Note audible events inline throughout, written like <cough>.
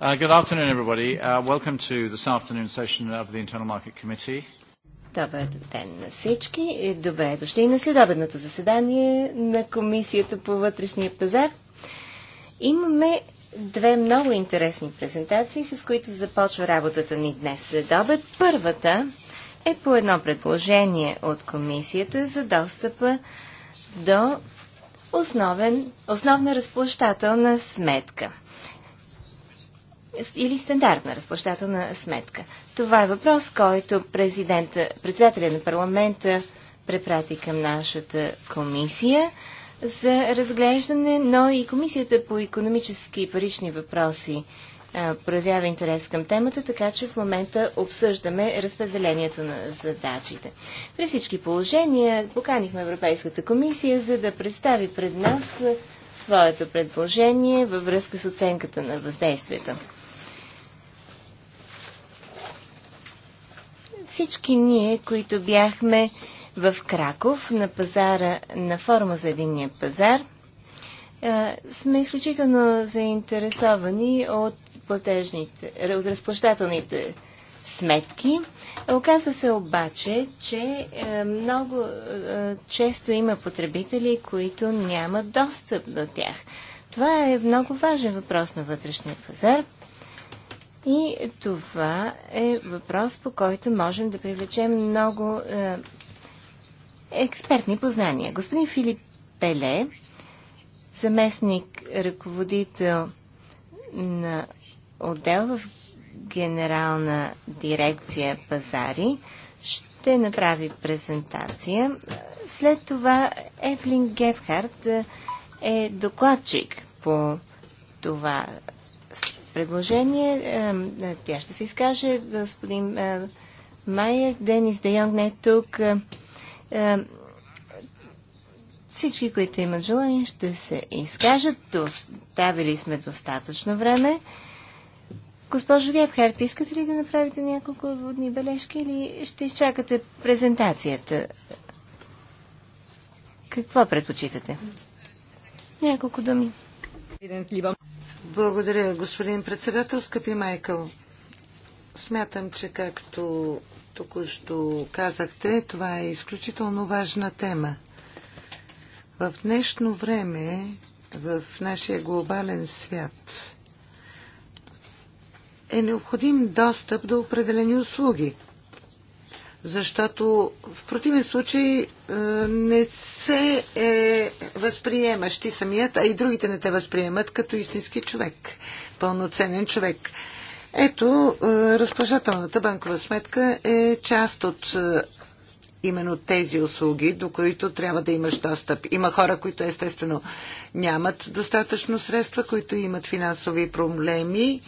Uh, good afternoon, everybody. Uh, welcome to this afternoon session of the Internal Market Committee. Добър ден на всички и добре дошли на следобедното заседание на Комисията по вътрешния пазар. Имаме две много интересни презентации, с които започва работата ни днес следобед. Първата е по едно предложение от Комисията за достъпа до основен, основна разплащателна сметка или стандартна разплащателна сметка. Това е въпрос, който председателя на парламента препрати към нашата комисия за разглеждане, но и Комисията по економически и парични въпроси проявява интерес към темата, така че в момента обсъждаме разпределението на задачите. При всички положения поканихме Европейската комисия, за да представи пред нас своето предложение във връзка с оценката на въздействието. всички ние, които бяхме в Краков на пазара, на форма за единния пазар, сме изключително заинтересовани от, платежните, от разплащателните сметки. Оказва се обаче, че много често има потребители, които нямат достъп до тях. Това е много важен въпрос на вътрешния пазар – и това е въпрос, по който можем да привлечем много е, експертни познания. Господин Филип Пеле, заместник ръководител на отдел в Генерална дирекция пазари, ще направи презентация. След това Евлин Гефхард е, е докладчик по това предложение. Е, тя ще се изкаже. Господин е, Майер, Денис Де не е тук. Е, всички, които имат желание, ще се изкажат. Доставили сме достатъчно време. Госпожо Гебхарт, искате ли да направите няколко водни бележки или ще изчакате презентацията? Какво предпочитате? Няколко думи. Благодаря, господин председател. Скъпи Майкъл, смятам, че както току-що казахте, това е изключително важна тема. В днешно време, в нашия глобален свят, е необходим достъп до определени услуги – защото в противен случай е, не се е възприемаш ти самият, а и другите не те възприемат като истински човек, пълноценен човек. Ето, е, разплащателната банкова сметка е част от е, именно тези услуги, до които трябва да имаш достъп. Има хора, които естествено нямат достатъчно средства, които имат финансови проблеми.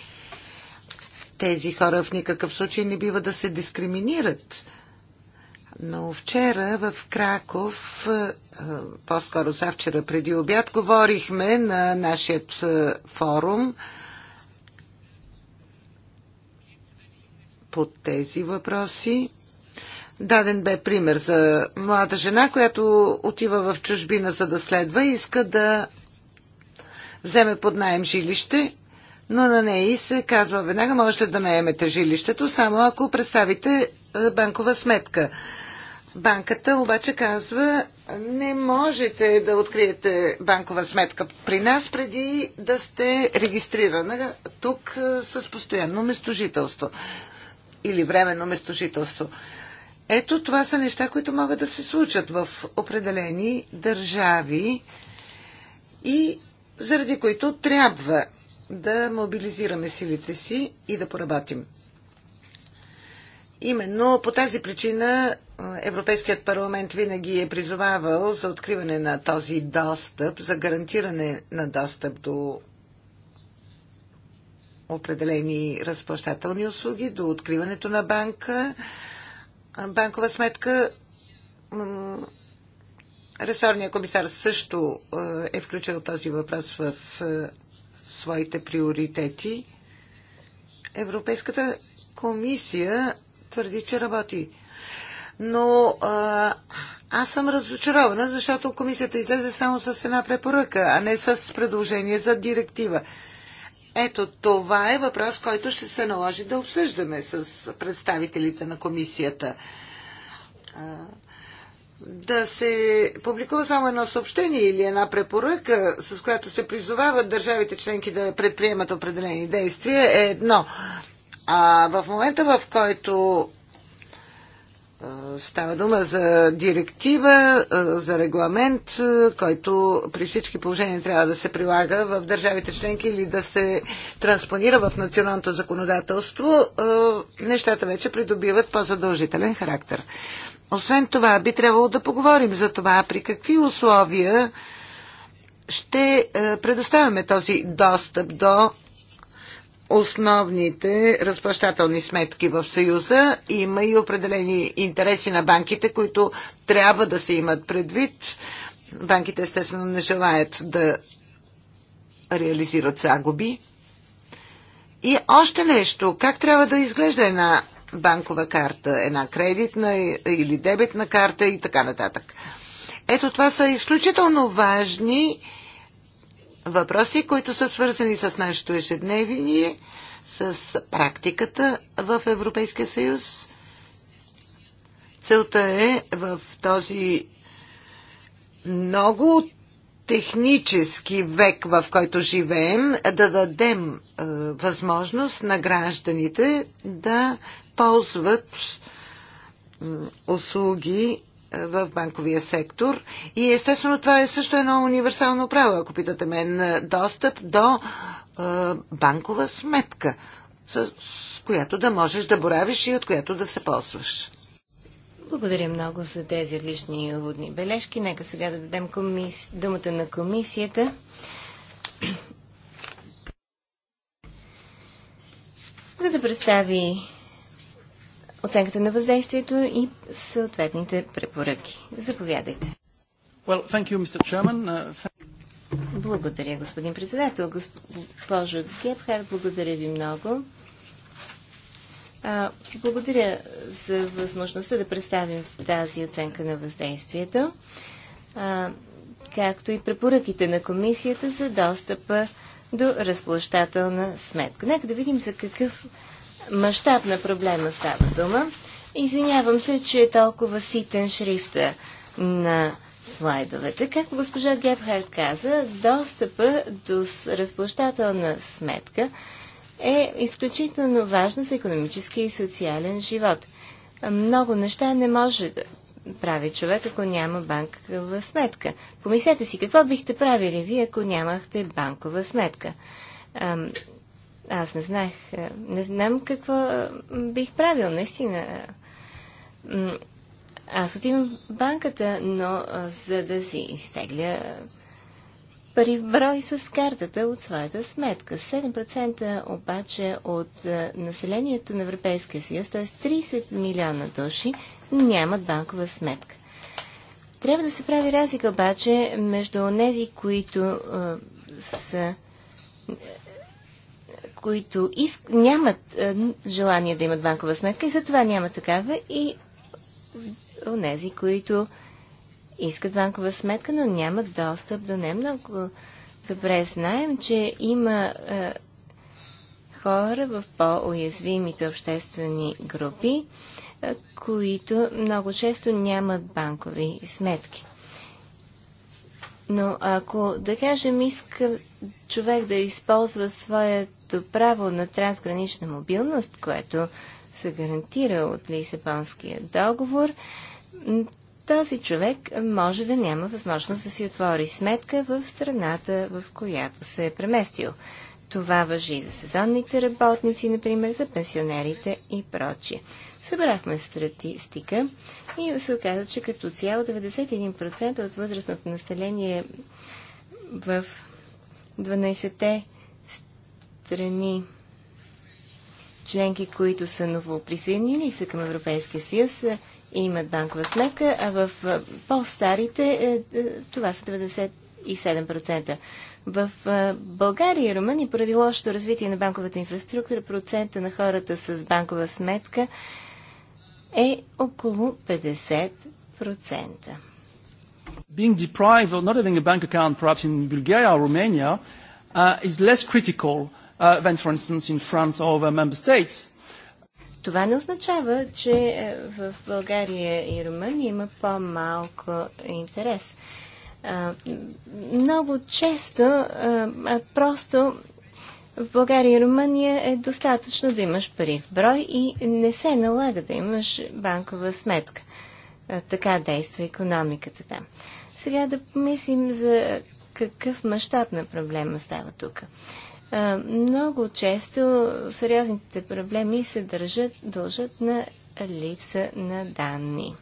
Тези хора в никакъв случай не бива да се дискриминират но вчера в Краков, по-скоро завчера преди обяд, говорихме на нашия форум по тези въпроси. Даден бе пример за млада жена, която отива в чужбина за да следва и иска да вземе под найем жилище, но на нея и се казва веднага можете да наемете жилището, само ако представите е, банкова сметка. Банката обаче казва, не можете да откриете банкова сметка при нас преди да сте регистрирана тук е, с постоянно местожителство или временно местожителство. Ето това са неща, които могат да се случат в определени държави и заради които трябва да мобилизираме силите си и да поработим. Именно по тази причина Европейският парламент винаги е призовавал за откриване на този достъп, за гарантиране на достъп до определени разплащателни услуги, до откриването на банка, банкова сметка. Ресорният комисар също е включил този въпрос в своите приоритети. Европейската комисия твърди, че работи. Но а, аз съм разочарована, защото комисията излезе само с една препоръка, а не с предложение за директива. Ето това е въпрос, който ще се наложи да обсъждаме с представителите на комисията. да се публикува само едно съобщение или една препоръка, с която се призовават държавите членки да предприемат определени действия, е едно. А в момента, в който Става дума за директива, за регламент, който при всички положения трябва да се прилага в държавите членки или да се транспонира в националното законодателство. Нещата вече придобиват по-задължителен характер. Освен това, би трябвало да поговорим за това при какви условия ще предоставяме този достъп до основните разплащателни сметки в Съюза. Има и определени интереси на банките, които трябва да се имат предвид. Банките естествено не желаят да реализират загуби. И още нещо. Как трябва да изглежда една банкова карта, една кредитна или дебетна карта и така нататък. Ето това са изключително важни въпроси, които са свързани с нашето ежедневие, с практиката в Европейския съюз. Целта е в този много технически век, в който живеем, да дадем е, възможност на гражданите да ползват е, услуги в банковия сектор. И естествено това е също едно универсално право, ако питате мен, е, достъп до е, банкова сметка, с която да можеш да боравиш и от която да се ползваш. Благодаря много за тези лични водни бележки. Нека сега да дадем комис... думата на комисията. <clears throat> За да представи оценката на въздействието и съответните препоръки. Заповядайте. Well, thank you, Mr. Chairman. Uh, thank... Благодаря, господин председател. Госпожо Гепхар, благодаря ви много. благодаря за възможността да представим тази оценка на въздействието, както и препоръките на комисията за достъпа до разплащателна сметка. Нека да видим за какъв мащаб на проблема става дума. Извинявам се, че е толкова ситен шрифта на слайдовете. Както госпожа Гебхард каза, достъпа до разплащателна сметка е изключително важно за економически и социален живот. Много неща не може да прави човек, ако няма банкова сметка. Помислете си, какво бихте правили вие, ако нямахте банкова сметка? Аз не знаех, е, не знам какво е, бих правил, наистина. Аз отивам в банката, но за да си изтегля е, пари в брой с картата от своята сметка. 7% обаче от населението на Европейския съюз, т.е. 30 милиона души, нямат банкова сметка. Трябва да се прави разлика обаче между тези, които а, са които иск, нямат е, желание да имат банкова сметка и затова няма такава и у нези, които искат банкова сметка, но нямат достъп до нея. Много добре знаем, че има е, хора в по-уязвимите обществени групи, е, които много често нямат банкови сметки. Но ако, да кажем, иска човек да използва своят общото право на трансгранична мобилност, което се гарантира от Лисабонския договор, този човек може да няма възможност да си отвори сметка в страната, в която се е преместил. Това въжи и за сезонните работници, например, за пенсионерите и прочие. Събрахме статистика и се оказа, че като цяло 91% от възрастното население в 12-те страни членки, които са ново са се към Европейския съюз, е, имат банкова сметка, а в е, по-старите е, това са 97%. В България и Румъния поради лошото развитие на банковата инфраструктура процента на хората с банкова сметка е около 50%. Being deprived of not having a bank account perhaps in Bulgaria or Romania uh, is less critical than, for instance, in France or other member states. Това не означава, че е, в България и Румъния има по-малко интерес. Много често, просто в България и Румъния е достатъчно да имаш пари в брой и не се налага да имаш банкова сметка. Така действа економиката там. Сега да помислим за какъв мащаб на проблема става тук много често сериозните проблеми се държат, дължат на липса на данни.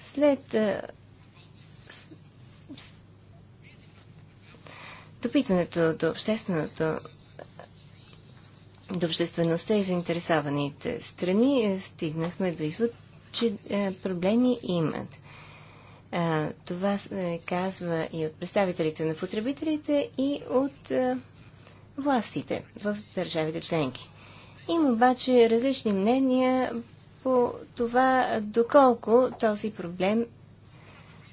След допитването до общественото до обществеността и заинтересованите страни е, стигнахме до извод, че е, проблеми имат. това се казва и от представителите на потребителите, и от е, властите в държавите членки. Има обаче различни мнения по това доколко този проблем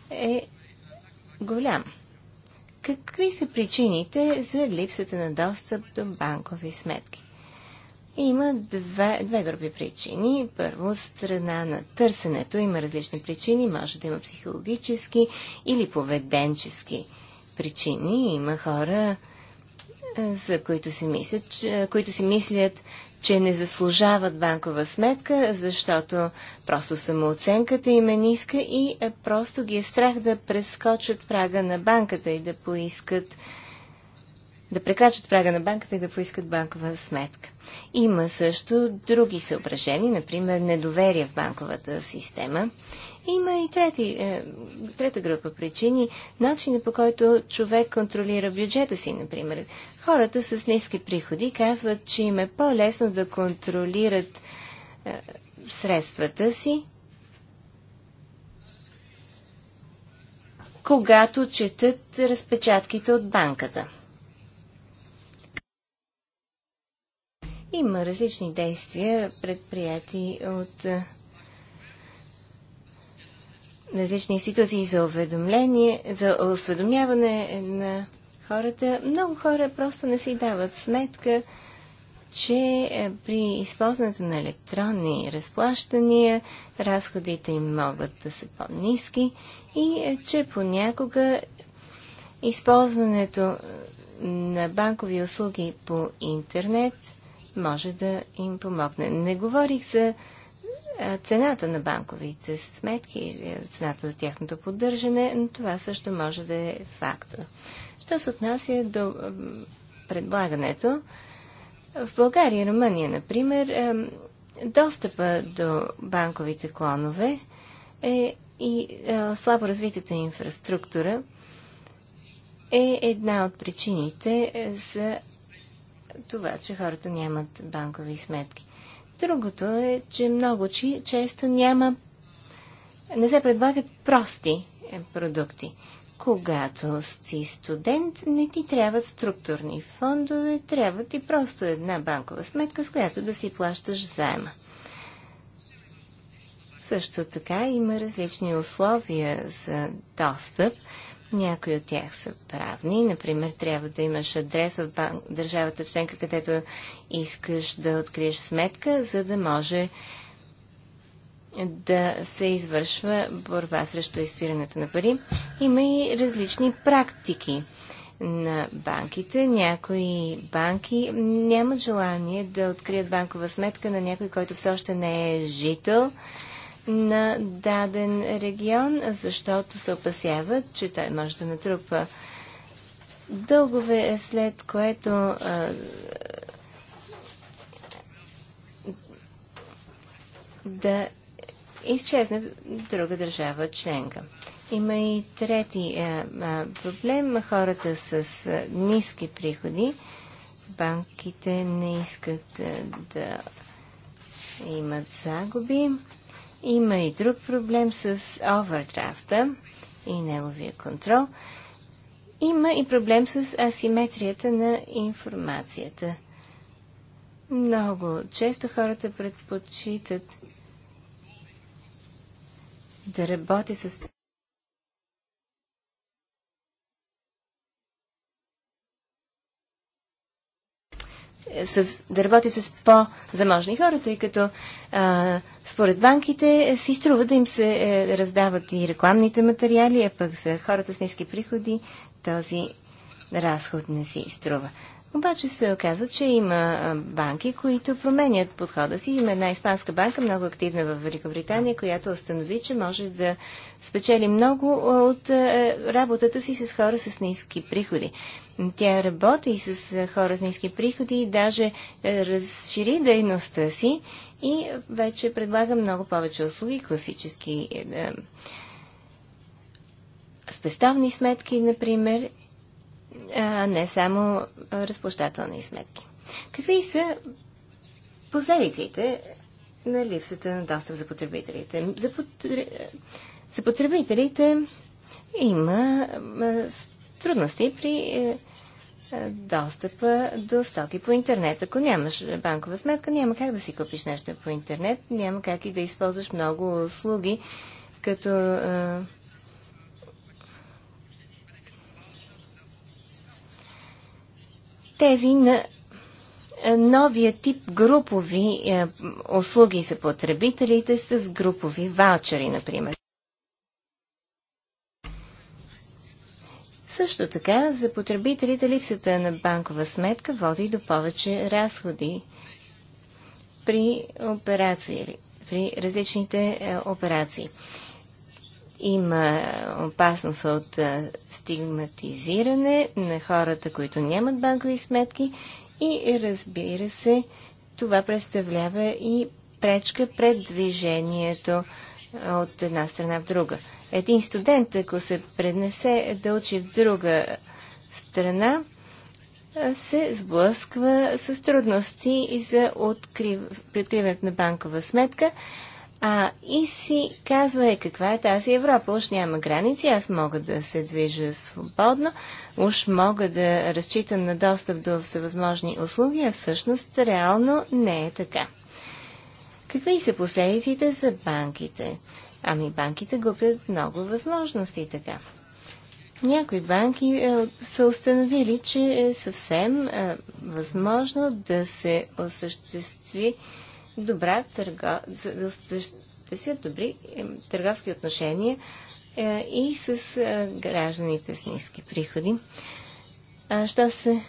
е голям. Какви са причините за липсата на достъп до банкови сметки? Има две, две групи причини. Първо, страна на търсенето има различни причини. Може да има психологически или поведенчески причини. Има хора, за които си мислят, че, които си мислят, че не заслужават банкова сметка, защото просто самооценката им е ниска и е, просто ги е страх да прескочат прага на банката и да поискат да прекрачат прага на банката и да поискат банкова сметка. Има също други съображения, например недоверие в банковата система има и трети, е, трета група причини. Начинът по който човек контролира бюджета си, например. Хората с ниски приходи казват, че им е по-лесно да контролират е, средствата си, когато четат разпечатките от банката. Има различни действия, предприяти от е, на различни институции за уведомление, за осведомяване на хората. Много хора просто не си дават сметка, че е, при използването на електронни разплащания разходите им могат да са по-низки и е, че понякога използването е, на банкови услуги по интернет може да им помогне. Не говорих за е, цената на банковите сметки, е, цената за тяхното поддържане, но това също може да е фактор. Що се отнася до предлагането, в България и Румъния, например, е, достъпа до банковите клонове е и слабо развитата инфраструктура е една от причините за това, че хората нямат банкови сметки. Другото е, че много че, често няма. не се предлагат прости е, продукти. Когато си студент, не ти трябват структурни фондове, трябва ти просто една банкова сметка, с която да си плащаш заема. Също така има различни условия за достъп някои от тях са правни. Например, трябва да имаш адрес в банк, държавата членка, където искаш да откриеш сметка, за да може да се извършва борба срещу изпирането на пари. Има и различни практики на банките. Някои банки нямат желание да открият банкова сметка на някой, който все още не е жител на даден регион, защото се опасяват, че той може да натрупа дългове, след което а, да изчезне друга държава членка. Има и трети а, а, проблем. Хората с а, ниски приходи, банките не искат а, да имат загуби. Има и друг проблем с овердрафта и неговия контрол. Има и проблем с асиметрията на информацията. Много често хората предпочитат да работи с Е, с, да работят с по-заможни хора, тъй като а, според банките е, си струва да им се е, раздават и рекламните материали, а пък за хората с ниски приходи този разход не си струва. Обаче се оказа, че има банки, които променят подхода си. Има една испанска банка, много активна в Великобритания, която установи, че може да спечели много от работата си с хора с ниски приходи. Тя работи и с хора с ниски приходи и даже разшири дейността си и вече предлага много повече услуги, класически е, спестовни сметки, например, а не само разплащателни сметки. Какви са последиците на липсата на достъп за потребителите? За, потр... за потребителите има трудности при е, е, достъпа до стоки по интернет. Ако нямаш банкова сметка, няма как да си купиш нещо по интернет, няма как и да използваш много услуги, като е, тези на е, новия тип групови е, услуги за потребителите с групови ваучери, например. Също така, за потребителите липсата на банкова сметка води до повече разходи при операции, при различните е, операции. Има опасност от стигматизиране на хората, които нямат банкови сметки и разбира се, това представлява и пречка пред движението от една страна в друга. Един студент, ако се преднесе да учи в друга страна, се сблъсква с трудности и за открив... откриването на банкова сметка, а, и си казва, е, каква е тази Европа? Уж няма граници, аз мога да се движа свободно, уж мога да разчитам на достъп до всевъзможни услуги, а всъщност реално не е така. Какви са последиците за банките? Ами банките губят много възможности така. Някои банки е, са установили, че е съвсем е, възможно да се осъществи е, добра търга, за да добри е, търговски отношения е, и с е, гражданите с ниски приходи. А що се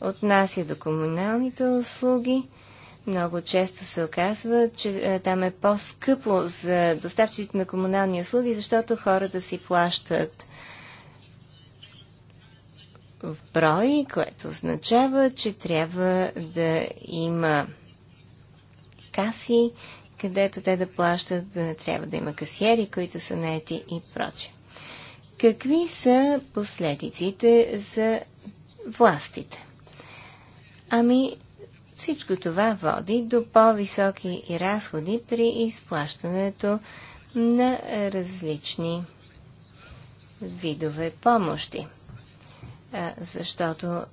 отнася до комуналните услуги, много често се оказва, че е, там е по-скъпо за доставчиците на комунални услуги, защото хората си плащат в брой, което означава, че трябва да има каси, където те да плащат, да не трябва да има касиери, които са наети и проче. Какви са последиците за властите? Ами, всичко това води до по-високи разходи при изплащането на различни видове помощи. А, защото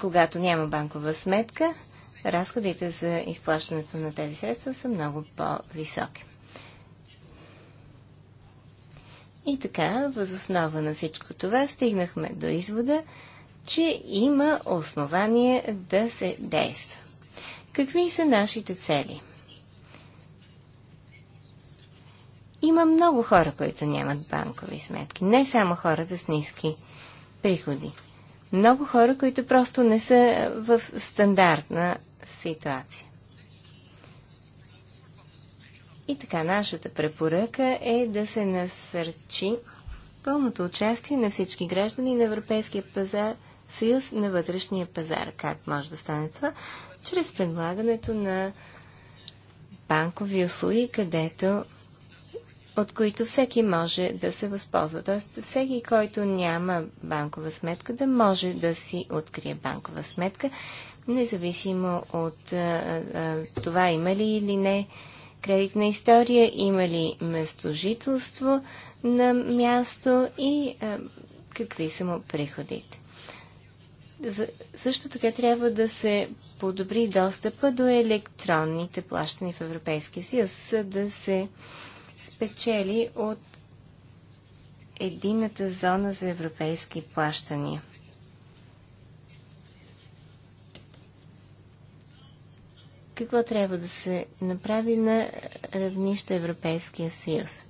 когато няма банкова сметка, разходите за изплащането на тези средства са много по-високи. И така, възоснова на всичко това, стигнахме до извода, че има основание да се действа. Какви са нашите цели? Има много хора, които нямат банкови сметки. Не само хората с ниски приходи. Много хора, които просто не са в стандартна ситуация. И така, нашата препоръка е да се насърчи пълното участие на всички граждани на Европейския пазар, съюз на вътрешния пазар. Как може да стане това? Чрез предлагането на банкови услуги, където от които всеки може да се възползва. Тоест всеки, който няма банкова сметка, да може да си открие банкова сметка независимо от а, а, това има ли или не кредитна история, има ли местожителство на място и а, какви са му приходите. За, също така трябва да се подобри достъпа до електронните плащани в Европейския съюз, за да се спечели от едината зона за европейски плащания. какво трябва да се направи на равнище Европейския съюз.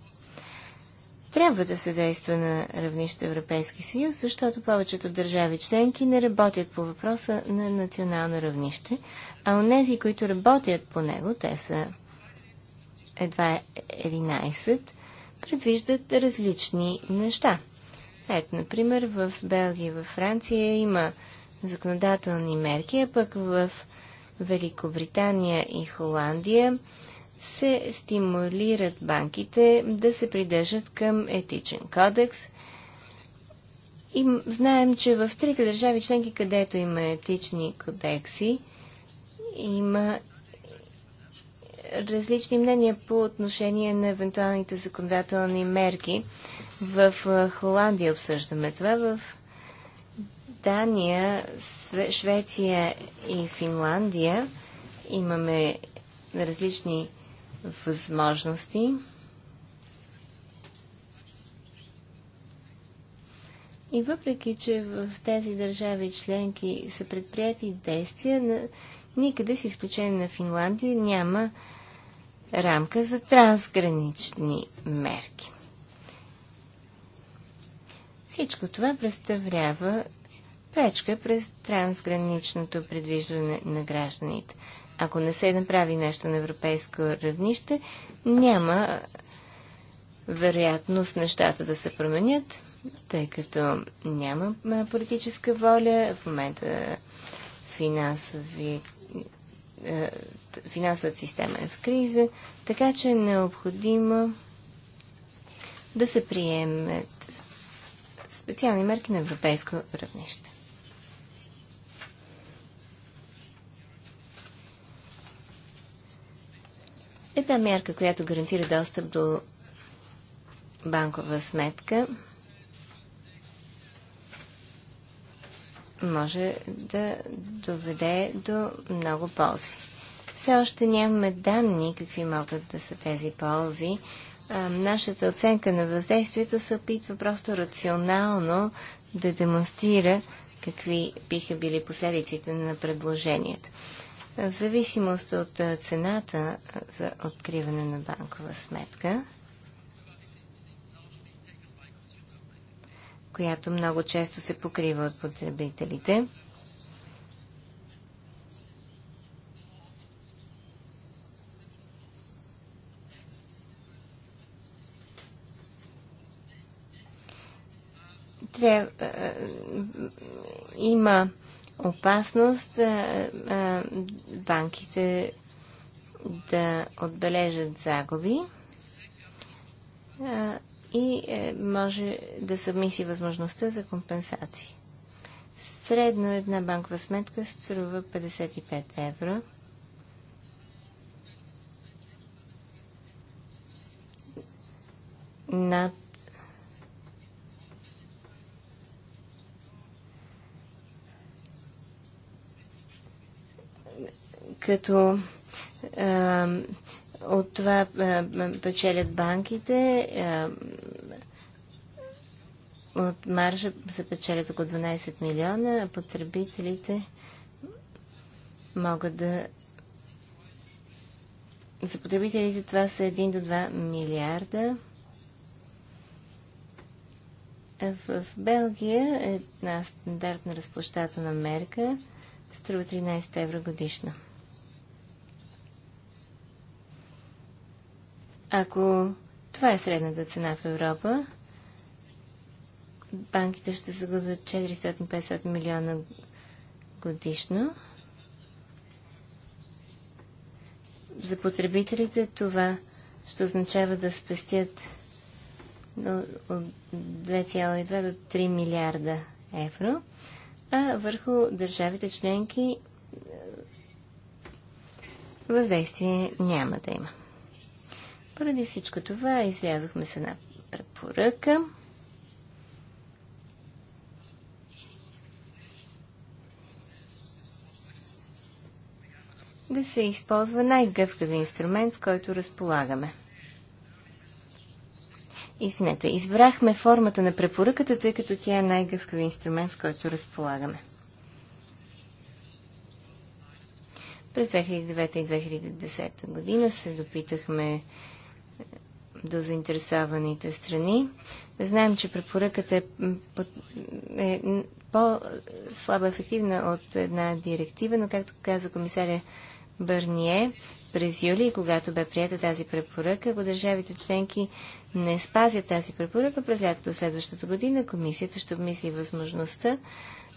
Трябва да се действа на равнище Европейски съюз, защото повечето държави членки не работят по въпроса на национално равнище, а у нези, които работят по него, те са едва 11, предвиждат различни неща. Ето, например, в Белгия и във Франция има законодателни мерки, а пък в Великобритания и Холандия се стимулират банките да се придържат към етичен кодекс. И знаем, че в трите държави членки, където има етични кодекси, има различни мнения по отношение на евентуалните законодателни мерки. В Холандия обсъждаме това, в Дания, Швеция и Финландия имаме различни възможности. И въпреки, че в тези държави членки са предприяти действия, никъде с изключение на Финландия няма рамка за трансгранични мерки. Всичко това представлява пречка през трансграничното предвиждане на гражданите. Ако не се направи нещо на европейско равнище, няма вероятност нещата да се променят, тъй като няма политическа воля. В момента финансови, финансовата система е в криза, така че е необходимо да се приемет специални мерки на европейско равнище. Една мярка, която гарантира достъп до банкова сметка, може да доведе до много ползи. Все още нямаме данни какви могат да са тези ползи. нашата оценка на въздействието се опитва просто рационално да демонстрира какви биха били последиците на предложението. В зависимост от цената за откриване на банкова сметка, която много често се покрива от потребителите, трябва, има опасност банките да отбележат загуби и е, може да се обмисли възможността за компенсации. Средно една банкова сметка струва 55 евро. Над като а, от това а, печелят банките, а, от маржа се печелят около 12 милиона, а потребителите могат да за потребителите това са 1 до 2 милиарда. В, в Белгия е една стандартна разплащателна мерка струва 13 евро годишно. Ако това е средната цена в Европа, банките ще загубят 450 милиона годишно. За потребителите това ще означава да спестят от 2,2 до 3 милиарда евро, а върху държавите членки е, въздействие няма да има. Поради всичко това излязохме с една препоръка. Да се използва най-гъвкави инструмент, с който разполагаме. Извинете, избрахме формата на препоръката, тъй като тя е най-гъвкави инструмент, с който разполагаме. През 2009 и 2010 година се допитахме до заинтересованите страни. Знаем, че препоръката е, е по-слабо ефективна от една директива, но както каза комисаря Бърние, през юли, когато бе прията тази препоръка, ако държавите членки не спазят тази препоръка, през лятото следващата година комисията ще обмисли възможността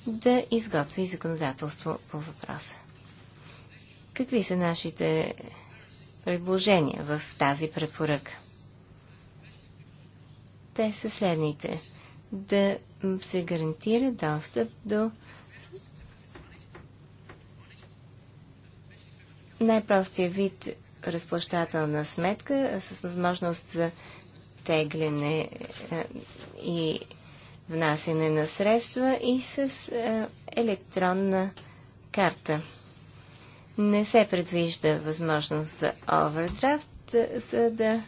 да изготви законодателство по въпроса. Какви са нашите предложения в тази препоръка. Те са следните. Да се гарантира достъп до най-простия вид разплащателна сметка с възможност за тегляне е, и внасяне на средства и с е, електронна карта не се предвижда възможност за овердрафт, е, за да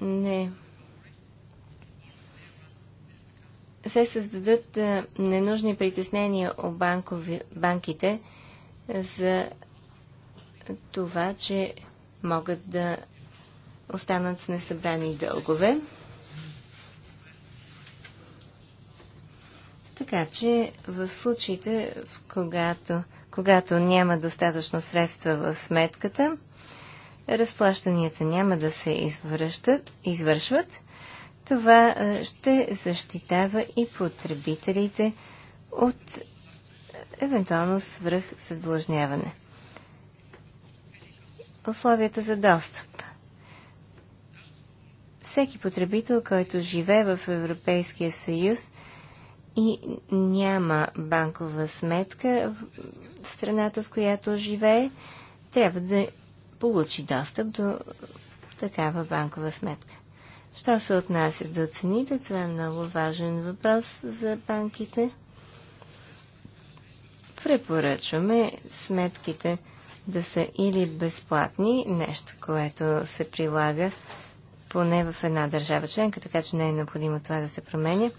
не се създадат е, ненужни притеснения от банкови, банките за това, че могат да останат с несъбрани дългове. Така че в случаите, в когато когато няма достатъчно средства в сметката, разплащанията няма да се извършат, извършват. Това ще защитава и потребителите от евентуално задлъжняване. Условията за достъп. Всеки потребител, който живее в Европейския съюз – и няма банкова сметка в страната, в която живее, трябва да получи достъп до такава банкова сметка. Що се отнася до цените, това е много важен въпрос за банките. Препоръчваме сметките да са или безплатни, нещо, което се прилага поне в една държава членка, така че не е необходимо това да се променя,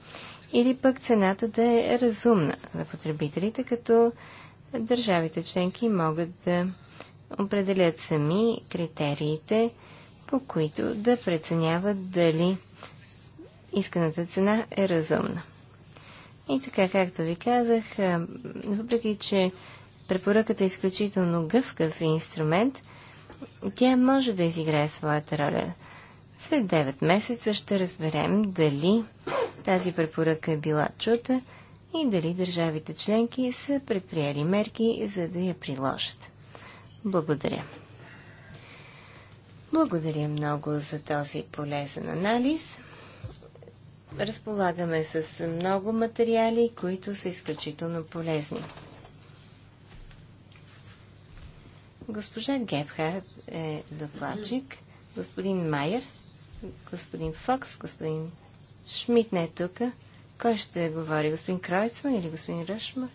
или пък цената да е разумна за потребителите, като държавите членки могат да определят сами критериите, по които да преценяват дали исканата цена е разумна. И така, както ви казах, въпреки че препоръката е изключително гъвкав инструмент, тя може да изиграе своята роля. След 9 месеца ще разберем дали тази препоръка е била чута и дали държавите членки са предприели мерки, за да я приложат. Благодаря. Благодаря много за този полезен анализ. Разполагаме с много материали, които са изключително полезни. Госпожа Гебхард е докладчик, господин Майер – господин Фокс, господин Шмидт не е тук. Кой ще говори? Господин Кройцман или господин Рашмар?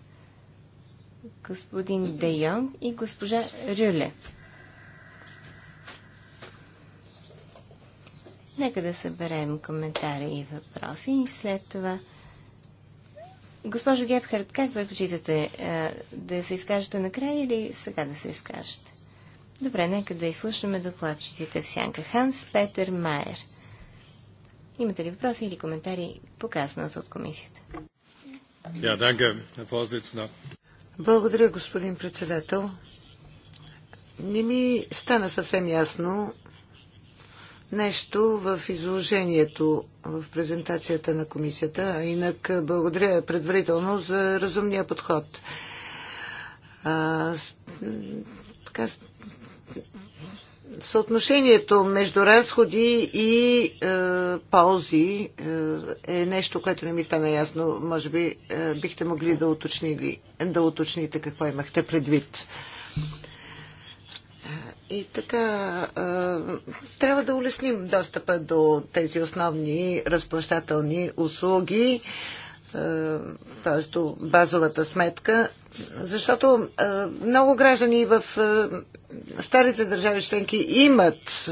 Господин Де Йонг и госпожа Рюле. Нека да съберем коментари и въпроси и след това... Госпожо Гепхард, как предпочитате? Е, да се изкажете накрая или сега да се изкажете? Добре, нека да изслушаме докладчиците в сянка. Ханс Петър Майер. Имате ли въпроси или коментари по казаното от комисията? danke, Благодаря, господин председател. Не ми стана съвсем ясно нещо в изложението, в презентацията на комисията, а инак благодаря предварително за разумния подход. А, така, съотношението между разходи и е, ползи е, е, нещо, което не ми стана ясно. Може би е, бихте могли да, уточнили, да уточните какво имахте предвид. И така, е, трябва да улесним достъпа до тези основни разплащателни услуги, е, т.е. до базовата сметка, защото е, много граждани в е, старите държави членки имат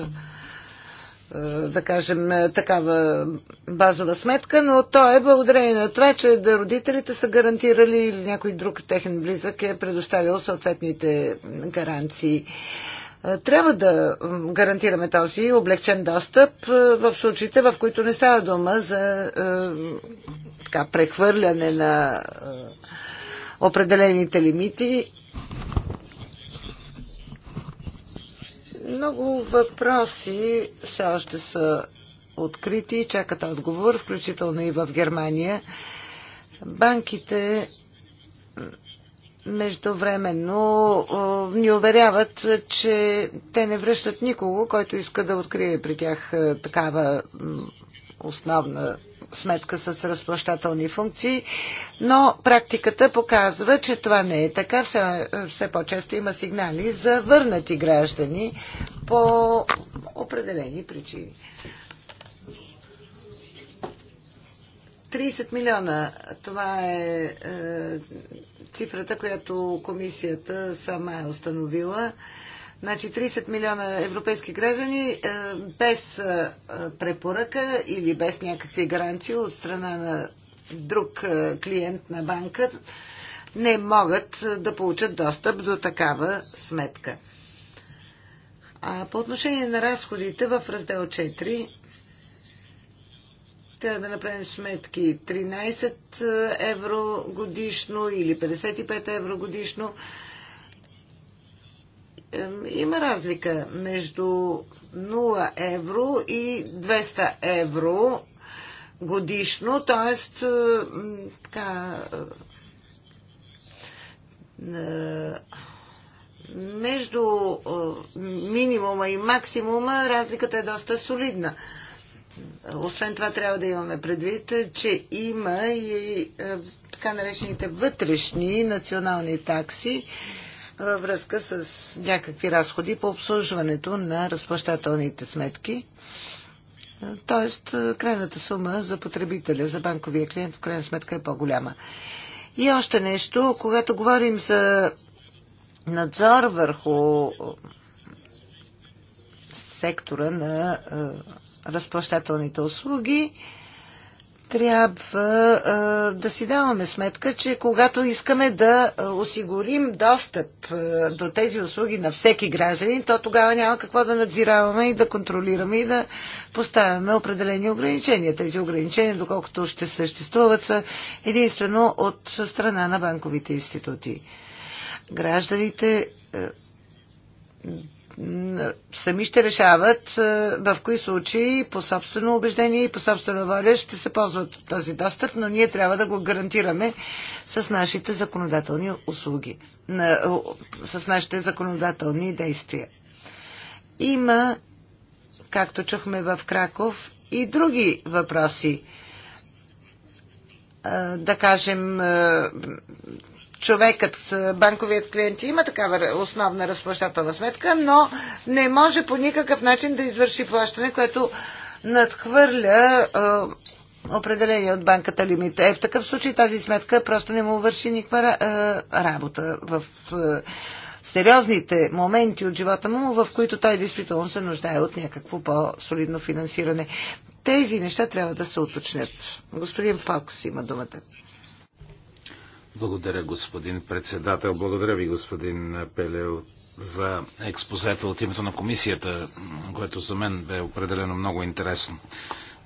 е, да кажем, такава базова сметка, но то е благодарение на това, че да родителите са гарантирали или някой друг техен близък е предоставил съответните гаранции. Трябва да гарантираме този облегчен достъп в случаите, в които не става дума за така, прехвърляне на определените лимити. Много въпроси все още са открити и чакат отговор, включително и в Германия. Банките междувременно ни уверяват, че те не връщат никого, който иска да открие при тях е, такава основна сметка с разплащателни функции, но практиката показва, че това не е така. Все, все по-често има сигнали за върнати граждани по определени причини. 30 милиона. Това е, е цифрата, която комисията сама е установила. Е, Значи 30 милиона европейски граждани е, без е, препоръка или без някакви гаранции от страна на друг е, клиент на банка не могат да получат достъп до такава сметка. А по отношение на разходите в раздел 4 трябва да направим сметки 13 евро годишно или 55 евро годишно има разлика между 0 евро и 200 евро годишно, т.е. така е, е, между е, минимума и максимума разликата е доста солидна. Освен това трябва да имаме предвид, че има и така наречените вътрешни национални такси, във връзка с някакви разходи по обслужването на разплащателните сметки. Тоест, е, крайната сума за потребителя, за банковия клиент, в крайна сметка е по-голяма. И още нещо, когато говорим за надзор върху е, сектора на е, разплащателните услуги, трябва а, да си даваме сметка, че когато искаме да осигурим достъп а, до тези услуги на всеки гражданин, то тогава няма какво да надзираваме и да контролираме и да поставяме определени ограничения. Тези ограничения, доколкото ще съществуват, са единствено от страна на банковите институти. Гражданите а, сами ще решават е, в кои случаи по собствено убеждение и по собствена воля ще се ползват този достъп, но ние трябва да го гарантираме с нашите законодателни услуги, с нашите законодателни действия. Има, както чухме в Краков, и други въпроси. Е, да кажем, е, човекът, е, банковият клиент има такава основна разплащателна сметка, но не може по никакъв начин да извърши плащане, което надхвърля е, определение от банката лимит. Е, в такъв случай тази сметка просто не му върши никаква е, работа в е, сериозните моменти от живота му, в които той действително се нуждае от някакво по-солидно финансиране. Тези неща трябва да се уточнят. Господин Фокс има думата. Благодаря, господин председател. Благодаря ви, господин Пелео, за експозето от името на комисията, което за мен бе определено много интересно.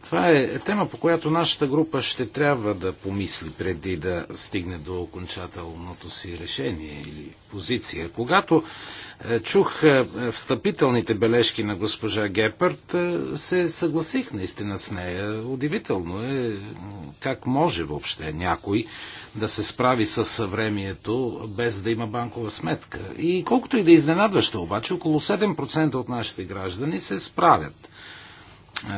Това е тема, по която нашата група ще трябва да помисли преди да стигне до окончателното си решение или позиция. Когато е, чух е, встъпителните бележки на госпожа Гепард, е, се съгласих наистина с нея. Удивително е как може въобще някой да се справи с съвремието без да има банкова сметка. И колкото и да изненадващо, обаче около 7% от нашите граждани се справят.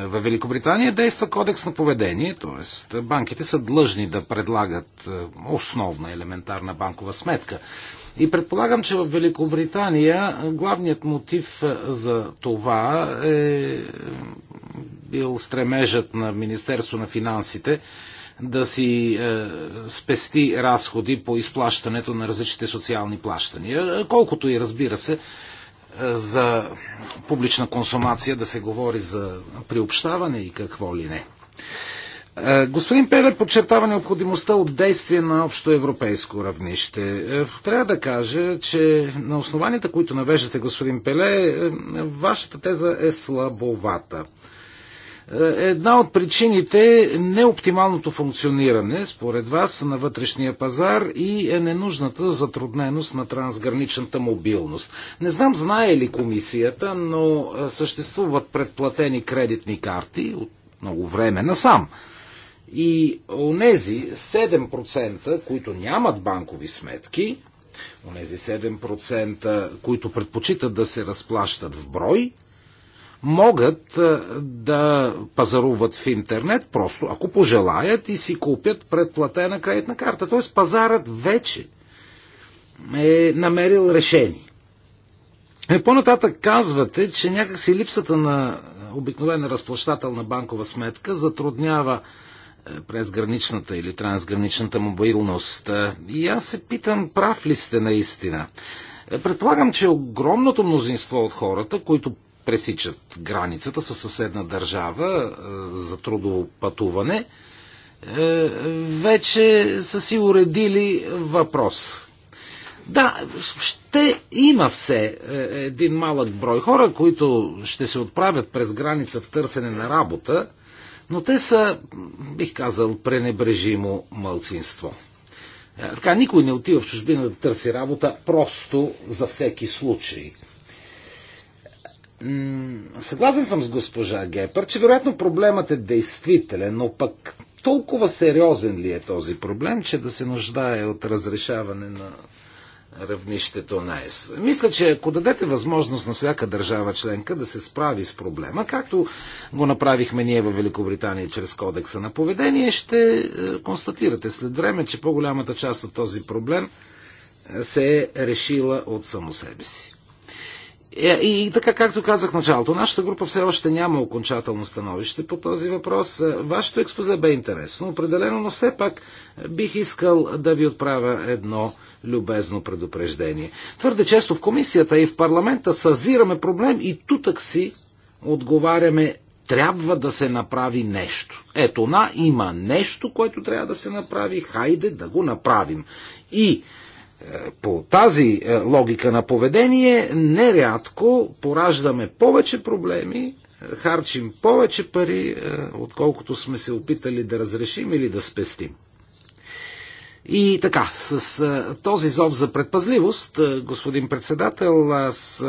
Във Великобритания действа кодекс на поведение, т.е. банките са длъжни да предлагат основна елементарна банкова сметка. И предполагам, че в Великобритания главният мотив за това е, е бил стремежът на Министерство на финансите да си е, спести разходи по изплащането на различните социални плащания. Колкото и разбира се, е, за публична консумация да се говори за приобщаване и какво ли не. Е, господин Пеле подчертава необходимостта от действие на общо европейско равнище. Е, трябва да кажа, че на основанията, които навеждате, господин Пеле, е, вашата теза е слабовата. Една от причините е неоптималното функциониране, според вас, на вътрешния пазар и е ненужната затрудненост на трансграничната мобилност. Не знам знае ли комисията, но съществуват предплатени кредитни карти от много време насам. сам и онези 7%, които нямат банкови сметки, онези 7%, които предпочитат да се разплащат в брой, могат да пазаруват в интернет просто, ако пожелаят и си купят предплатена кредитна карта. Т.е. пазарът вече е намерил решение. Е, по-нататък казвате, че някакси липсата на обикновена разплащателна банкова сметка затруднява през граничната или трансграничната мобилност. И аз се питам, прав ли сте наистина? Е, предполагам, че огромното мнозинство от хората, които пресичат границата със съседна държава е, за трудово пътуване, е, вече са си уредили въпрос. Да, ще има все един малък брой хора, които ще се отправят през граница в търсене на работа, но те са, бих казал, пренебрежимо мълцинство. Е, така, никой не отива в чужбина да търси работа просто за всеки случай. Е, съгласен съм с госпожа Гепър, че вероятно проблемът е действителен, но пък толкова сериозен ли е този проблем, че да се нуждае от разрешаване на равнището на ЕС. Мисля, че ако дадете възможност на всяка държава членка да се справи с проблема, както го направихме ние във Великобритания чрез кодекса на поведение, ще е, констатирате след време, че по-голямата част от този проблем е, се е решила от само себе си. Е, и така, както казах в началото, нашата група все още няма окончателно становище по този въпрос. Е, вашето експозе бе интересно, определено, но все пак е, бих искал да ви отправя едно любезно предупреждение. Твърде често в комисията и в парламента съзираме проблем и тутък си отговаряме трябва да се направи нещо. Ето на има нещо, което трябва да се направи, хайде да го направим. И по тази е, логика на поведение нерядко пораждаме повече проблеми, е, харчим повече пари, е, отколкото сме се опитали да разрешим или да спестим. И така, с този зов за предпазливост, господин председател, аз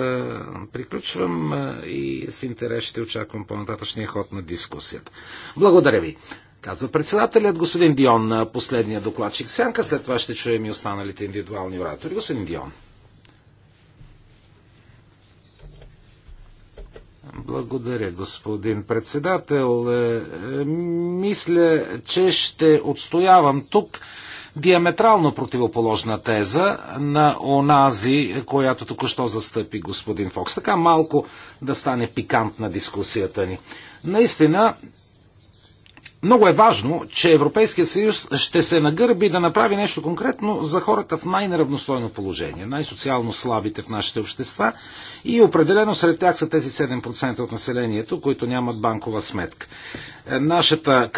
приключвам и с интерес ще очаквам по-нататъчния ход на дискусията. Благодаря ви. Казва председателят господин Дион на последния докладчик Сянка, след това ще чуем и останалите индивидуални оратори. Господин Дион. Благодаря, господин председател. Е, е, мисля, че ще отстоявам тук диаметрално противоположна теза на онази, която току-що застъпи господин Фокс. Така малко да стане пикантна дискусията ни. Наистина, много е важно, че Европейския съюз ще се нагърби да направи нещо конкретно за хората в най-неравностойно положение, най-социално слабите в нашите общества и определено сред тях са тези 7% от населението, които нямат банкова сметка. Е, нашата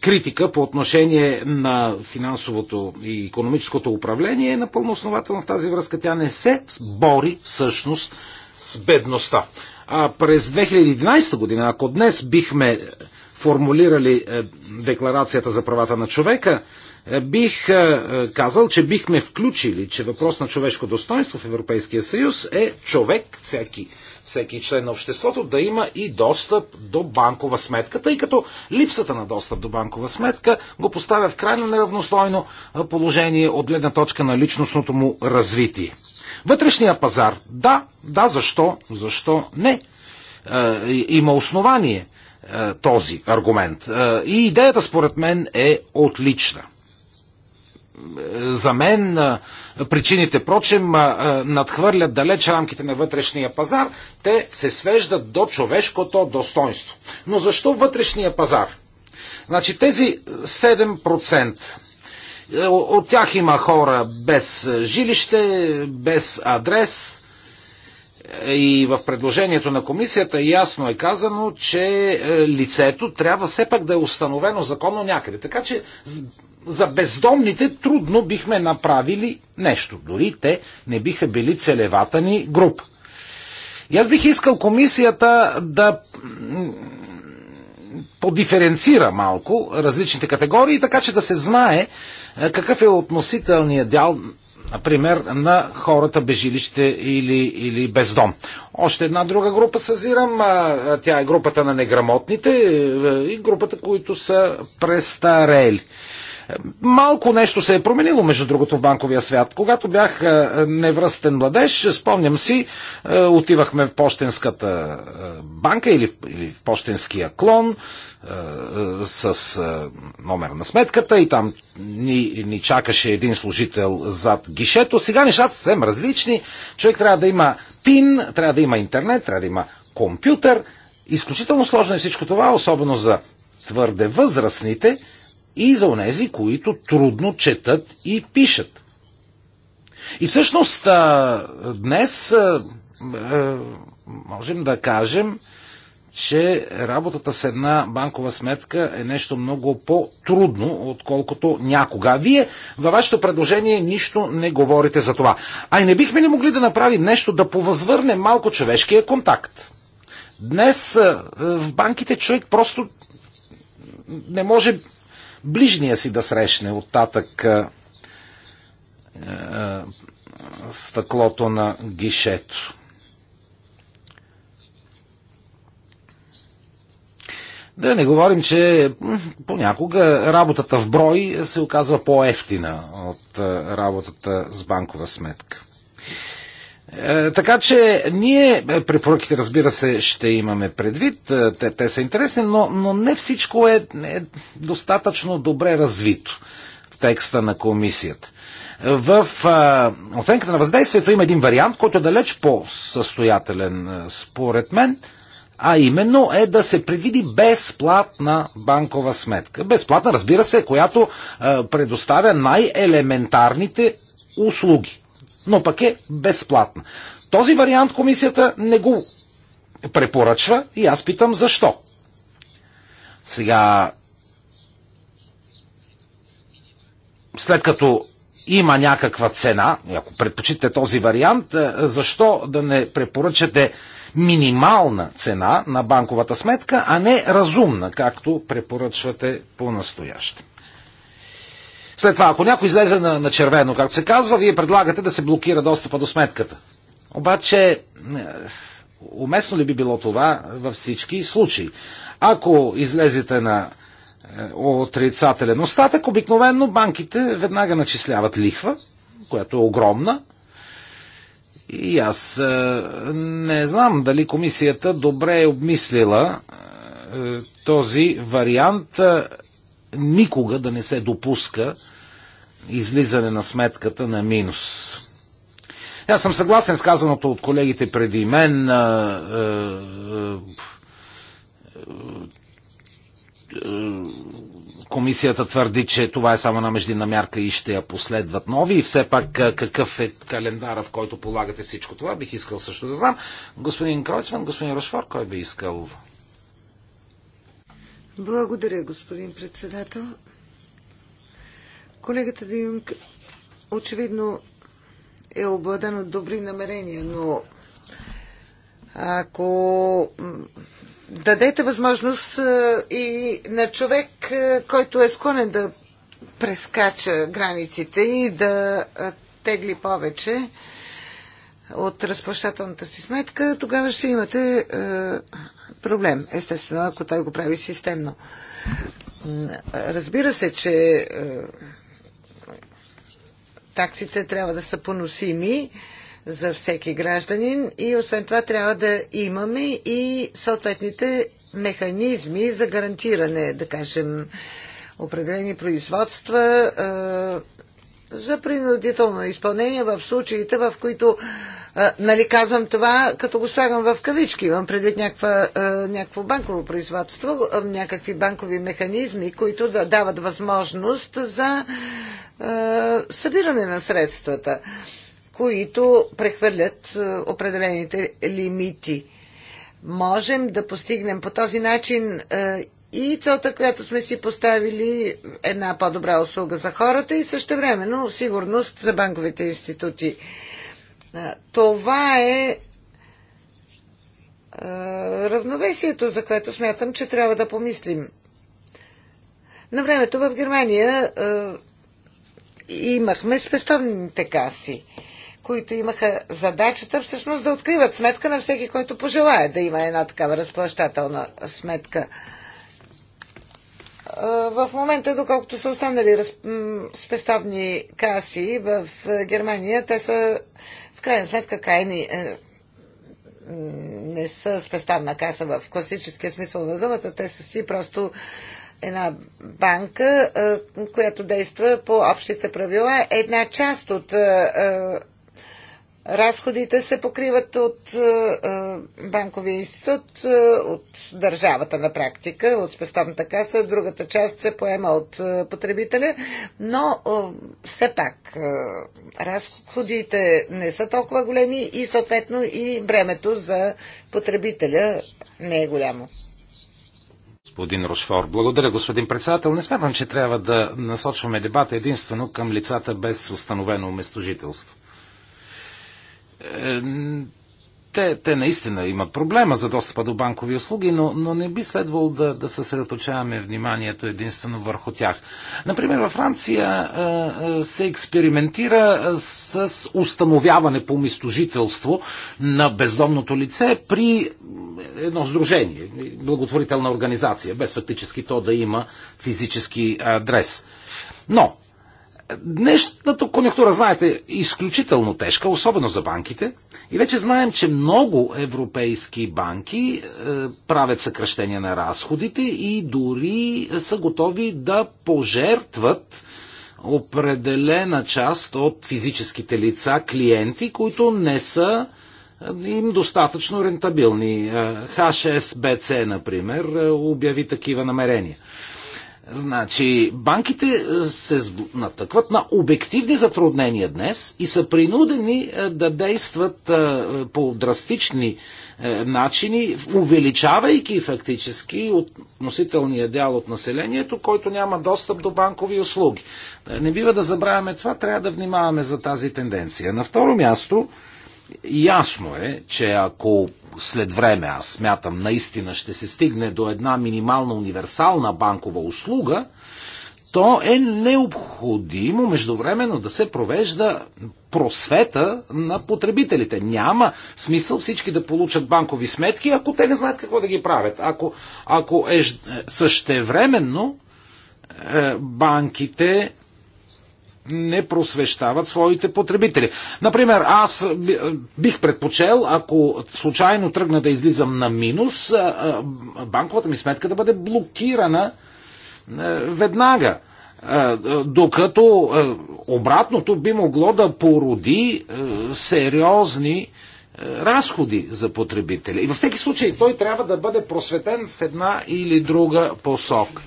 критика по отношение на финансовото и економическото управление е напълно основателна в тази връзка. Тя не се бори всъщност с бедността. А през 2011 година, ако днес бихме формулирали е, Декларацията за правата на човека, е, бих е, казал, че бихме включили, че въпрос на човешко достоинство в Европейския съюз е човек, всеки, всеки член на обществото, да има и достъп до банкова сметка, тъй като липсата на достъп до банкова сметка го поставя в крайно неравностойно положение от гледна точка на личностното му развитие. Вътрешния пазар. Да, да, защо? Защо не? Има основание е, този аргумент. Е, и идеята, според мен, е отлична. Е, за мен причините, прочим, надхвърлят далеч рамките на вътрешния пазар. Те се свеждат до човешкото достоинство. Но защо вътрешния пазар? Значи тези 7%. От тях има хора без жилище, без адрес, и в предложението на комисията ясно е казано, че е, лицето трябва все пак да е установено законно някъде. Така че за бездомните трудно бихме направили нещо. Дори те не биха били целевата ни група. И аз бих искал комисията да подиференцира малко различните категории, така че да се знае е, какъв е относителният дял например, на хората без жилище или, или без дом. Още една друга група съзирам, тя е групата на неграмотните е, и групата, които са престарели. Малко нещо се е променило, между другото, в банковия свят. Когато бях е, невръстен младеж, спомням си, е, отивахме в почтенската е, банка или в, или в почтенския клон с номер на сметката и там ни, ни чакаше един служител зад гишето. Сега нещата са съвсем различни. Човек трябва да има пин, трябва да има интернет, трябва да има компютър. Изключително сложно е всичко това, особено за твърде възрастните, и за онези, които трудно четат и пишат. И всъщност днес можем да кажем, че работата с една банкова сметка е нещо много по-трудно, отколкото някога. Вие във вашето предложение нищо не говорите за това. А и не бихме ли могли да направим нещо да повъзвърне малко човешкия контакт? Днес в банките човек просто не може ближния си да срещне оттатък е, стъклото на гишето. Да не говорим, че понякога работата в брой се оказва по-ефтина от работата с банкова сметка. Е, така че ние е, препоръките, разбира се, ще имаме предвид. Е, те, те са интересни, но, но не всичко е, е достатъчно добре развито в текста на комисията. В а, оценката на въздействието има един вариант, който е далеч по-състоятелен, според мен, а именно е да се предвиди безплатна банкова сметка. Безплатна, разбира се, която а, предоставя най-елементарните услуги но пък е безплатна. Този вариант комисията не го препоръчва и аз питам защо. Сега, след като има някаква цена, ако предпочитате този вариант, е, защо да не препоръчате минимална цена на банковата сметка, а не разумна, както препоръчвате по настоящем след това, ако някой излезе на, на червено, както се казва, вие предлагате да се блокира достъпа до сметката. Обаче, е, уместно ли би било това във всички случаи? Ако излезете на е, отрицателен остатък, обикновенно банките веднага начисляват лихва, която е огромна. И аз е, не знам дали комисията добре е обмислила този вариант никога да не се допуска излизане на сметката на минус. Аз съм съгласен с казаното от колегите преди мен. А, а, а, комисията твърди, че това е само на междинна мярка и ще я последват нови. И все пак какъв е календара, в който полагате всичко това, бих искал също да знам. Господин Кройцман, господин Рошфор, кой би искал благодаря, господин председател. Колегата Дюнг очевидно е обладан от добри намерения, но ако дадете възможност и на човек, който е склонен да прескача границите и да тегли повече, от разплащателната си сметка, тогава ще имате е, проблем. Естествено, ако той го прави системно. Разбира се, че е, таксите трябва да са поносими за всеки гражданин и освен това трябва да имаме и съответните механизми за гарантиране, да кажем, определени производства, е, за принудително изпълнение в случаите, в които, а, нали казвам това, като го слагам в кавички, имам предвид някаква, а, някакво банково производство, а, някакви банкови механизми, които да дават възможност за а, събиране на средствата, които прехвърлят а, определените лимити можем да постигнем по този начин и целта, която сме си поставили една по-добра услуга за хората и също времено сигурност за банковите институти. Това е равновесието, за което смятам, че трябва да помислим. На времето в Германия имахме спестовните каси, които имаха задачата всъщност да откриват сметка на всеки, който пожелая да има една такава разплащателна сметка в момента, доколкото са останали спестовни каси в Германия, те са в крайна сметка кайни. Е, не са спестовна каса в класическия смисъл на думата, те са си просто една банка, която действа по общите правила. Една част от Разходите се покриват от е, е, банковия институт, е, от държавата на практика, от спестовната каса. Другата част се поема от потребителя, но все пак разходите не са толкова големи и съответно и бремето за потребителя не е голямо господин Рошфор. Благодаря, господин председател. Не смятам, че трябва да насочваме дебата единствено към лицата без установено местожителство. Е, те, те наистина имат проблема за достъпа до банкови услуги, но, но не би следвало да, да съсредоточаваме вниманието единствено върху тях. Например, във Франция се експериментира с установяване по местожителство на бездомното лице при едно сдружение, благотворителна организация, без фактически то да има физически адрес. Но Днешната конъюнктура, знаете, е изключително тежка, особено за банките. И вече знаем, че много европейски банки е, правят съкръщения на разходите и дори са готови да пожертват определена част от физическите лица, клиенти, които не са е, им достатъчно рентабилни. HSBC, е, например, е, обяви такива намерения. Значи, банките е, се натъкват на обективни затруднения днес и са принудени е, да действат е, по драстични начини, увеличавайки фактически относителния дял от населението, който няма достъп до банкови услуги. Не бива да забравяме това, трябва да внимаваме за тази тенденция. На второ място, Ясно е, че ако след време, аз смятам, наистина ще се стигне до една минимална универсална банкова услуга, то е необходимо междувременно да се провежда просвета на потребителите. Няма смисъл всички да получат банкови сметки, ако те не знаят какво да ги правят. Ако, ако е, същевременно банките не просвещават своите потребители. Например, аз бих предпочел, ако случайно тръгна да излизам на минус, банковата ми сметка да бъде блокирана веднага. Докато обратното би могло да породи сериозни разходи за потребителя. И във всеки случай той трябва да бъде просветен в една или друга посока.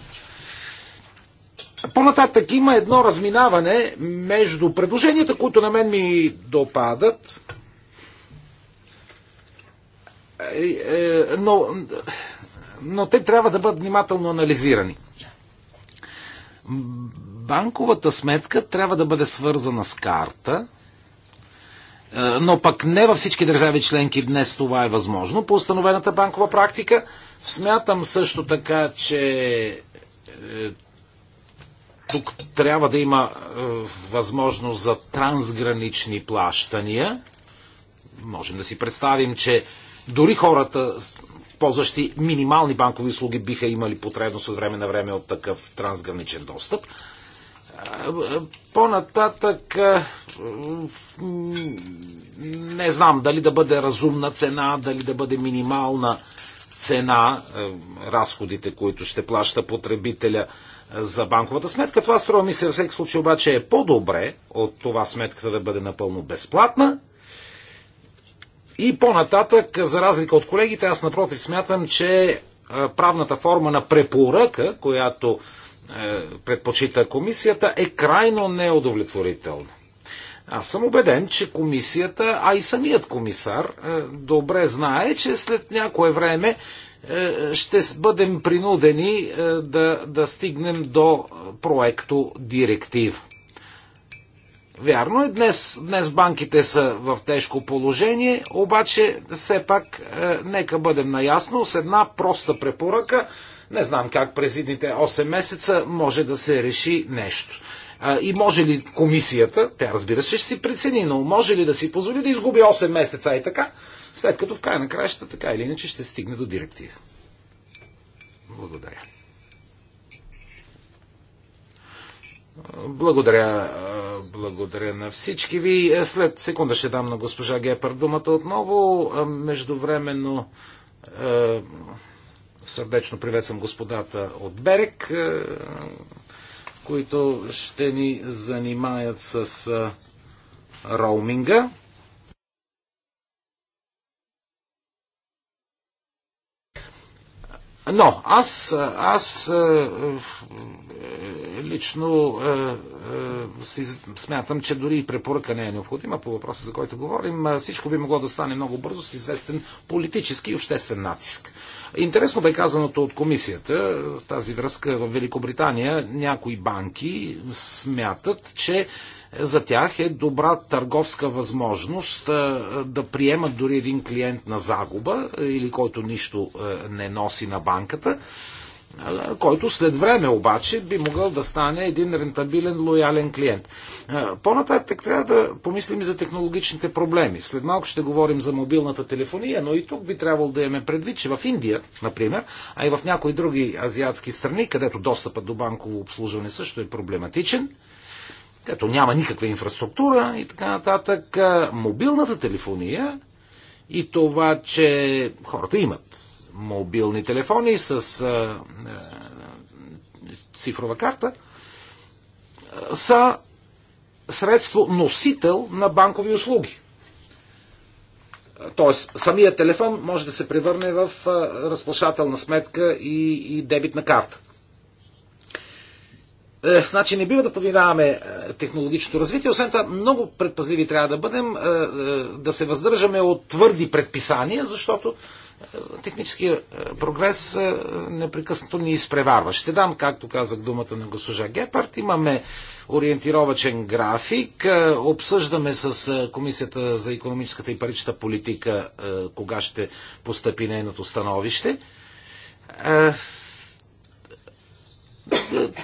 По-нататък има едно разминаване между предложенията, които на мен ми допадат, е, е, но, но те трябва да бъдат внимателно анализирани. Банковата сметка трябва да бъде свързана с карта, е, но пък не във всички държави членки днес това е възможно. По установената банкова практика смятам също така, че тук трябва да има е, възможност за трансгранични плащания. Можем да си представим, че дори хората, ползващи минимални банкови услуги, биха имали потребност от време на време от такъв трансграничен достъп. Е, е, по-нататък е, не знам дали да бъде разумна цена, дали да бъде минимална цена, разходите, които ще плаща потребителя за банковата сметка. Това струва ми се в всеки случай обаче е по-добре от това сметката да бъде напълно безплатна. И по-нататък, за разлика от колегите, аз напротив смятам, че е, правната форма на препоръка, която е, предпочита комисията, е крайно неудовлетворителна. Аз съм убеден, че комисията, а и самият комисар, е, добре знае, че след някое време е, ще бъдем принудени е, да, да стигнем до проекто директива. Вярно е, днес, днес банките са в тежко положение, обаче все пак е, нека бъдем наясно с една проста препоръка. Не знам как през едните 8 месеца може да се реши нещо. и може ли комисията, тя разбира се ще си прецени, но може ли да си позволи да изгуби 8 месеца и така, след като в края на краищата така или иначе ще стигне до директив. Благодаря. Благодаря, благодаря на всички ви. Е, след секунда ще дам на госпожа Гепар думата отново. Междувременно сърдечно приветствам господата от Берек, които ще ни занимаят с роуминга. Но аз, аз е, е, лично е, смятам, че дори и препоръка не е необходима по въпроса, за който говорим. Всичко би могло да стане много бързо с известен политически и обществен натиск. Интересно бе казаното от комисията. В тази връзка в Великобритания някои банки смятат, че за тях е добра търговска възможност да приемат дори един клиент на загуба или който нищо не носи на банката, който след време обаче би могъл да стане един рентабилен, лоялен клиент. По-нататък трябва да помислим и за технологичните проблеми. След малко ще говорим за мобилната телефония, но и тук би трябвало да имаме предвид, че в Индия, например, а и в някои други азиатски страни, където достъпът до банково обслужване също е проблематичен, като няма никаква инфраструктура и така нататък, мобилната телефония и това, че хората имат мобилни телефони с а, цифрова карта, са средство носител на банкови услуги. Тоест, самият телефон може да се превърне в разплашателна сметка и, и дебитна карта. Е, значи не бива да подминаваме е, технологичното развитие, освен това много предпазливи трябва да бъдем, е, да се въздържаме от твърди предписания, защото техническия прогрес непрекъснато ни изпреварва. Ще дам, както казах, думата на госпожа Гепард. Имаме ориентировачен график. Обсъждаме с Комисията за економическата и паричната политика кога ще постъпи нейното становище.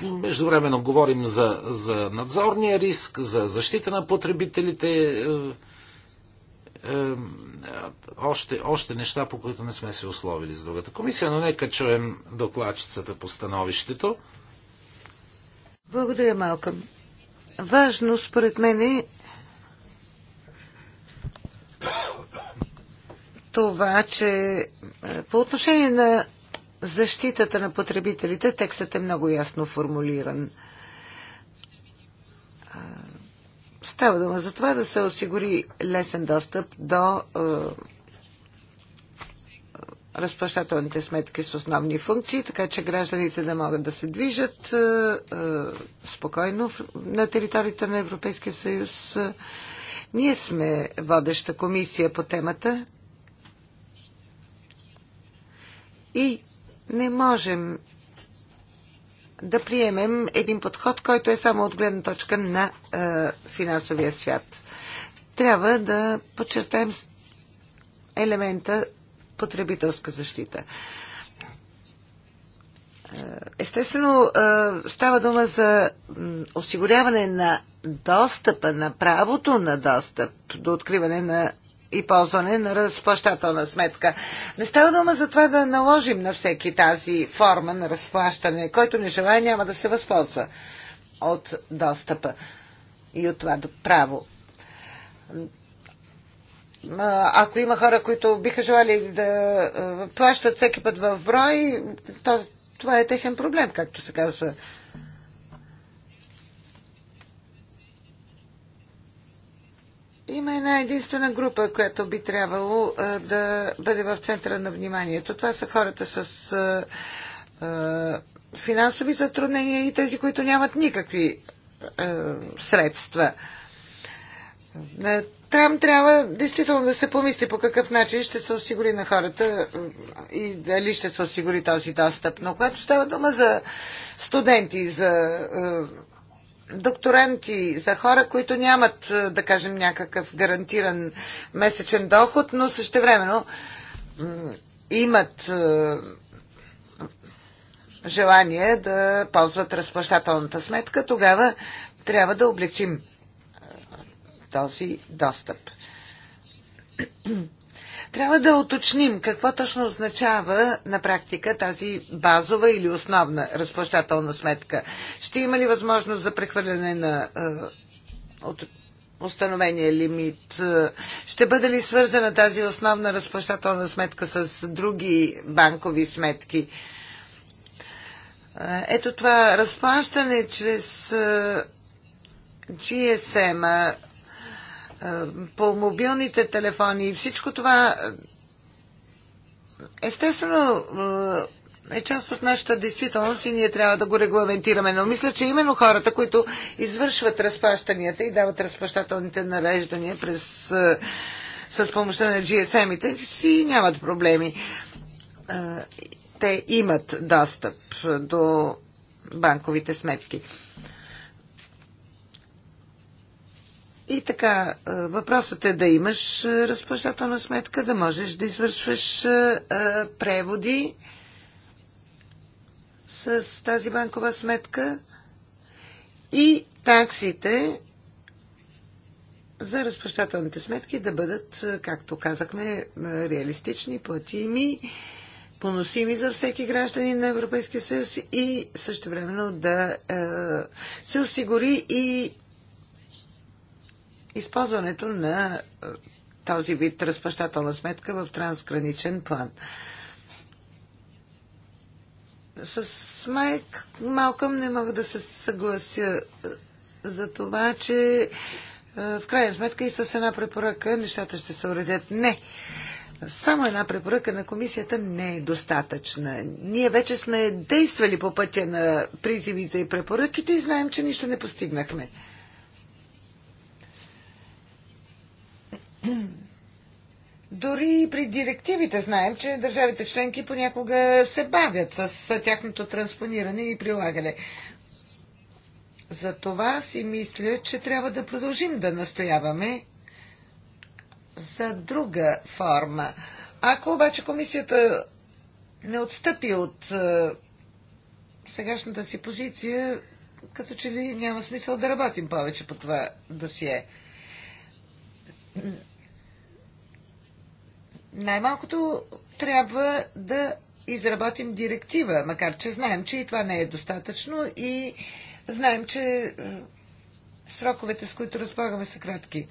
Междувременно говорим за, за надзорния риск, за защита на потребителите, е, е, е, още, още неща, по които не сме се условили с другата комисия, но нека чуем докладчицата по становището. Благодаря, Малкъм. Важно, според мен, е това, че е, по отношение на защитата на потребителите текстът е много ясно формулиран. Става дума за това да се осигури лесен достъп до е, разплащателните сметки с основни функции, така че гражданите да могат да се движат е, спокойно на територията на Европейския съюз. Ние сме водеща комисия по темата и не можем да приемем един подход, който е само от гледна точка на е, финансовия свят. Трябва да подчертаем елемента потребителска защита. Е, естествено, е, става дума за осигуряване на достъпа, на правото на достъп до откриване на и ползване на разплащателна сметка. Не става дума за това да наложим на всеки тази форма на разплащане. Който не желая, няма да се възползва от достъпа и от това право. Ако има хора, които биха желали да плащат всеки път в брой, то това е техен проблем, както се казва Има една единствена група, която би трябвало да бъде в центъра на вниманието. Това са хората с финансови затруднения и тези, които нямат никакви средства. Там трябва действително да се помисли по какъв начин ще се осигури на хората и дали ще се осигури този достъп. Но когато става дума за студенти, за докторанти, за хора, които нямат, е, да кажем, някакъв гарантиран месечен доход, но същевременно имат е, желание да ползват разплащателната сметка, тогава трябва да облегчим е, този достъп. Трябва да уточним какво точно означава на практика тази базова или основна разплащателна сметка. Ще има ли възможност за прехвърляне на е, от установения лимит? Е, ще бъде ли свързана тази основна разплащателна сметка с други банкови сметки? Е, ето това разплащане чрез GSM-а по мобилните телефони и всичко това естествено е част от нашата действителност и ние трябва да го регламентираме. Но мисля, че именно хората, които извършват разплащанията и дават разплащателните нареждания през, с помощта на GSM-ите, си нямат проблеми. Те имат достъп до банковите сметки. И така, въпросът е да имаш разплащателна сметка, да можеш да извършваш преводи с тази банкова сметка и таксите за разплащателните сметки да бъдат, както казахме, реалистични, платими, поносими за всеки гражданин на Европейския съюз и също времено да се осигури и използването на този вид разпащателна сметка в трансграничен план. С Майк Малкъм не мога да се съглася за това, че в крайна сметка и с една препоръка нещата ще се уредят. Не. Само една препоръка на комисията не е достатъчна. Ние вече сме действали по пътя на призивите и препоръките и знаем, че нищо не постигнахме. Дори и при директивите знаем, че държавите членки понякога се бавят с тяхното транспониране и прилагане. За това си мисля, че трябва да продължим да настояваме за друга форма. Ако обаче комисията не отстъпи от е, сегашната си позиция, като че ли няма смисъл да работим повече по това досие най-малкото трябва да изработим директива, макар че знаем, че и това не е достатъчно и знаем, че е, сроковете, с които разполагаме, са кратки.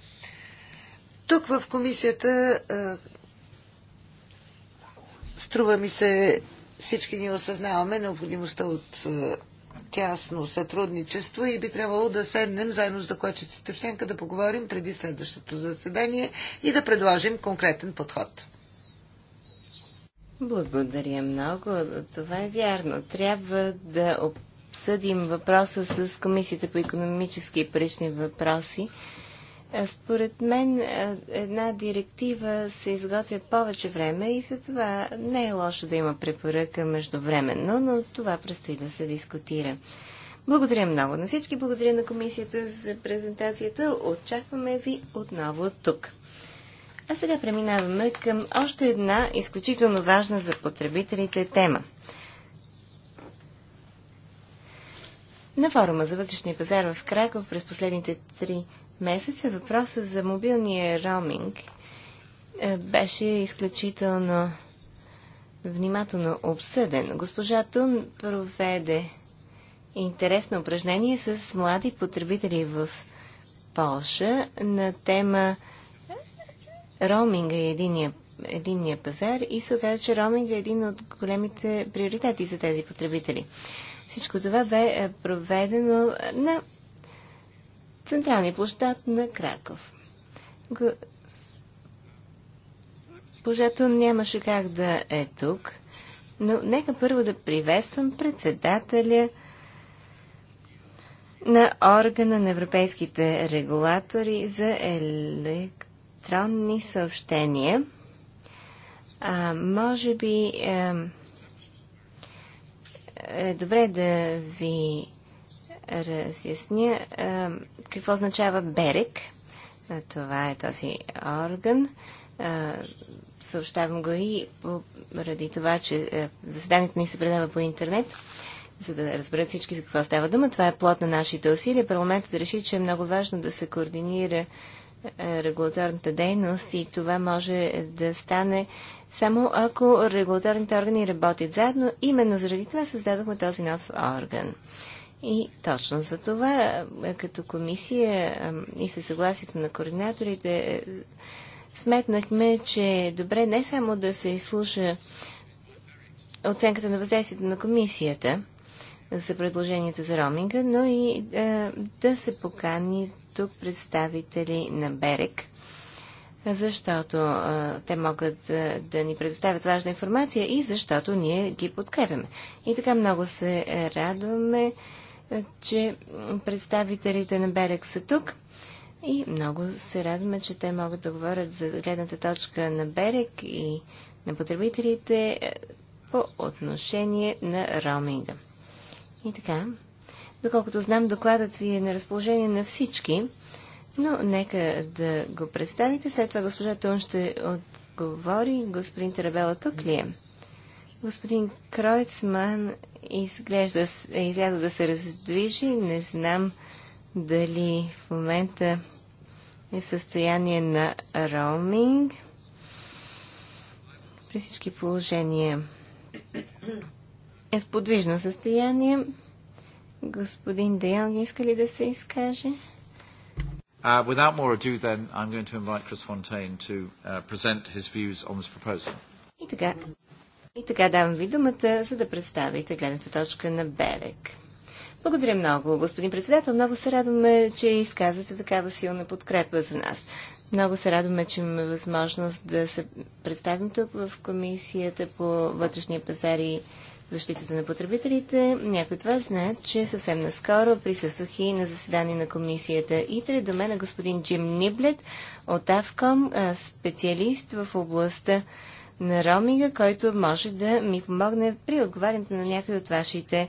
Тук в комисията е, струва ми се всички ни осъзнаваме необходимостта от е, тясно сътрудничество и би трябвало да седнем заедно с докладчиците в Сенка да поговорим преди следващото заседание и да предложим конкретен подход. Благодаря много. Това е вярно. Трябва да обсъдим въпроса с Комисията по економически и парични въпроси. Според мен една директива се изготвя повече време и за това не е лошо да има препоръка междувременно, но това предстои да се дискутира. Благодаря много на всички, благодаря на комисията за презентацията. Очакваме ви отново тук. А сега преминаваме към още една изключително важна за потребителите тема. На форума за вътрешния пазар в Краков през последните три месеца въпроса за мобилния роуминг е, беше изключително внимателно обсъден. Госпожа Тун проведе интересно упражнение с млади потребители в Полша на тема роуминга и е единия, единния пазар и се оказа, че роуминга е един от големите приоритети за тези потребители. Всичко това бе е, проведено е, на централния площад на Краков. Божато нямаше как да е тук, но нека първо да приветствам председателя на органа на европейските регулатори за елект електронни съобщения. А, може би е, е добре да ви разясня е, какво означава БЕРЕК. Това е този орган. Е, съобщавам го и поради това, че е, заседанието ни се предава по интернет за да разберат всички за какво става дума. Това е плод на нашите усилия. Парламентът реши, че е много важно да се координира е, регулаторната дейност и това може да стане само ако регулаторните органи работят заедно. Именно заради това създадохме този нов орган. И точно за това, е, като комисия е, и със съгласието на координаторите, сметнахме, че е добре не само да се изслуша оценката на въздействието на комисията за предложението за роминга, но и да се покани тук представители на Берек, защото а, те могат а, да ни предоставят важна информация и защото ние ги подкрепяме. И така много се радваме, а, че представителите на Берек са тук. И много се радваме, че те могат да говорят за гледната точка на Берек и на потребителите по отношение на роуминга. И така, Доколкото знам, докладът ви е на разположение на всички, но нека да го представите. След това госпожа Тун ще отговори. Господин Тарабела тук ли е? Господин Кройцман изглежда, е излязъл да се раздвижи. Не знам дали в момента е в състояние на роуминг. При всички положения е в подвижно състояние. Господин Деян, иска ли да се изкаже? Uh, without more ado, then, I'm going to invite Chris Fontaine to uh, present his views on this proposal. И така, и така давам ви думата, за да представите гледната точка на Берек. Благодаря много, господин председател. Много се радваме, че изказвате такава силна подкрепа за нас. Много се радваме, че имаме възможност да се представим тук в Комисията по вътрешния пазар и защитата на потребителите. Някои от вас знаят, че съвсем наскоро присъствах и на заседание на комисията ИТРЕ. До мен е господин Джим Ниблет от Авком, специалист в областта на роминга, който може да ми помогне при отговарянето на някои от вашите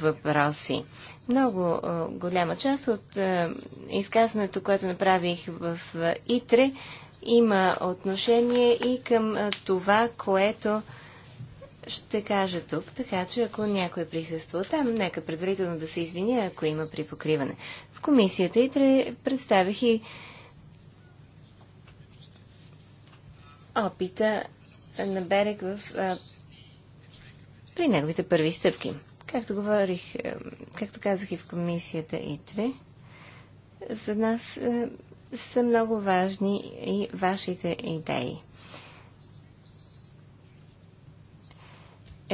въпроси. Много голяма част от изказването, което направих в ИТРЕ, има отношение и към това, което ще кажа тук, така че ако някой присъства там, нека предварително да се извиня, ако има припокриване. В комисията и представих и опита на Берег в, а, при неговите първи стъпки. Както говорих, както казах и в комисията ИТРЕ, за нас а, са много важни и вашите идеи.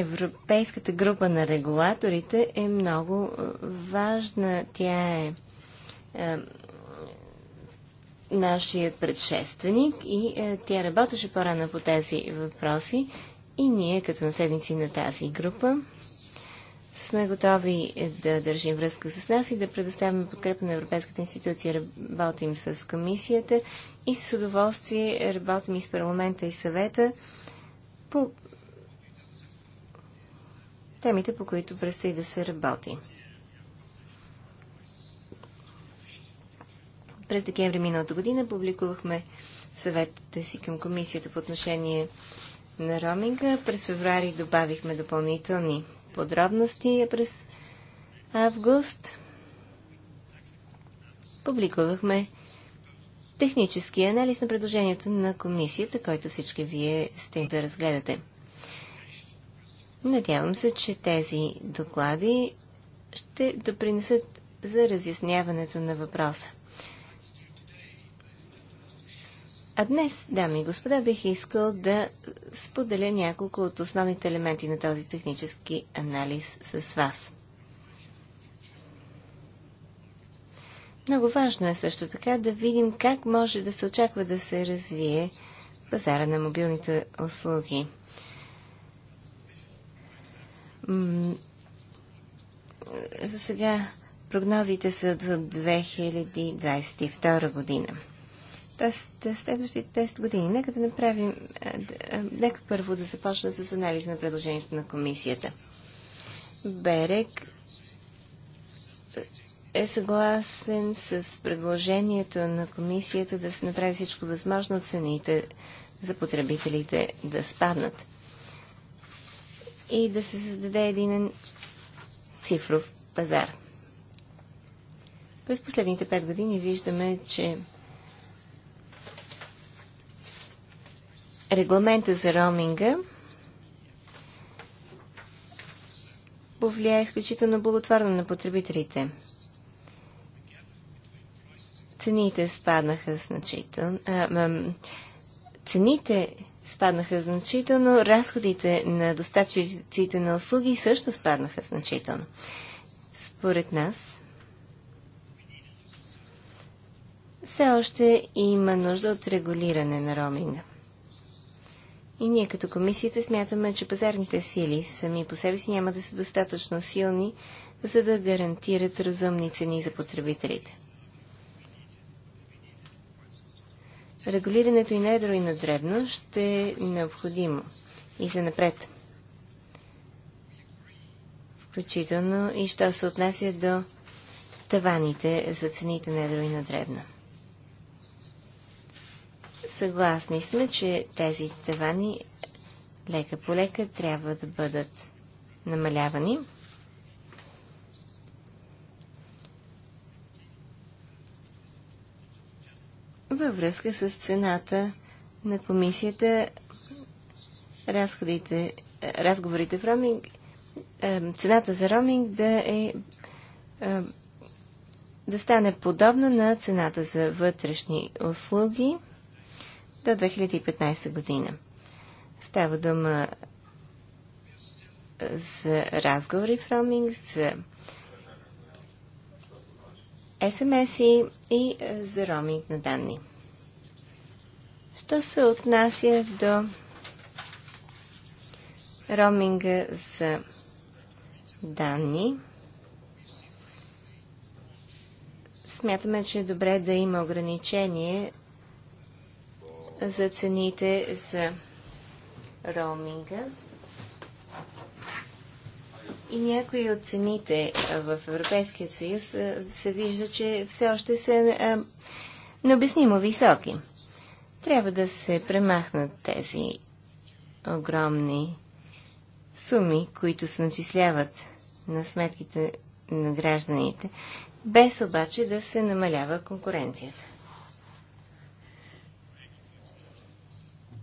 Европейската група на регулаторите е много е, важна. Тя е, е нашият предшественик и е, тя работеше по-рано по тези въпроси и ние като наследници на тази група сме готови е, да държим връзка с нас и да предоставяме подкрепа на Европейската институция. Работим с комисията и с удоволствие работим и с парламента и съвета по темите, по които предстои да се работи. През декември миналата година публикувахме съветите си към комисията по отношение на роминга. През феврари добавихме допълнителни подробности, а през август публикувахме технически анализ на предложението на комисията, който всички вие сте да разгледате. Надявам се, че тези доклади ще допринесат за разясняването на въпроса. А днес, дами и господа, бих искал да споделя няколко от основните елементи на този технически анализ с вас. Много важно е също така да видим как може да се очаква да се развие пазара на мобилните услуги – за сега прогнозите са до 2022 година. Тоест, е, следващите 10 години. Нека да направим... Е, е, нека първо да започна с анализ на предложението на комисията. Берек е съгласен с предложението на комисията да се направи всичко възможно цените за потребителите да спаднат и да се създаде един цифров пазар. През последните 5 години виждаме, че регламента за роуминга повлия изключително благотворно на потребителите. Цените спаднаха значително. Цените спаднаха значително, разходите на доставчиците на услуги също спаднаха значително. Според нас, все още има нужда от регулиране на роминга. И ние като комисията смятаме, че пазарните сили сами по себе си няма да са достатъчно силни, за да гарантират разумни цени за потребителите. регулирането и на едро и на дребно ще е необходимо и за напред. Включително и що се отнася до таваните за цените на едро и на дребно. Съгласни сме, че тези тавани лека по лека трябва да бъдат намалявани. във връзка с цената на комисията, разходите, е, разговорите в роминг, е, цената за роминг да е, е да стане подобна на цената за вътрешни услуги до 2015 година. Става дума за разговори в роминг, за СМС-и и е, за роуминг на данни. Що се отнася до роуминга за данни, смятаме, че е добре да има ограничение за цените за роуминга и някои от цените в Европейския съюз се вижда, че все още са необяснимо високи. Трябва да се премахнат тези огромни суми, които се начисляват на сметките на гражданите, без обаче да се намалява конкуренцията.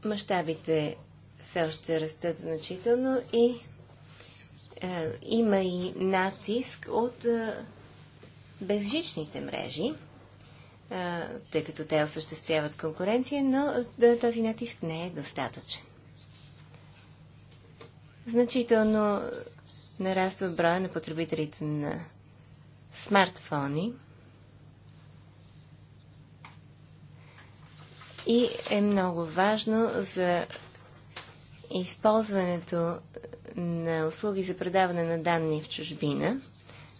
Мащабите все още растат значително и е, има и натиск от е, безжичните мрежи, е, тъй като те осъществяват конкуренция, но този натиск не е достатъчен. Значително нараства броя на потребителите на смартфони и е много важно за използването на услуги за предаване на данни в чужбина,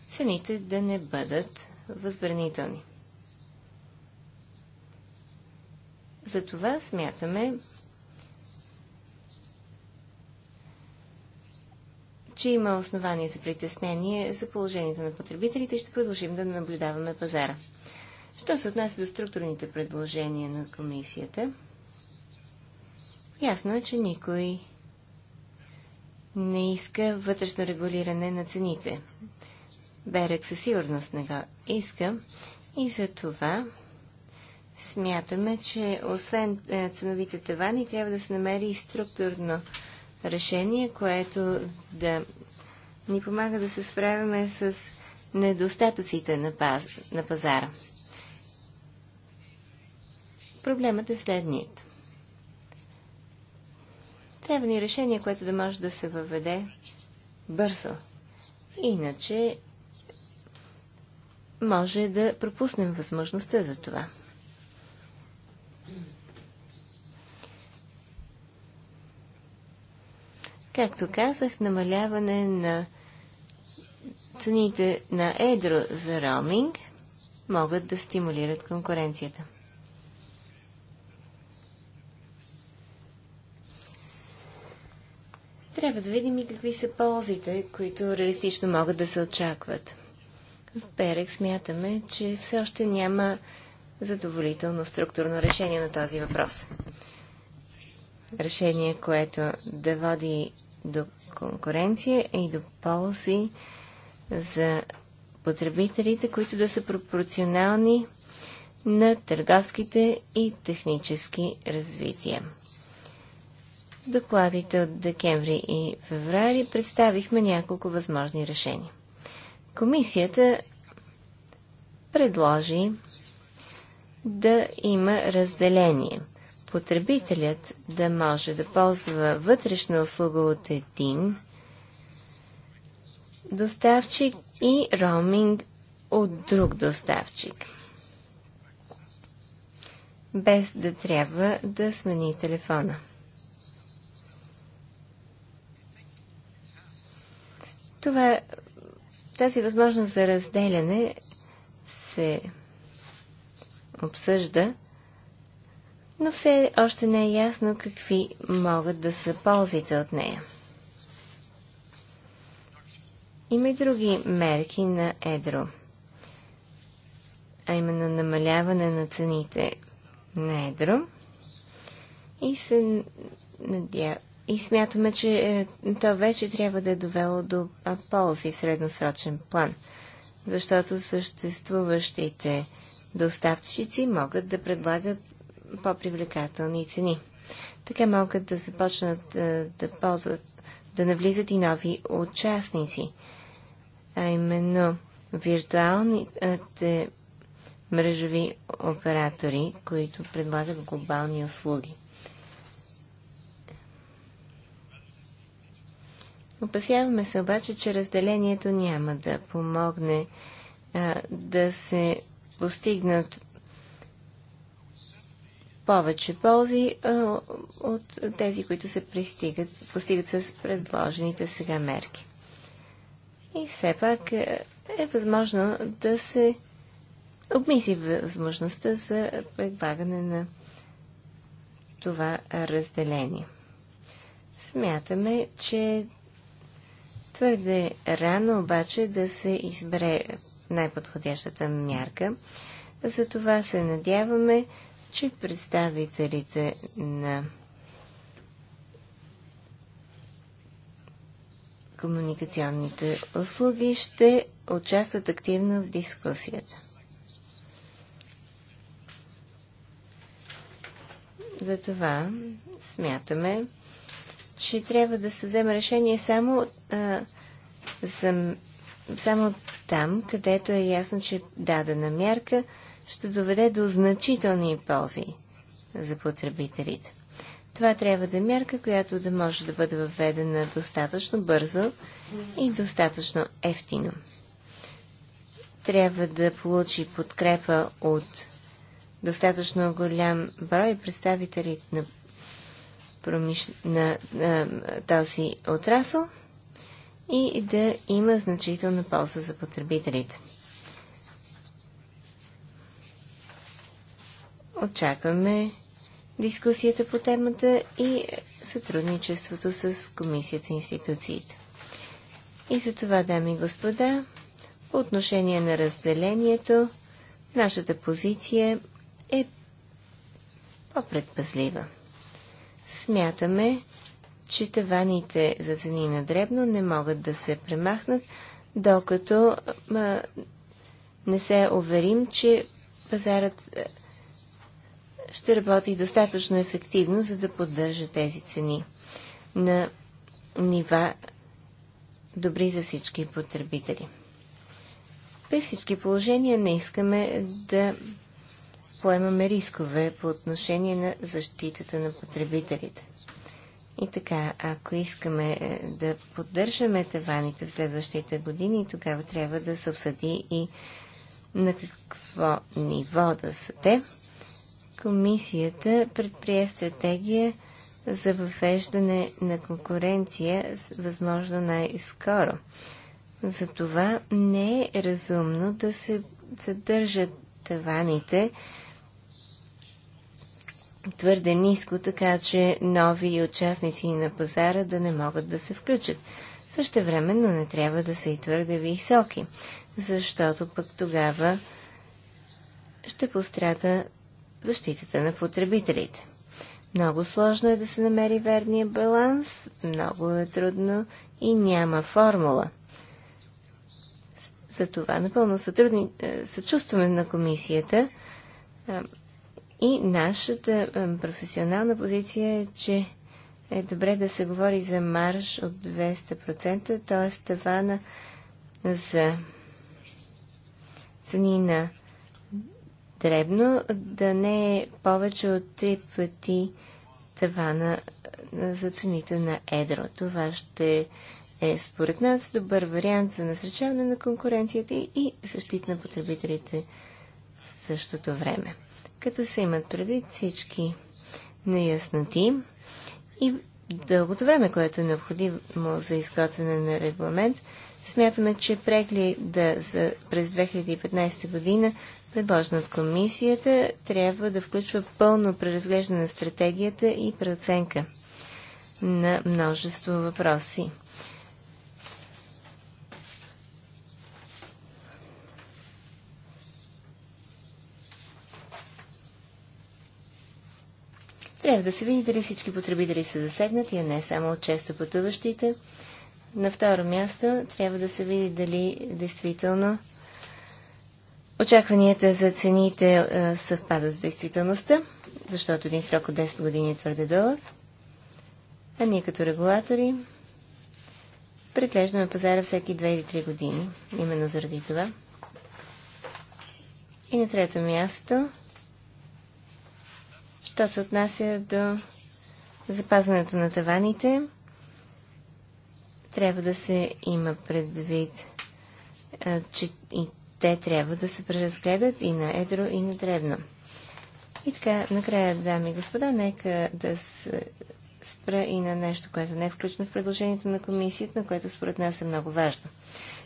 цените да не бъдат възбранителни. Затова смятаме, че има основания за притеснение за положението на потребителите и ще продължим да наблюдаваме пазара. Що се отнася до структурните предложения на комисията? Ясно е, че никой не иска вътрешно регулиране на цените. Берек със сигурност не го иска и за това смятаме, че освен е, ценовите тавани трябва да се намери и структурно решение, което да ни помага да се справяме с недостатъците на, паз... на пазара. Проблемът е следният. Трябва ни решение, което да може да се въведе бързо. Иначе може да пропуснем възможността за това. Както казах, намаляване на цените на едро за роуминг могат да стимулират конкуренцията. Трябва да видим и какви са ползите, които реалистично могат да се очакват. В Перек смятаме, че все още няма задоволително структурно решение на този въпрос. Решение, което да води до конкуренция и до ползи за потребителите, които да са пропорционални на търговските и технически развития докладите от декември и феврари представихме няколко възможни решения. Комисията предложи да има разделение. Потребителят да може да ползва вътрешна услуга от един доставчик и роуминг от друг доставчик, без да трябва да смени телефона. Това, е, тази възможност за разделяне се обсъжда, но все още не е ясно какви могат да са ползите от нея. Има и други мерки на едро, а именно намаляване на цените на едро и се надява. И смятаме, че е, то вече трябва да е довело до ползи в средносрочен план, защото съществуващите доставчици могат да предлагат по-привлекателни цени. Така могат да започнат е, да, ползват, да навлизат и нови участници, а именно виртуалните мрежови оператори, които предлагат глобални услуги. Опасяваме се обаче, че разделението няма да помогне а, да се постигнат повече ползи а, от тези, които се пристигат, постигат с предложените сега мерки. И все пак е възможно да се обмисли възможността за предлагане на това разделение. Смятаме, че Твърде рано обаче да се избере най-подходящата мярка. Затова се надяваме, че представителите на комуникационните услуги ще участват активно в дискусията. Затова смятаме, че трябва да се вземе решение само, а, за, само там, където е ясно, че дадена мярка ще доведе до значителни ползи за потребителите. Това трябва да е мярка, която да може да бъде въведена достатъчно бързо и достатъчно ефтино. Трябва да получи подкрепа от достатъчно голям брой представители на промиш... на, на този отрасъл и да има значителна полза за потребителите. Очакваме дискусията по темата и сътрудничеството с комисията и институциите. И за това, дами и господа, по отношение на разделението, нашата позиция е по-предпазлива. Смятаме, че таваните за цени на дребно не могат да се премахнат, докато а, не се уверим, че пазарът ще работи достатъчно ефективно, за да поддържа тези цени на нива добри за всички потребители. При всички положения не искаме да поемаме рискове по отношение на защитата на потребителите. И така, ако искаме е, да поддържаме таваните в следващите години, тогава трябва да се обсъди и на какво ниво да са те. Комисията предприе стратегия за въвеждане на конкуренция възможно най-скоро. Затова не е разумно да се задържат таваните твърде ниско, така че нови участници на пазара да не могат да се включат. Също времено не трябва да са и твърде високи, защото пък тогава ще пострада защитата на потребителите. Много сложно е да се намери верния баланс, много е трудно и няма формула. За това напълно сътрудни... Е, съчувстваме на комисията и нашата професионална позиция е, че е добре да се говори за марш от 200%, т.е. тавана за цени на дребно да не е повече от 3 пъти тавана за цените на едро. Това ще е според нас добър вариант за насречаване на конкуренцията и защита на потребителите в същото време като се имат предвид всички неясноти и дългото време, което е необходимо за изготвяне на регламент, смятаме, че да за през 2015 година, предложен от комисията, трябва да включва пълно преразглеждане на стратегията и преоценка на множество въпроси. Трябва да се види дали всички потребители са засегнати, а не само от често пътуващите. На второ място трябва да се види дали действително очакванията за цените е, съвпадат с действителността, защото един срок от 10 години е твърде дълъг. А ние като регулатори преглеждаме пазара всеки 2 или 3 години, именно заради това. И на трето място Що се отнася до запазването на таваните, трябва да се има предвид, че и те трябва да се преразгледат и на едро, и на древно. И така, накрая, дами и господа, нека да се спра и на нещо, което не е включено в предложението на комисията, на което според нас е много важно.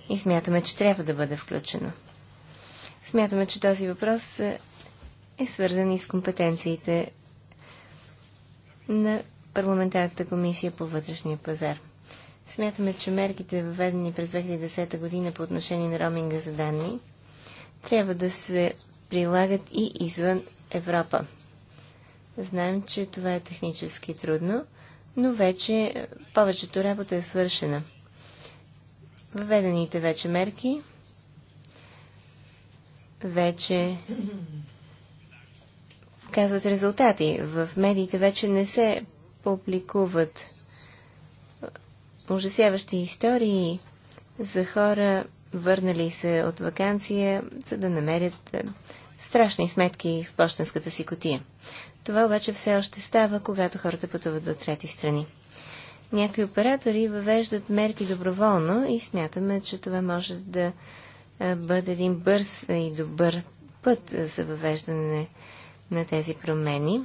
И смятаме, че трябва да бъде включено. Смятаме, че този въпрос е свързан и с компетенциите на парламентарната комисия по вътрешния пазар. Смятаме, че мерките, въведени през 2010 година по отношение на роминга за данни, трябва да се прилагат и извън Европа. Знаем, че това е технически трудно, но вече повечето работа е свършена. Въведените вече мерки вече показват резултати. В медиите вече не се публикуват ужасяващи истории за хора, върнали се от вакансия, за да намерят е, страшни сметки в почтенската си котия. Това обаче все още става, когато хората пътуват до трети страни. Някои оператори въвеждат мерки доброволно и смятаме, че това може да е, бъде един бърз и добър път за въвеждане на тези промени.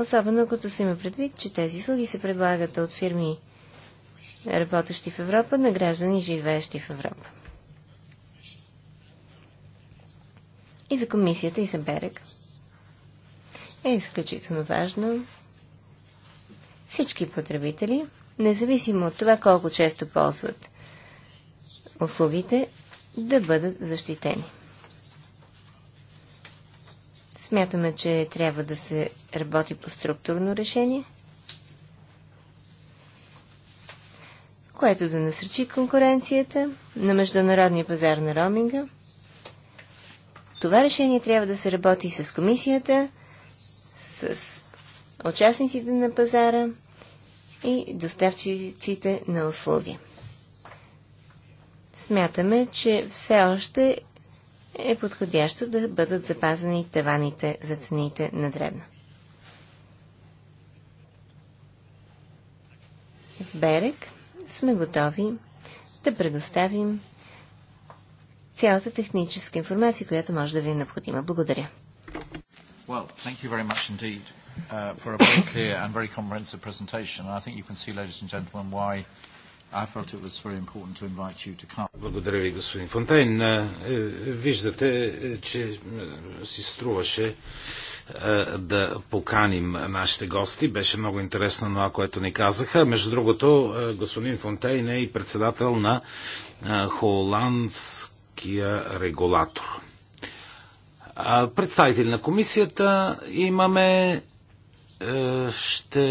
Особено като се има предвид, че тези услуги се предлагат от фирми, работещи в Европа, на граждани, живеещи в Европа. И за комисията, и за Берег е изключително важно всички потребители, независимо от това колко често ползват услугите да бъдат защитени. Смятаме, че трябва да се работи по структурно решение, което да насърчи конкуренцията на международния пазар на роминга. Това решение трябва да се работи с комисията, с участниците на пазара и доставчиците на услуги смятаме, че все още е подходящо да бъдат запазени таваните за цените на дребно. В Берег сме готови да предоставим цялата техническа информация, която може да ви е необходима. Благодаря. Well, thank you very much indeed uh, for a very clear and very comprehensive presentation. And I think you can see, ladies and gentlemen, why благодаря ви, господин Фонтайн. Е, е, виждате, е, че си струваше да поканим нашите гости. Беше много интересно това, което ни казаха. Между другото, господин Фонтейн е и председател на холандския регулатор. Представители на комисията имаме. Ще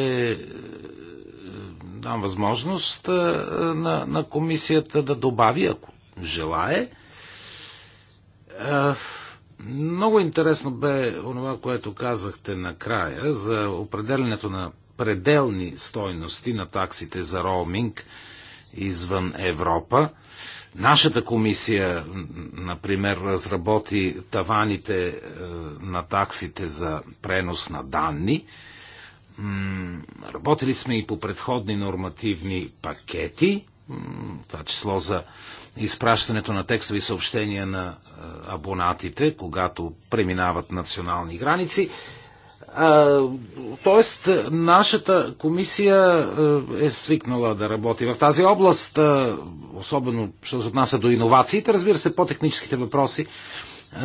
дам възможност на, на комисията да добави, ако желае. Много интересно бе онова, което казахте накрая за определенето на пределни стойности на таксите за роуминг извън Европа. Нашата комисия, например, разработи таваните на таксите за пренос на данни. Работили сме и по предходни нормативни пакети, това число за изпращането на текстови съобщения на абонатите, когато преминават национални граници. Тоест, нашата комисия е свикнала да работи в тази област, особено що се отнася до иновациите. Разбира се, по-техническите въпроси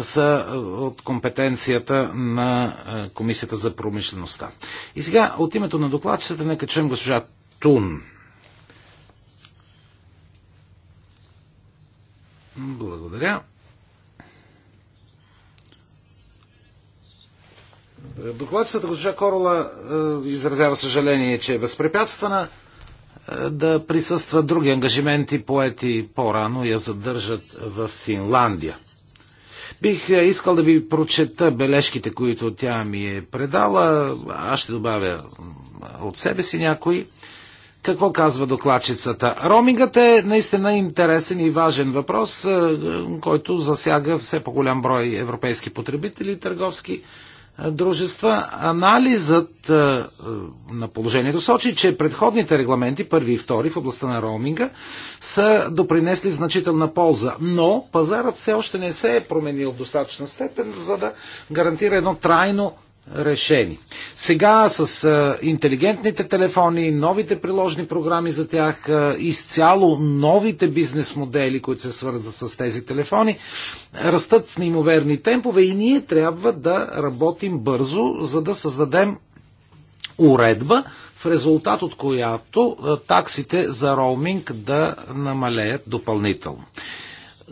са е, от компетенцията на е, Комисията за промишлеността. И сега от името на докладчицата нека чуем госпожа Тун. Благодаря. Докладчицата госпожа Корола е, изразява съжаление, че е възпрепятствана да присъстват други ангажименти, поети по-рано я задържат в Финландия. Бих е, искал да ви прочета бележките, които тя ми е предала. Аз ще добавя от себе си някои. Какво казва докладчицата? Ромингът е наистина интересен и важен въпрос, е, който засяга все по-голям брой европейски потребители и търговски дружества. Анализът е, е, на положението сочи, че предходните регламенти, първи и втори в областта на роуминга, са допринесли значителна полза. Но пазарът все още не се е променил в достатъчна степен, за да гарантира едно трайно решени. Сега с интелигентните телефони, новите приложни програми за тях, изцяло новите бизнес модели, които се свързват с тези телефони, растат с неимоверни темпове и ние трябва да работим бързо, за да създадем уредба, в резултат от която таксите за роуминг да намалеят допълнително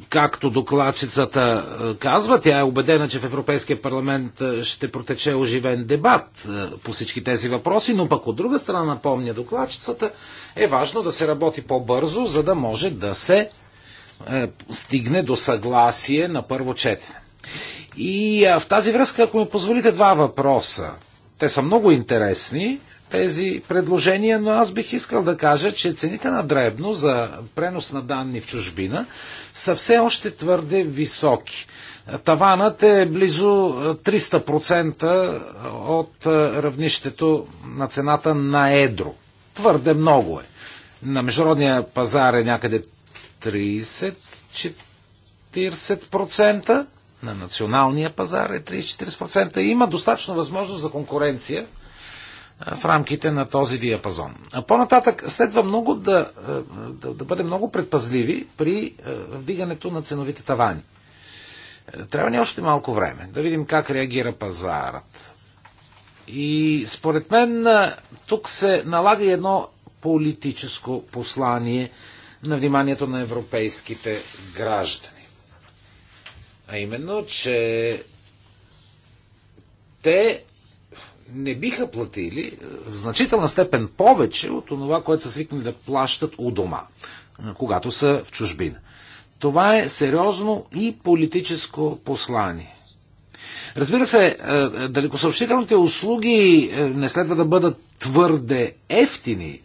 както докладчицата е, казва, тя е убедена, че в Европейския парламент е, ще протече оживен дебат е, по всички тези въпроси, но пък от друга страна, напомня докладчицата, е важно да се работи по-бързо, за да може да се стигне до съгласие на първо четене. И в тази връзка, ако ми позволите два въпроса, те са много интересни, тези предложения, но аз бих искал да кажа, че цените на дребно за пренос на данни в чужбина са все още твърде високи. Таванът е близо 300% от равнището на цената на едро. Твърде много е. На международния пазар е някъде 30-40%, на националния пазар е 30-40%. Има достатъчно възможност за конкуренция в рамките на този диапазон. По-нататък следва много да, да, да бъдем много предпазливи при вдигането на ценовите тавани. Е, трябва ни още малко време да видим как реагира пазарът. И според мен тук се налага едно политическо послание на вниманието на европейските граждани. А именно, че те не биха платили е, в значителна степен повече от това, което са свикнали да плащат у дома, е, когато са в чужбина. Това е сериозно и политическо послание. Разбира се, е, далекосъобщителните услуги не следва да бъдат твърде ефтини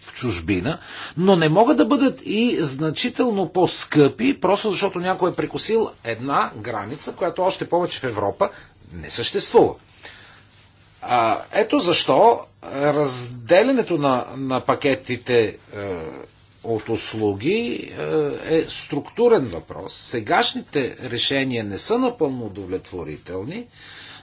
в чужбина, но не могат да бъдат и значително по-скъпи, просто защото някой е прекусил една граница, която още повече в Европа не съществува. А, ето защо разделянето на, на пакетите е, от услуги е, е структурен въпрос. Сегашните решения не са напълно удовлетворителни,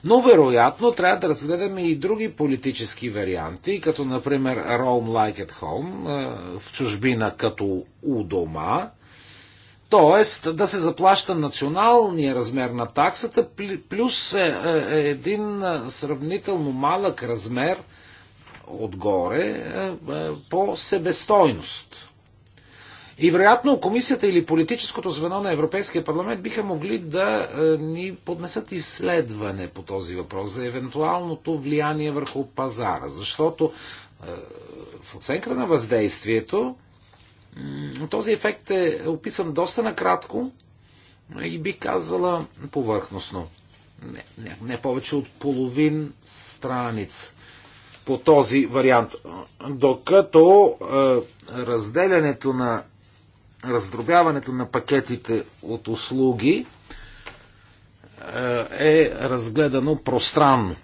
но вероятно трябва да разгледаме и други политически варианти, като например Roam Like at Home, е, в чужбина като у дома, Тоест да се заплаща националния размер на таксата плюс е, е, е един сравнително малък размер отгоре по себестойност. И вероятно комисията или политическото звено на Европейския парламент биха могли да ни поднесат изследване по този въпрос за евентуалното влияние върху пазара. Защото в оценката на въздействието този ефект е описан доста накратко и бих казала повърхностно. Не, не, не повече от половин страниц по този вариант. Докато е, разделянето на раздробяването на пакетите от услуги е, е разгледано пространно.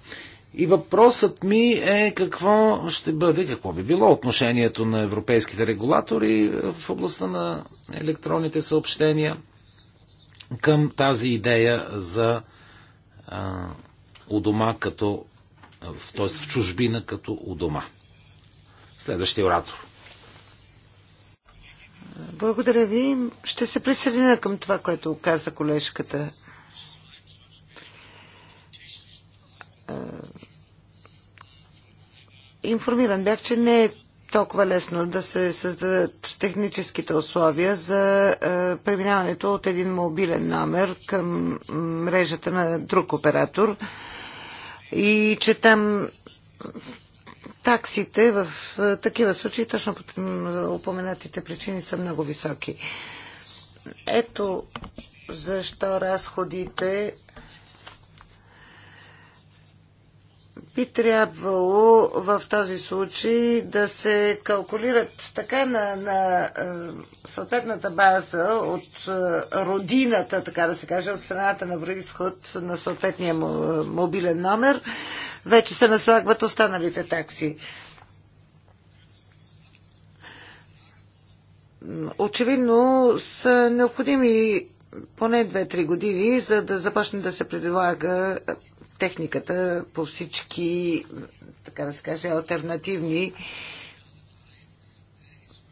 И въпросът ми е какво ще бъде, какво би било отношението на европейските регулатори е, в областта на електронните съобщения към тази идея за а, у дома като, т.е. в чужбина като у дома. Следващия оратор. Благодаря ви. Ще се присъединя към това, което каза колежката. Е, информиран бях, че не е толкова лесно да се създадат техническите условия за е, преминаването от един мобилен номер към мрежата на друг оператор и че там таксите в е, такива случаи, точно по упоменатите причини, са много високи. Ето защо разходите би трябвало в този случай да се калкулират така на, на е, съответната база от е, родината, така да се каже, от страната на происход на съответния е, мобилен номер, вече се наслагват останалите такси. Очевидно са необходими поне 2-3 години, за да започне да се предлага техниката по всички, така да се каже, альтернативни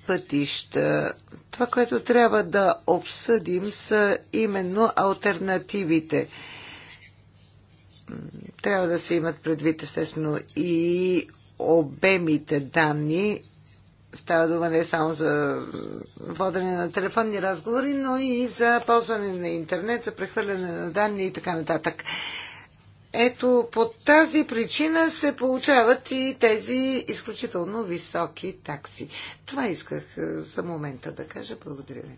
пътища. Това, което трябва да обсъдим са именно альтернативите. Трябва да се имат предвид, естествено, и обемите данни. Става дума не само за водене на телефонни разговори, но и за ползване на интернет, за прехвърляне на данни и така нататък. Ето по тази причина се получават и тези изключително високи такси. Това исках е, за момента да кажа. Благодаря ви.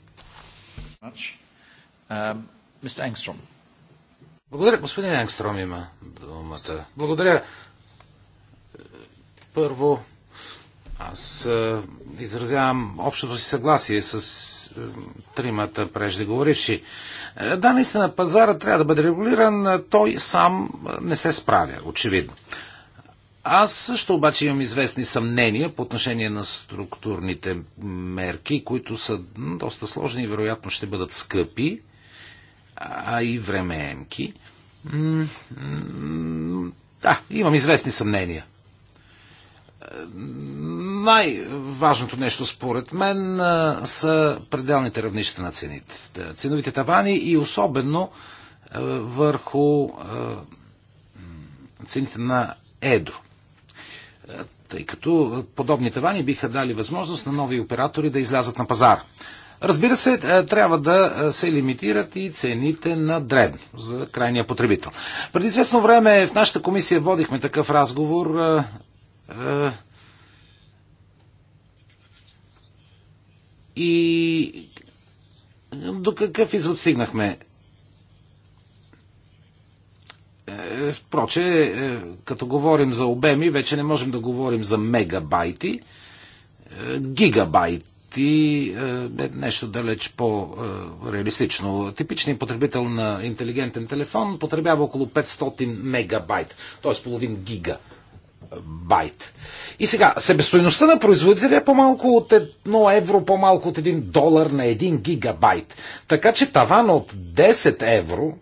Um, Благодаря. Господин Енгстром има думата. Благодаря. Е, първо, аз е, изразявам общото си съгласие с тримата преждеговоривши. говоривши е, да, наистина, пазара трябва да бъде регулиран, е, той сам е, не се справя, очевидно. Аз също обаче имам известни съмнения по отношение на структурните мерки, които са доста сложни и вероятно ще бъдат скъпи, а и времеемки. Да, имам известни съмнения. Най-важното нещо според мен са пределните равнища на цените. Ценовите тавани и особено върху цените на едро. Тъй като подобни тавани биха дали възможност на нови оператори да излязат на пазара. Разбира се, трябва да се лимитират и цените на дребно за крайния потребител. Преди известно време в нашата комисия водихме такъв разговор И до какъв извод стигнахме? Е, Впроче, е, като говорим за обеми, вече не можем да говорим за мегабайти. Е, гигабайти е нещо далеч по-реалистично. Типичният потребител на интелигентен телефон потребява около 500 мегабайт, т.е. половин гига байт. И сега, себестойността на производителя е по-малко от 1 евро, по-малко от 1 долар на 1 гигабайт. Така че таван от 10 евро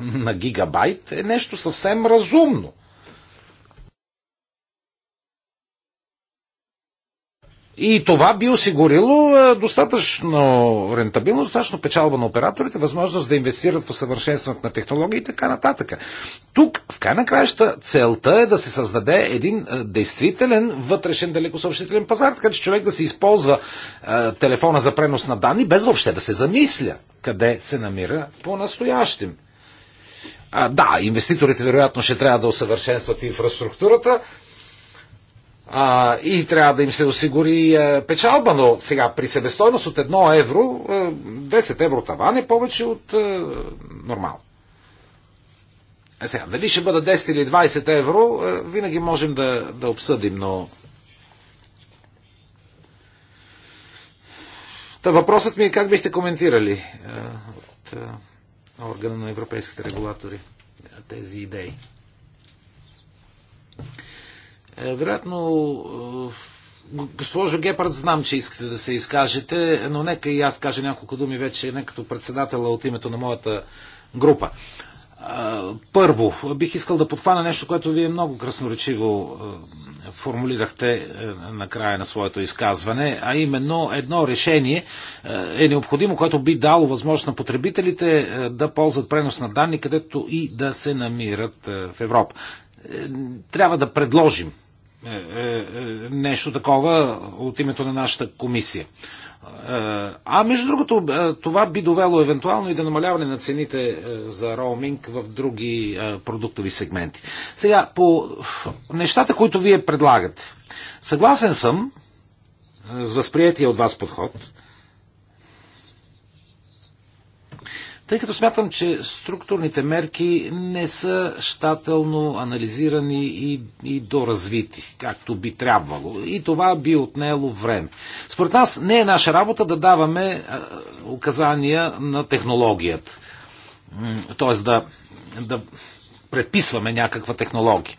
на гигабайт е нещо съвсем разумно. И това би осигурило е, достатъчно рентабилно, достатъчно печалба на операторите, възможност да инвестират в усъвършенстването на технологии и така нататък. Тук, в край на краища, целта е да се създаде един е, действителен вътрешен далекосъобщителен пазар, така че човек да се използва е, телефона за пренос на данни, без въобще да се замисля къде се намира по настоящим. А, да, инвеститорите вероятно ще трябва да усъвършенстват инфраструктурата, а, и трябва да им се осигури а, е, печалба, но сега при себестойност от 1 евро, а, е, 10 евро таван е повече от а, е, нормално. А сега, дали ще бъда 10 или 20 евро, а, винаги можем да, да обсъдим, но... Та въпросът ми е как бихте коментирали а, от а, органа на европейските регулатори тези идеи. Е, вероятно, е, госпожо Гепард, знам, че искате да се изкажете, но нека и аз кажа няколко думи вече не като председател от името на моята група. Е, първо, бих искал да подхвана нещо, което вие много красноречиво формулирахте на края на своето изказване, а именно едно решение е необходимо, което би дало възможност на потребителите да ползват пренос на данни, където и да се намират в Европа. Трябва да предложим е, е, е, нещо такова от името на нашата комисия. А между другото, това би довело евентуално и до да намаляване на цените за роуминг в други продуктови сегменти. Сега, по нещата, които вие предлагате. Съгласен съм с възприятия от вас подход, тъй като смятам, че структурните мерки не са щателно анализирани и, и доразвити, както би трябвало. И това би отнело време. Според нас не е наша работа да даваме е, указания на технологията. Тоест да, да предписваме някаква технология.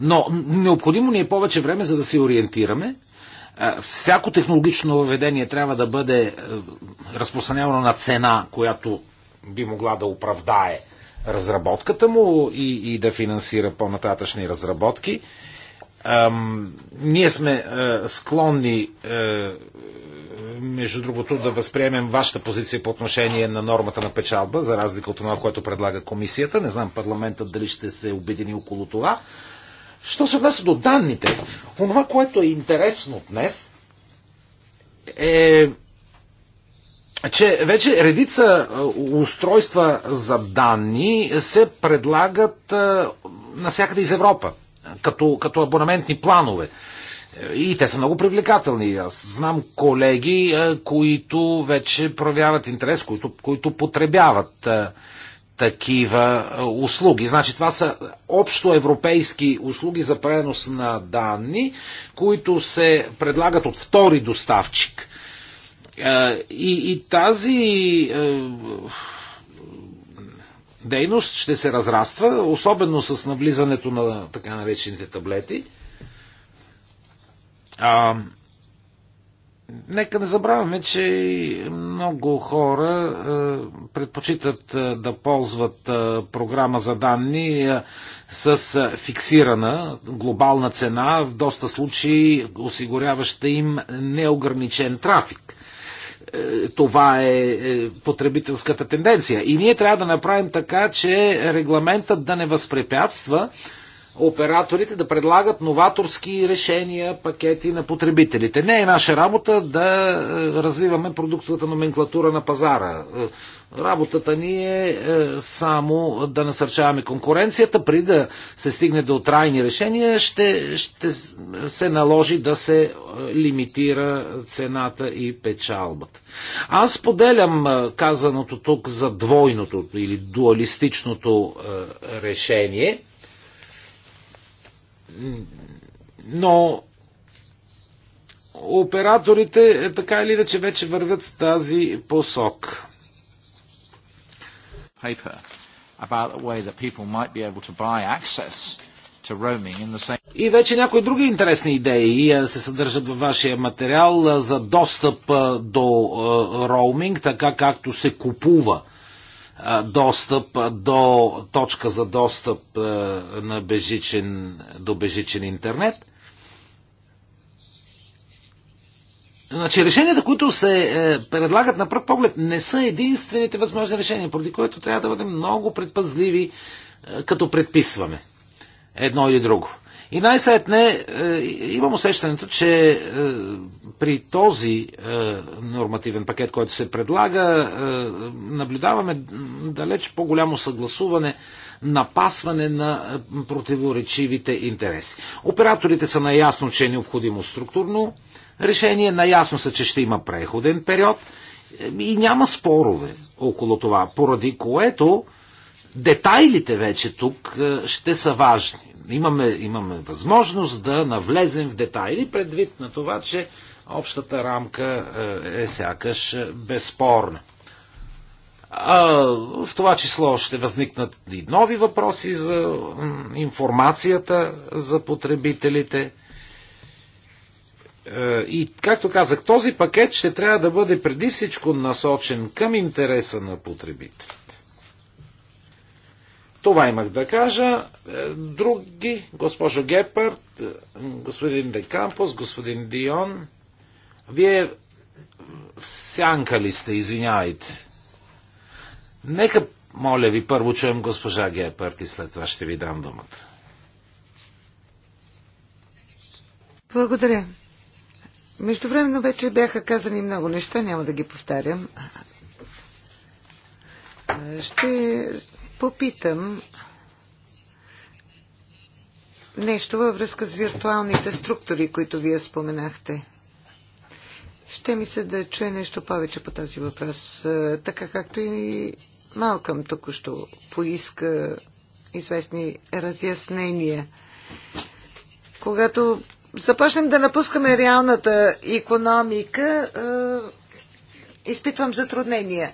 Но необходимо ни е повече време, за да се ориентираме. Е, всяко технологично въведение трябва да бъде е, разпространявано на цена, която би могла да оправдае разработката му и, и да финансира по-нататъчни разработки. Ам, ние сме а, е, склонни, а, е, между другото, да възприемем вашата позиция по отношение на нормата на печалба, за разлика от това, което предлага комисията. Не знам парламентът дали ще се обедини около това. Що се отнася до данните, онова, което е интересно днес, е че вече редица устройства за данни се предлагат навсякъде из Европа, като, като абонаментни планове. И те са много привлекателни. Аз знам колеги, които вече проявяват интерес, които, които потребяват такива услуги. Значи това са общо европейски услуги за пренос на данни, които се предлагат от втори доставчик. И, и тази е, дейност ще се разраства, особено с навлизането на така наречените таблети. А, нека не забравяме, че много хора е, предпочитат е, да ползват е, програма за данни е, с е, фиксирана глобална цена, в доста случаи осигуряваща им неограничен трафик. Е, това е, е потребителската тенденция. И ние трябва да направим така, че регламентът да не възпрепятства операторите да предлагат новаторски решения, пакети на потребителите. Не е наша работа да е, развиваме продуктовата номенклатура на пазара. Работата ни е, е само да насърчаваме конкуренцията. при да се стигне до трайни решения, ще, ще се наложи да се е, лимитира цената и печалбата. Аз поделям е, казаното тук за двойното или дуалистичното решение, но операторите така или иначе вече вървят в тази посок paper about the way that people might be able to buy access to roaming in the same... И вече някои други интересни идеи се съдържат във вашия материал за достъп до роуминг, така както се купува достъп до точка за достъп на бежичен, до бежичен интернет – Значи решенията, които се е, предлагат на пръв поглед, не са единствените възможни решения, поради което трябва да бъдем много предпазливи, е, като предписваме едно или друго. И най-сетне е, имам усещането, че е, при този е, нормативен пакет, който се предлага, е, наблюдаваме далеч по-голямо съгласуване, напасване на е, противоречивите интереси. Операторите са наясно, че е необходимо структурно решение. Наясно са, че ще има преходен период и няма спорове около това, поради което детайлите вече тук е, ще са важни. Имаме, имаме възможност да навлезем в детайли, предвид на това, че общата рамка е, е сякаш е, безспорна. А, в това число ще възникнат и нови въпроси за информацията за потребителите – е, и, както казах, този пакет ще трябва да бъде преди всичко насочен към интереса на потребителите. Това имах да кажа. Е, други, госпожо Гепард, е, господин Декампус, господин Дион, вие сянкали сянка ли сте, извинявайте. Нека, моля ви, първо чуем госпожа Гепард и след това ще ви дам думата. Благодаря. Междувременно вече бяха казани много неща, няма да ги повтарям. Ще попитам нещо във връзка с виртуалните структури, които вие споменахте. Ще ми се да чуя нещо повече по тази въпрос, така както и Малкъм току-що поиска известни разяснения. Когато започнем да напускаме реалната економика, е, изпитвам затруднения.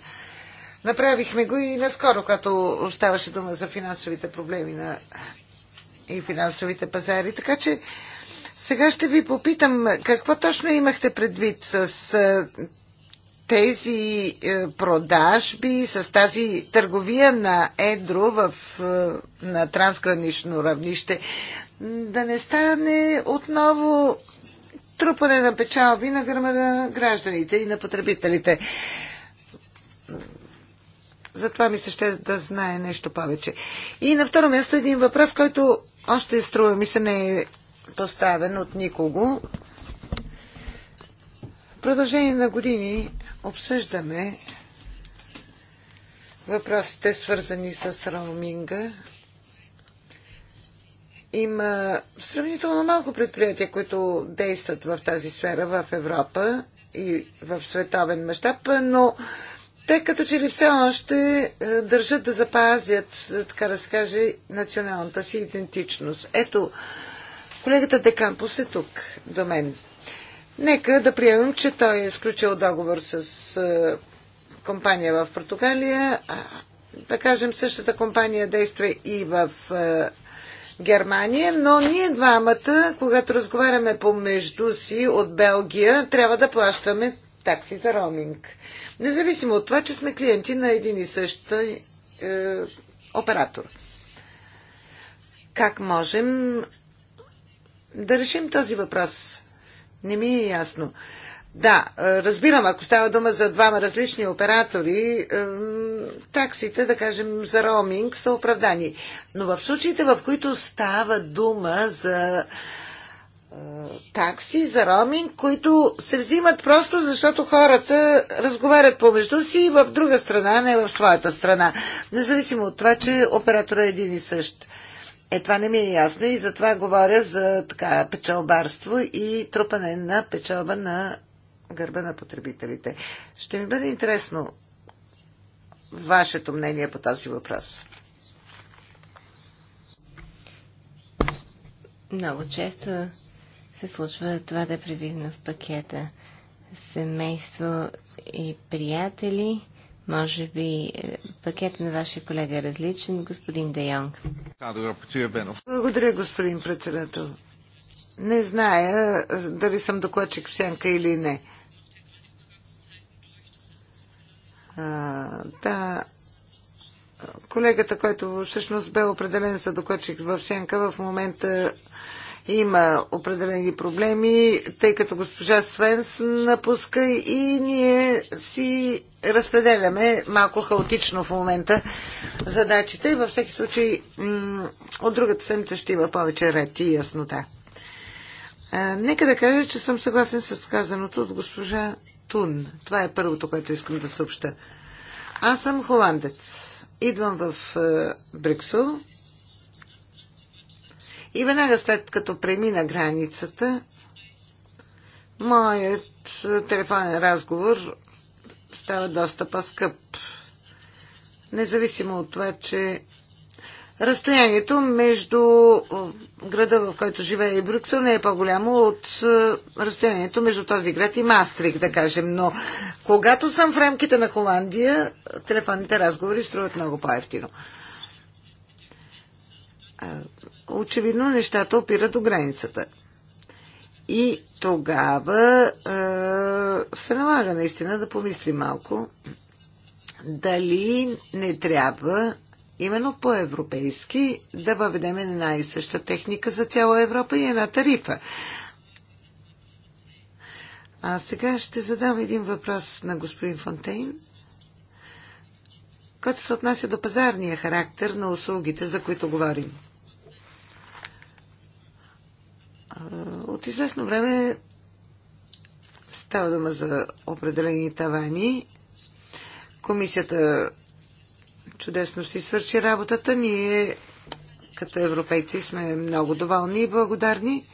Направихме го и наскоро, като оставаше дума за финансовите проблеми на и финансовите пазари. Така че сега ще ви попитам какво точно имахте предвид с е, тези е, продажби, с тази търговия на едро в, е, на трансгранично равнище да не стане отново трупане на печалби на гърма на гражданите и на потребителите. Затова ми се ще да знае нещо повече. И на второ място един въпрос, който още струва ми се не е поставен от никого. В продължение на години обсъждаме въпросите свързани с роуминга има сравнително малко предприятия, които действат в тази сфера в Европа и в световен мащаб, но те като че ли все още е, държат да запазят, така да се каже, националната си идентичност. Ето, колегата Декампус е тук до мен. Нека да приемем, че той е изключил договор с е, компания в Португалия. А, да кажем, същата компания действа и в е, Германия, но ние двамата, когато разговаряме помежду си от Белгия, трябва да плащаме такси за роминг. Независимо от това, че сме клиенти на един и същ е, оператор. Как можем да решим този въпрос? Не ми е ясно. Да, е, разбирам, ако става дума за двама различни оператори, е, таксите, да кажем, за роуминг са оправдани. Но в случаите, в които става дума за е, такси за роуминг, които се взимат просто защото хората разговарят помежду си и в друга страна, а не в своята страна. Независимо от това, че оператора е един и същ. Е, това не ми е ясно и затова говоря за така печалбарство и трупане на печалба на гърба на потребителите. Ще ми бъде интересно вашето мнение по този въпрос. Много често се случва това да е привидно в пакета семейство и приятели. Може би е, пакетът на вашия колега е различен, господин Де Йонг. Благодаря, господин председател. Не зная е, дали съм докладчик в сянка или не. да, колегата, който всъщност бе определен за докладчик в Шенка, в момента има определени проблеми, тъй като госпожа Свенс напуска и ние си разпределяме малко хаотично в момента задачите. Във всеки случай, от другата седмица ще има повече ред и яснота. Нека да кажа, че съм съгласен с казаното от госпожа Тун. Това е първото, което искам да съобща. Аз съм холандец. Идвам в Брюксел и веднага след като премина границата, моят телефонен разговор става доста по-скъп. Независимо от това, че Разстоянието между града, в който живее и Брюксел, не е по-голямо от е, разстоянието между този град и Мастрик, да кажем. Но когато съм в рамките на Холандия, телефонните разговори струват много по-ефтино. Очевидно нещата опират до границата. И тогава е, се налага наистина да помисли малко дали не трябва именно по-европейски да въведем една и съща техника за цяла Европа и една тарифа. А сега ще задам един въпрос на господин Фонтейн, който се отнася до пазарния характер на услугите, за които говорим. От известно време става дума за определени тавани. Комисията чудесно си свърши работата. Ние като европейци сме много доволни и благодарни.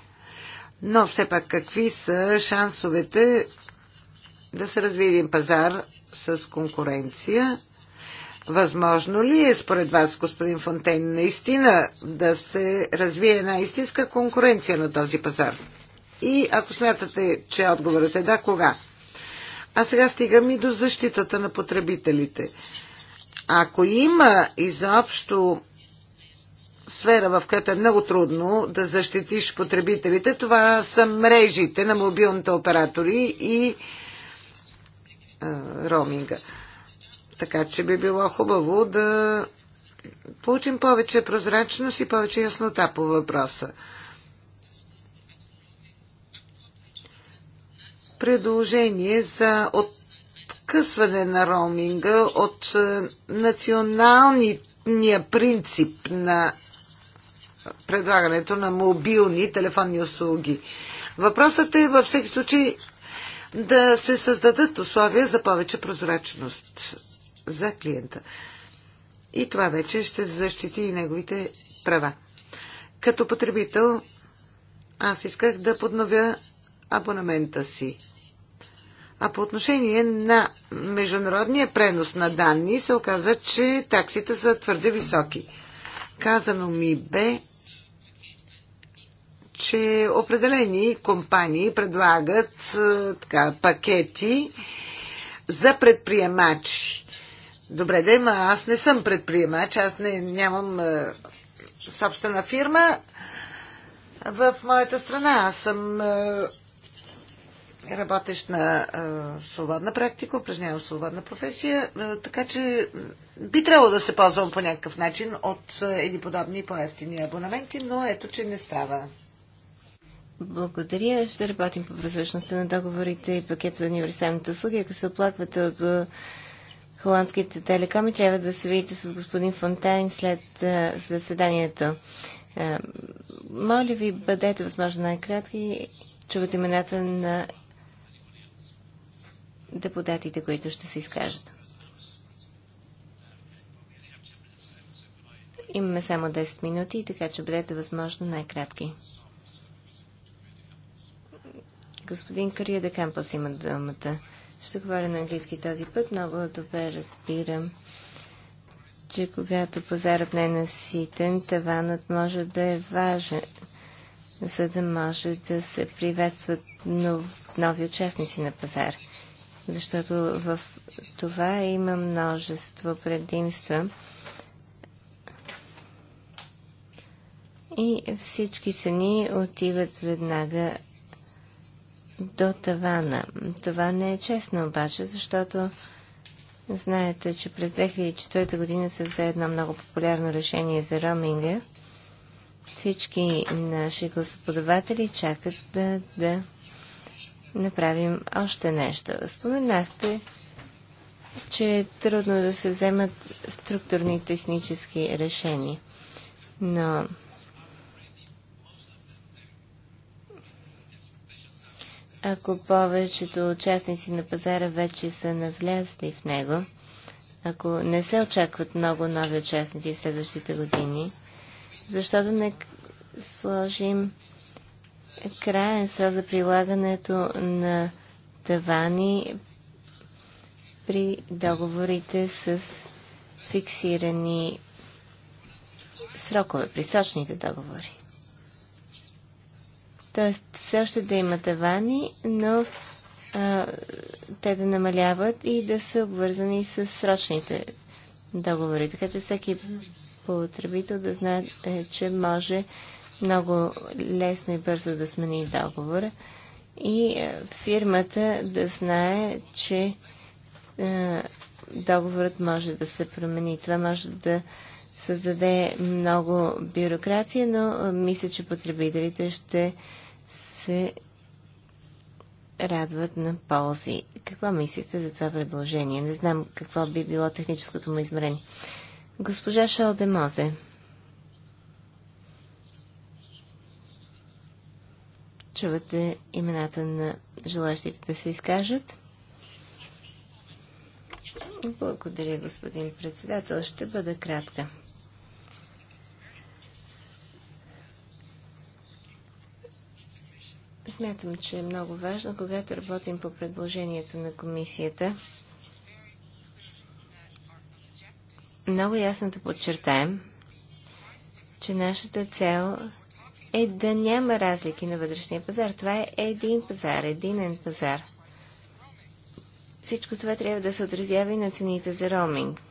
Но все пак какви са шансовете да се развие един пазар с конкуренция? Възможно ли е според вас, господин Фонтейн, наистина да се развие една истинска конкуренция на този пазар? И ако смятате, че отговорът е да, кога? А сега стигам и до защитата на потребителите. Ако има изобщо сфера, в която е много трудно да защитиш потребителите, това са мрежите на мобилните оператори и а, е, роуминга. Така че би било хубаво да получим повече прозрачност и повече яснота по въпроса. Предложение за от откъсване на роуминга от е, националния принцип на предлагането на мобилни телефонни услуги. Въпросът е във всеки случай да се създадат условия за повече прозрачност за клиента. И това вече ще защити и неговите права. Като потребител аз исках да подновя абонамента си а по отношение на международния пренос на данни се оказа, че таксите са твърде високи. Казано ми бе, че определени компании предлагат е, така, пакети за предприемачи. Добре, да има, аз не съм предприемач, аз не, нямам е, собствена фирма в моята страна. Аз съм е, работещ на свободна практика, упражнявам свободна професия, така че би трябвало да се ползвам по някакъв начин от едни подобни по-ефтини абонаменти, но ето, че не става. Благодаря. Ще работим по прозрачността на договорите и пакет за универсалните услуги. Ако се оплаквате от холандските телекоми, трябва да се видите с господин Фонтайн след заседанието. Моля ви, бъдете възможно най-кратки. Чувате имената на депутатите, които ще се изкажат. Имаме само 10 минути, така че бъдете възможно най-кратки. Господин Кария де Кампус има думата. Ще говоря на английски този път. Много добре разбирам, че когато пазарът не е наситен, таванът може да е важен, за да може да се приветстват нови участници на пазара защото в това има множество предимства. И всички цени отиват веднага до тавана. Това не е честно обаче, защото знаете, че през 2004 година се взе едно много популярно решение за роминга. Всички наши господаватели чакат да, да направим още нещо. Споменахте, че е трудно да се вземат структурни технически решения, но ако повечето участници на пазара вече са навлязли в него, ако не се очакват много нови участници в следващите години, защо да не сложим краен срок за прилагането на тавани при договорите с фиксирани срокове, при сочните договори. Тоест, все още да има тавани, но а, те да намаляват и да са обвързани с срочните договори. Така че всеки потребител да знае, е, че може много лесно и бързо да смени договора и е, фирмата да знае, че е, договорът може да се промени. Това може да създаде много бюрокрация, но е, мисля, че потребителите ще се радват на ползи. Какво мислите за това предложение? Не знам какво би било техническото му измерение. Госпожа Шалдемозе. Мозе. Чувате имената на желащите да се изкажат. Благодаря, господин председател. Ще бъда кратка. Смятам, че е много важно, когато работим по предложението на комисията, много ясно да подчертаем, че нашата цел е да няма разлики на вътрешния пазар. Това е един пазар, единен пазар. Всичко това трябва да се отразява и на цените за роуминг.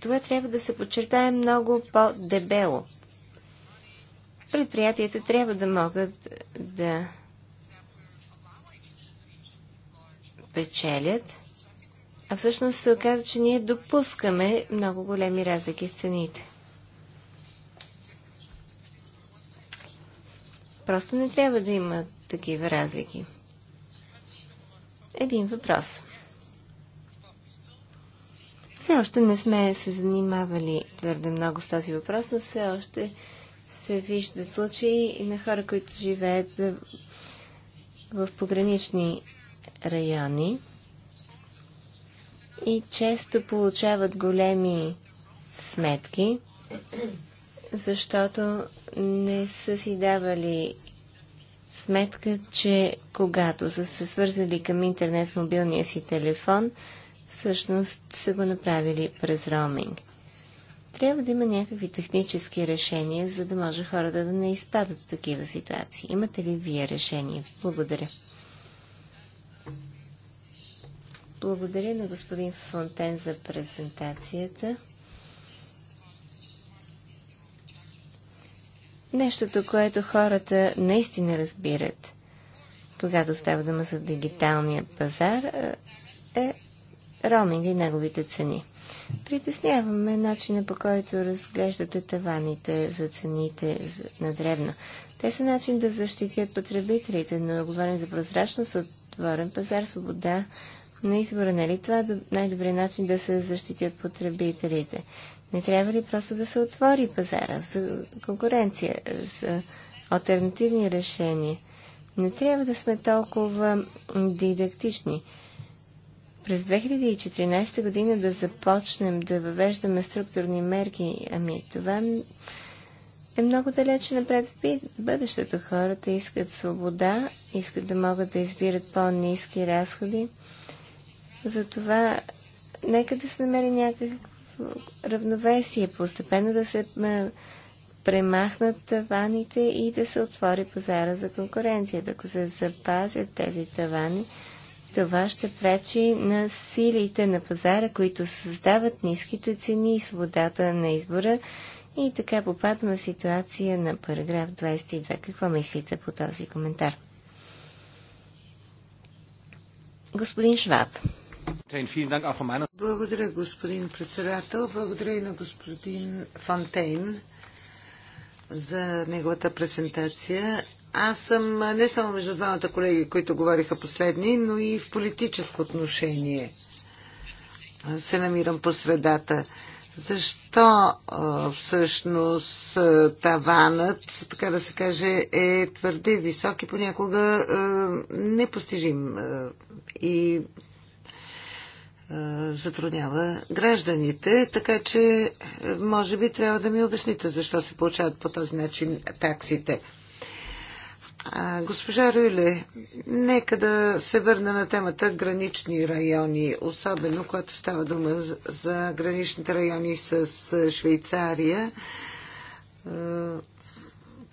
Това трябва да се подчертае много по-дебело. Предприятията трябва да могат да печелят а всъщност се оказа, че ние допускаме много големи разлики в цените. Просто не трябва да има такива разлики. Един въпрос. Все още не сме се занимавали твърде много с този въпрос, но все още се виждат случаи на хора, които живеят в погранични райони и често получават големи сметки, защото не са си давали сметка, че когато са се свързали към интернет с мобилния си телефон, всъщност са го направили през роуминг. Трябва да има някакви технически решения, за да може хората да не изпадат в такива ситуации. Имате ли вие решение? Благодаря. Благодаря на господин Фонтен за презентацията. Нещото, което хората наистина разбират, когато става дума за дигиталния пазар, е, е роминг и неговите цени. Притесняваме начина по който разглеждате таваните за цените на древно. Те са начин да защитят потребителите, но говорим за прозрачност, отворен пазар, свобода на избора. нали това е най-добрият начин да се защитят потребителите? Не трябва ли просто да се отвори пазара за конкуренция, за альтернативни решения? Не трябва да сме толкова дидактични. През 2014 година да започнем да въвеждаме структурни мерки, ами това е много далече напред в бъдещето. Хората искат свобода, искат да могат да избират по-низки разходи. Затова нека да се намери някакво равновесие, постепенно да се премахнат таваните и да се отвори пазара за конкуренцията. Ако се запазят тези тавани, това ще пречи на силите на пазара, които създават ниските цени и свободата на избора. И така попадаме в ситуация на параграф 22. Какво мислите по този коментар? Господин Шваб. Благодаря, господин председател. Благодаря и на господин Фонтейн за неговата презентация. Аз съм не само между двамата колеги, които говориха последни, но и в политическо отношение се намирам по средата. Защо всъщност таванът, така да се каже, е твърде висок и понякога непостижим и затруднява гражданите, така че е, може би трябва да ми обясните защо се получават по този начин таксите. А, госпожа Рюле, нека да се върна на темата гранични райони, особено когато става дума за граничните райони с Швейцария.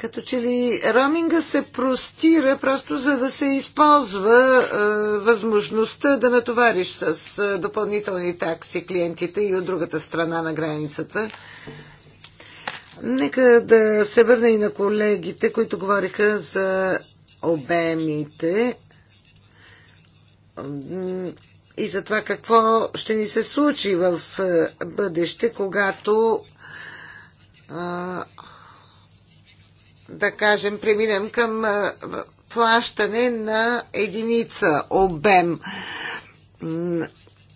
Като че ли роминга се простира просто за да се използва е, възможността да натовариш с е, допълнителни такси клиентите и от другата страна на границата. Нека да се върна и на колегите, които говориха за обемите и за това какво ще ни се случи в е, бъдеще, когато е, да кажем, преминем към плащане на единица обем.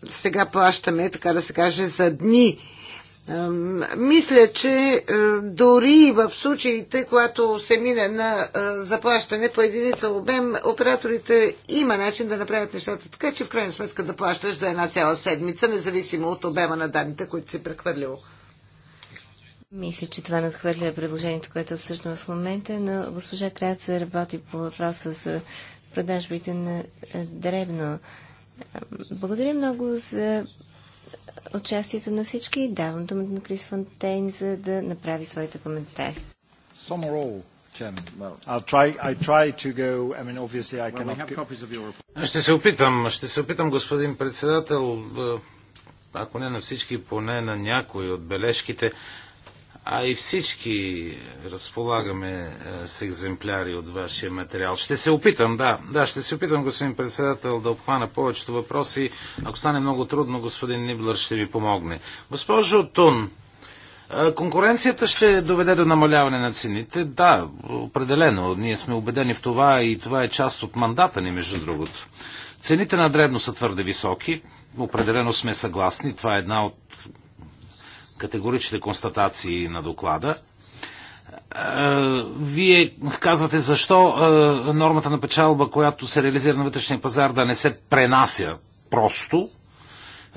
Сега плащаме, така да се каже, за дни. Мисля, че дори в случаите, когато се мине на заплащане по единица обем, операторите има начин да направят нещата така, че в крайна сметка да плащаш за една цяла седмица, независимо от обема на данните, които си прехвърлил. Мисля, че това надхвърля предложението, което обсъждаме в момента, но госпожа Краца работи по въпроса за продажбите на е, дребно. Благодаря много за участието на всички и давам думата на Крис Фонтейн, за да направи своите коментари. Ще се опитам, ще се опитам, господин председател, е, ако не на всички, поне на някои от бележките а и всички разполагаме е, с екземпляри от вашия материал. Ще се опитам, да. Да, ще се опитам, господин председател, да обхвана повечето въпроси. Ако стане много трудно, господин Ниблър ще ви помогне. Госпожо Тун, е, конкуренцията ще доведе до намаляване на цените. Да, определено. Ние сме убедени в това и това е част от мандата ни, между другото. Цените на дребно са твърде високи. Определено сме съгласни. Това е една от категоричните констатации на доклада. Е, вие казвате защо е, нормата на печалба, която се реализира на вътрешния пазар, да не се пренася просто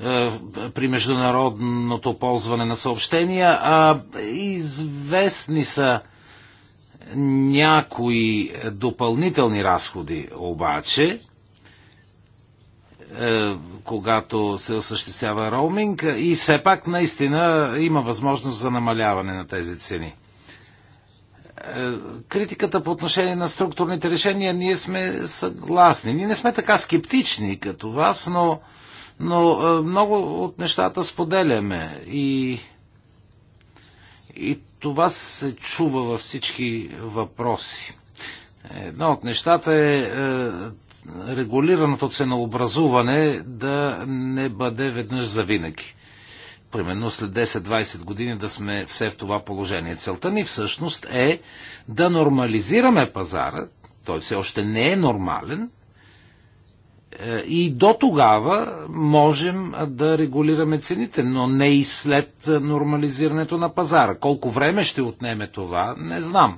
е, при международното ползване на съобщения, а известни са някои допълнителни разходи обаче, е, когато се осъществява роуминг и все пак наистина има възможност за намаляване на тези цени. Е, критиката по отношение на структурните решения ние сме съгласни. Ние не сме така скептични като вас, но, но е, много от нещата споделяме и, и това се чува във всички въпроси. Едно от нещата е, регулираното ценообразуване да не бъде веднъж завинаги. Примерно след 10-20 години да сме все в това положение. Целта ни всъщност е да нормализираме пазара, той все още не е нормален, е, и до тогава можем да регулираме цените, но не и след нормализирането на пазара. Колко време ще отнеме това, не знам.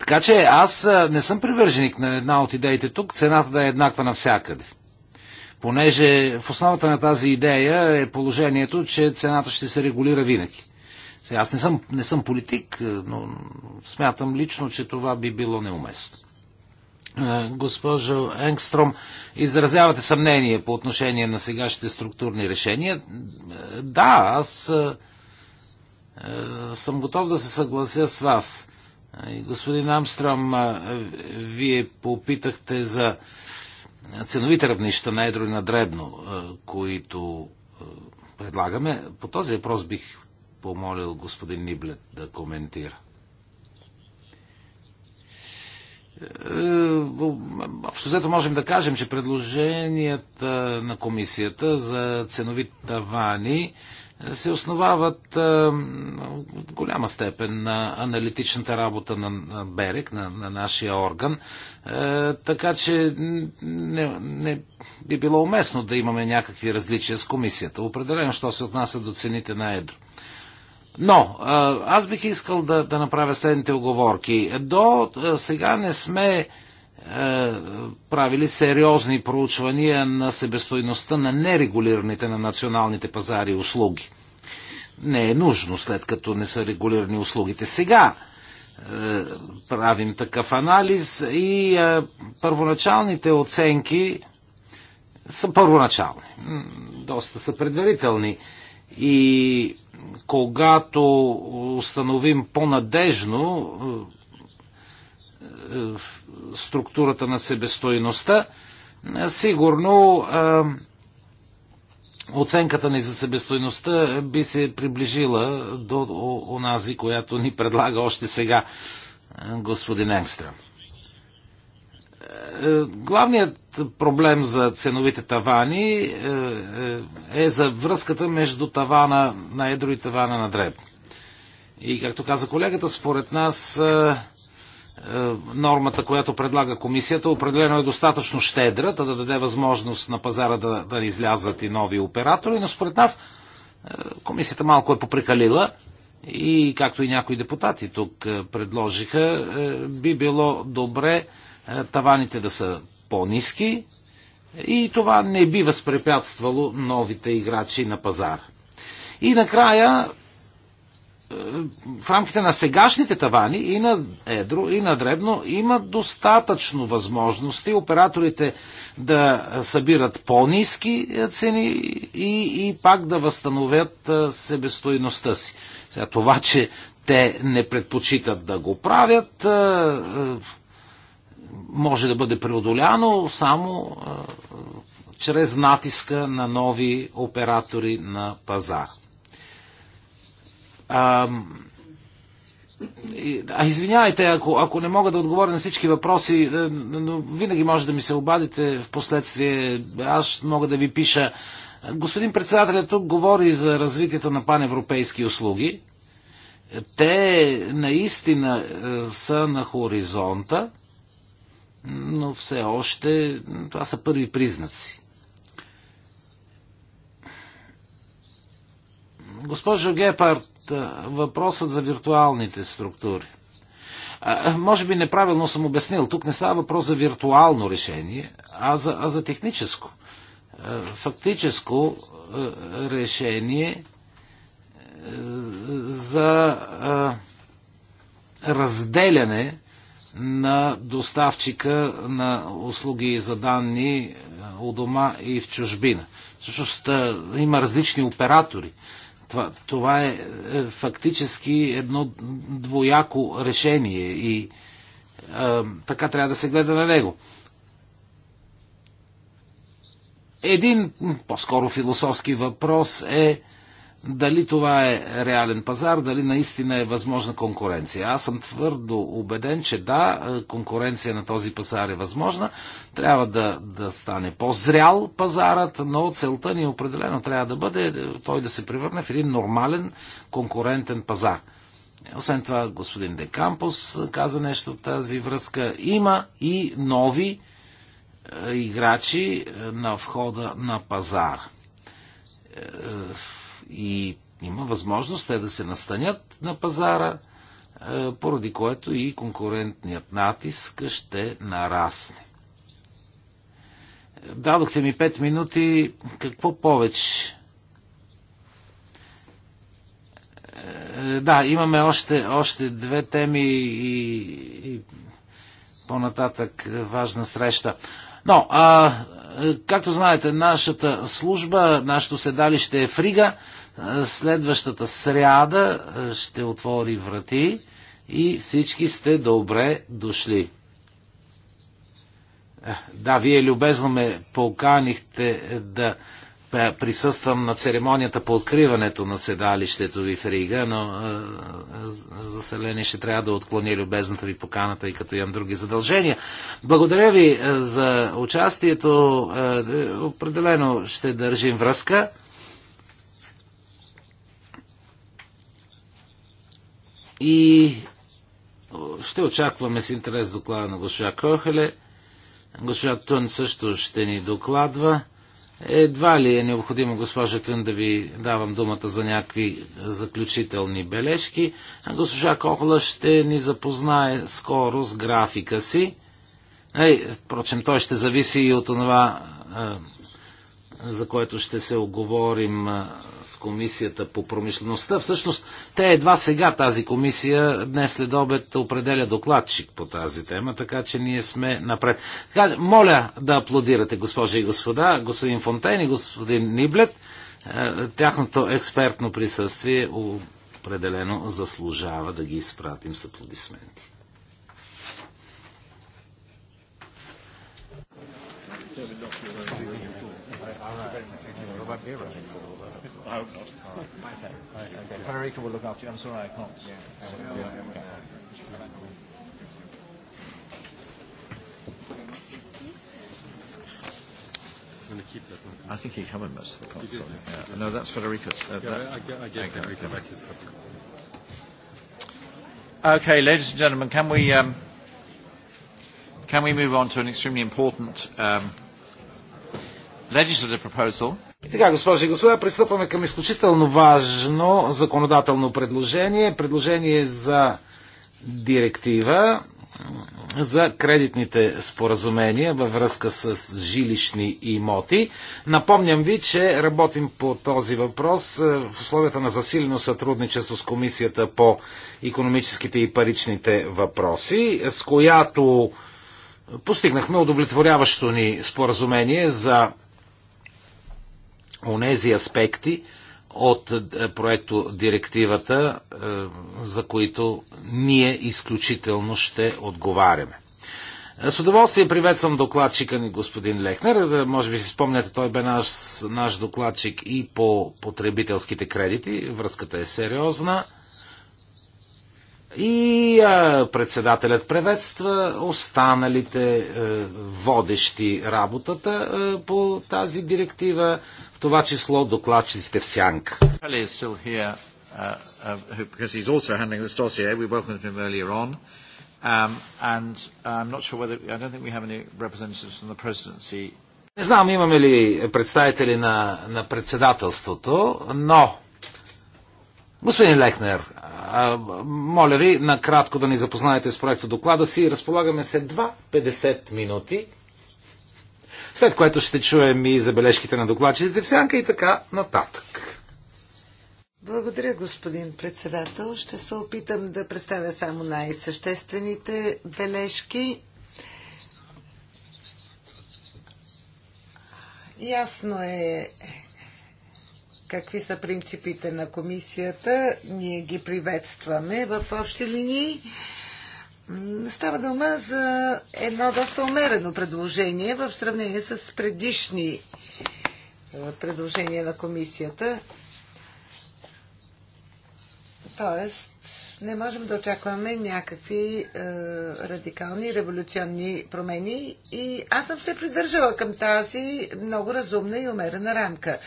Така че аз не съм привърженик на една от идеите тук, цената да е еднаква навсякъде. Понеже в основата на тази идея е положението, че цената ще се регулира винаги. Сега, аз не съм, не съм политик, но смятам лично, че това би било неуместно. Госпожо Енгстром, изразявате съмнение по отношение на сегашните структурни решения. Да, аз съм готов да се съглася с вас. Господин Амстром, вие попитахте за ценовите равнища на едро и на дребно, които предлагаме. По този въпрос бих помолил господин Ниблет да коментира. Е, общо взето можем да кажем, че предложенията на комисията за ценови тавани се основават в голяма степен на аналитичната работа на Берек, на, на нашия орган. Така че не, не би било уместно да имаме някакви различия с комисията. Определено, що се отнася до цените на едро. Но аз бих искал да, да направя следните оговорки. До сега не сме е, правили сериозни проучвания на себестойността на нерегулираните на националните пазари услуги. Не е нужно, след като не са регулирани услугите. Сега е, правим такъв анализ и е, първоначалните оценки са първоначални. Доста са предварителни. И когато установим по-надежно е, е структурата на себестойността, сигурно оценката ни за себестойността би се приближила до онази, която ни предлага още сега господин Енгстрем. Главният проблем за ценовите тавани е, е за връзката между тавана на едро и тавана на Дреб. И както каза колегата, според нас е, нормата, която предлага комисията, определено е достатъчно щедра, да даде възможност на пазара да, да излязат и нови оператори, но според нас е, комисията малко е поприкалила и както и някои депутати тук е, предложиха, би било добре таваните да са по-низки и това не би възпрепятствало новите играчи на пазара. И накрая в рамките на сегашните тавани и на едро, и на дребно има достатъчно възможности операторите да събират по-низки е, цени и, и пак да възстановят е, себестойността си. Сега, това, че те не предпочитат да го правят, е, може да бъде преодоляно само чрез натиска на нови оператори на пазара. А, а извинявайте, ако, ако не мога да отговоря на всички въпроси, е, но винаги може да ми се обадите в последствие. Аз мога да ви пиша. Господин председателят тук говори за развитието на паневропейски услуги. Те наистина е, са на хоризонта, но все още това са първи признаци. Госпожо Гепард, е, въпросът за виртуалните структури. Е, може би неправилно съм обяснил. Тук не става въпрос за виртуално решение, а за, а за техническо. Е, фактическо решение за разделяне на доставчика на услуги за данни у дома и в чужбина. Всъщност има различни оператори това, това е, е фактически едно двояко решение и а, е, така трябва да се гледа на него. Един по-скоро философски въпрос е дали това е реален пазар, дали наистина е възможна конкуренция. Аз съм твърдо убеден, че да, е, конкуренция на този пазар е възможна. Трябва да, да стане по-зрял пазарът, но целта ни определено трябва да бъде е, той да се превърне в един нормален конкурентен пазар. Освен това, господин Декампус е, каза нещо в тази връзка. Има и нови играчи на входа на пазара и има възможност те да се настанят на пазара, е, поради което и конкурентният натиск ще нарасне. Дадохте ми 5 минути. Какво повече? Е, да, имаме още, още две теми и, и по-нататък важна среща. Но, а, е, както знаете, нашата служба, нашето седалище е фрига. Следващата сряда е, ще отвори врати и всички сте добре дошли. Е, да, вие любезно ме поканихте е, да присъствам на церемонията по откриването на седалището ви в Рига, но за съжаление ще трябва да отклоня любезната ви поканата и като имам други задължения. Благодаря ви за участието. Определено ще държим връзка. И ще очакваме с интерес доклада на госпожа Кохеле. Госпожа Тун също ще ни докладва. Едва ли е необходимо, госпожа Тън, да ви давам думата за някакви заключителни бележки. А госпожа Кохола ще ни запознае скоро с графика си. Ей, впрочем, той ще зависи и от това за който ще се оговорим с комисията по промишлеността. Всъщност, те едва сега тази комисия днес след обед определя докладчик по тази тема, така че ние сме напред. Така, моля да аплодирате, госпожи и господа, господин Фонтейн и господин Ниблет. Е, тяхното експертно присъствие определено заслужава да ги изпратим с аплодисменти. about Vera anymore. I hope not. Federica will look after you. I'm sorry, I can't. I think he covered most of the parts. Yeah. No, that's Federica's. Uh, yeah, that, I I get Okay, ladies and gentlemen, can we um, can we move on to an extremely important um, legislative proposal? Така, госпожи и господа, пристъпваме към изключително важно законодателно предложение. Предложение за директива за кредитните споразумения във връзка с жилищни имоти. Напомням ви, че работим по този въпрос е, в условията на засилено сътрудничество с Комисията по економическите и паричните въпроси, с която постигнахме удовлетворяващо ни споразумение за онези аспекти от е, проекто директивата, е, за които ние изключително ще отговаряме. Е, с удоволствие приветствам докладчика ни господин Лехнер. Може би си спомняте, той бе наш, наш докладчик и по потребителските кредити. Връзката е сериозна. И а, председателят приветства останалите а, водещи работата а, по тази директива това число докладчиците в Сянг. Uh, uh, um, Не знам имаме ли представители на, на председателството, но господин Лехнер, моля ви накратко да ни запознаете с проекта доклада си. Разполагаме се 2-50 минути след което ще чуем и забележките на докладчиците в сянка и така нататък. Благодаря, господин председател. Ще се опитам да представя само най-съществените бележки. Ясно е какви са принципите на комисията. Ние ги приветстваме в общи линии. Става дума за едно доста умерено предложение в сравнение с предишни е, предложения на комисията. Тоест, не можем да очакваме някакви е, радикални революционни промени и аз съм се придържала към тази много разумна и умерена рамка.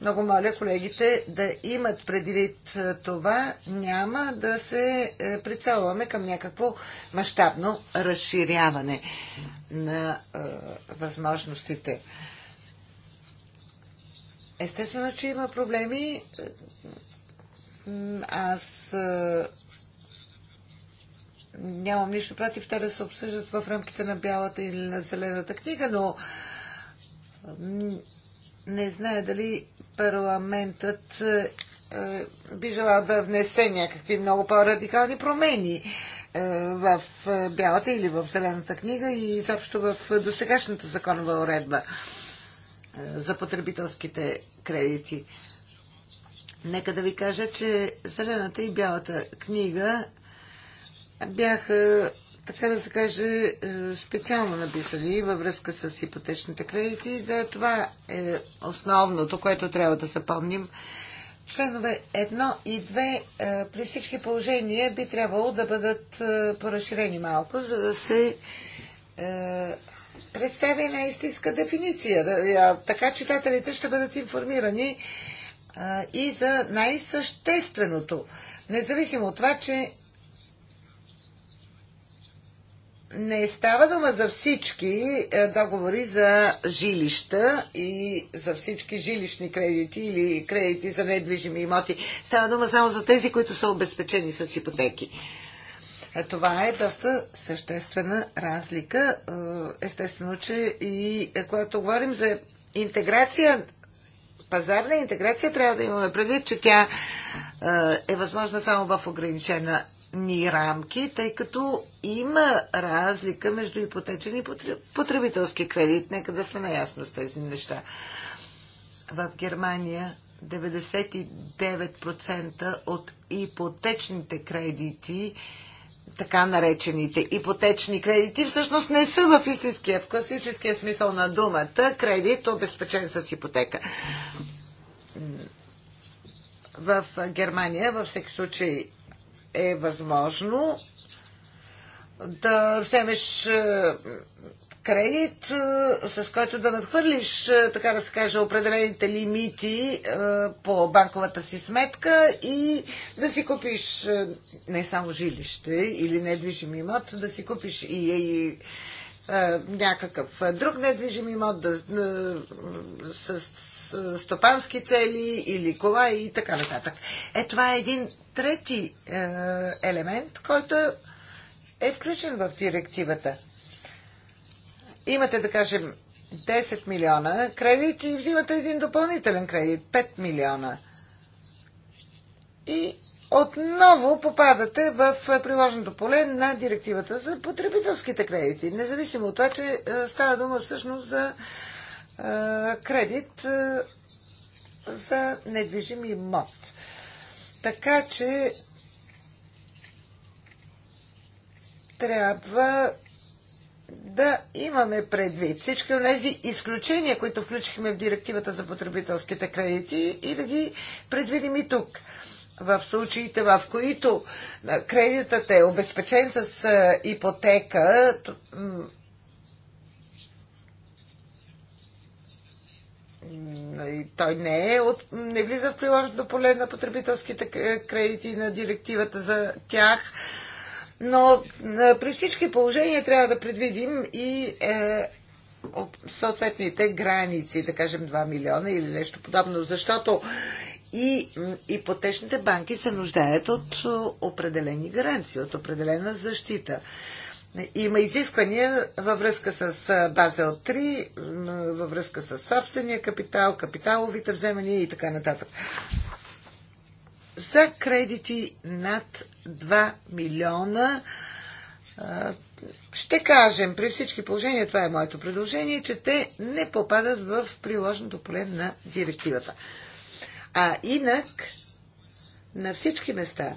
Много моля колегите да имат предвид е, това, няма да се е, прицелваме към някакво мащабно разширяване на е, възможностите. Естествено, че има проблеми. Аз е, нямам нищо против те да се обсъждат в рамките на бялата или на зелената книга, но не знае дали парламентът е, е, би желал да внесе някакви много по-радикални промени е, в бялата или в зелената книга и изобщо в досегашната законова уредба за потребителските кредити. Нека да ви кажа, че зелената и бялата книга бяха, така да се каже, е, специално написали във връзка с ипотечните кредити. Да, това е основното, което трябва да запомним. Членове 1 и 2 е, при всички положения би трябвало да бъдат е, поразширени малко, за да се представи една истинска дефиниция. Така читателите ще бъдат информирани и за най-същественото. Независимо от това, че не става дума за всички е, договори за жилища и за всички жилищни кредити или кредити за недвижими имоти. Става дума само за тези, които са обезпечени с ипотеки. Е, това е доста съществена разлика. Е, естествено, че и когато говорим за интеграция, пазарна интеграция, трябва да имаме предвид, че тя е възможна само в ограничена ни рамки, тъй като има разлика между ипотечен и потребителски кредит. Нека да сме наясно с тези неща. В Германия 99% от ипотечните кредити, така наречените ипотечни кредити, всъщност не са в истинския, в класическия смисъл на думата, кредит обезпечен с ипотека в Германия във всеки случай е възможно да вземеш е, кредит, е, с който да надхвърлиш, е, така да се каже, определените лимити по банковата си сметка и да си купиш не само жилище или недвижим имот, да си купиш и, и някакъв друг недвижим имот да, с, с стопански цели или кола и така нататък. Е, това е един трети е, елемент, който е включен в директивата. Имате, да кажем, 10 милиона кредит и взимате един допълнителен кредит, 5 милиона. И отново попадате в е, приложното поле на директивата за потребителските кредити. Независимо от това, че е, става дума всъщност за е, кредит за недвижим имот. Така че трябва да имаме предвид всички от тези изключения, които включихме в директивата за потребителските кредити и да ги предвидим и тук в случаите, в които кредитът е обезпечен с ипотека, той не, е от, не влиза в приложното поле на потребителските кредити на директивата за тях. Но при всички положения трябва да предвидим и е, съответните граници, да кажем 2 милиона или нещо подобно, защото и ипотечните банки се нуждаят от определени гаранции, от определена защита. Има изисквания във връзка с Базел 3, във връзка с собствения капитал, капиталовите вземания и така нататък. За кредити над 2 милиона ще кажем, при всички положения, това е моето предложение, че те не попадат в приложното поле на директивата. А инак, на всички места,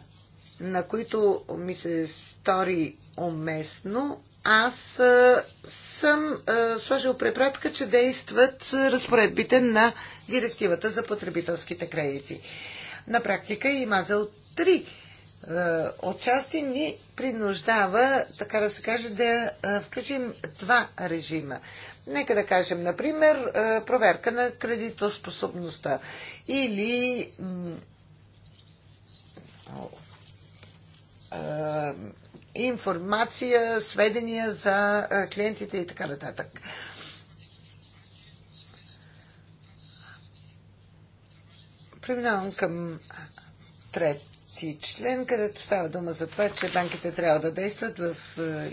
на които ми се стори уместно, аз съм сложил препратка, че действат разпоредбите на директивата за потребителските кредити. На практика и Мазел 3 отчасти ни принуждава, така да се каже, да включим два режима. Нека да кажем, например, е, проверка на кредитоспособността или е, информация, сведения за е, клиентите и така нататък. Преминавам към трети член, където става дума за това, че банките трябва да действат в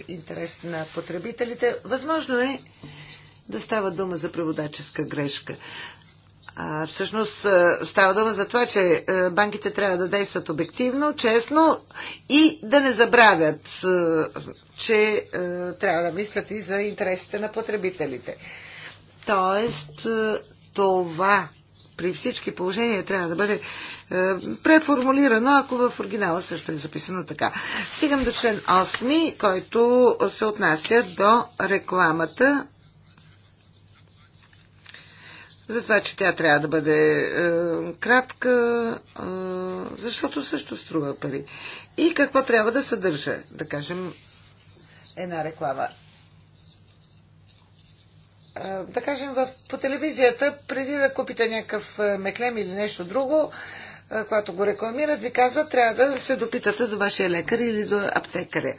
интерес на потребителите. Възможно е да става дума за преводаческа грешка. А, всъщност става дума за това, че банките трябва да действат обективно, честно и да не забравят, че трябва да мислят и за интересите на потребителите. Тоест, това при всички положения трябва да бъде преформулирано, ако в оригинала също е записано така. Стигам до член 8, който се отнася до рекламата за това, че тя трябва да бъде е, кратка, е, защото също струва пари. И какво трябва да съдържа, да кажем, една реклама. Е, да кажем, в, по телевизията, преди да купите някакъв е, меклем или нещо друго, е, когато го рекламират, ви казват, трябва да се допитате до вашия лекар или до аптекаря.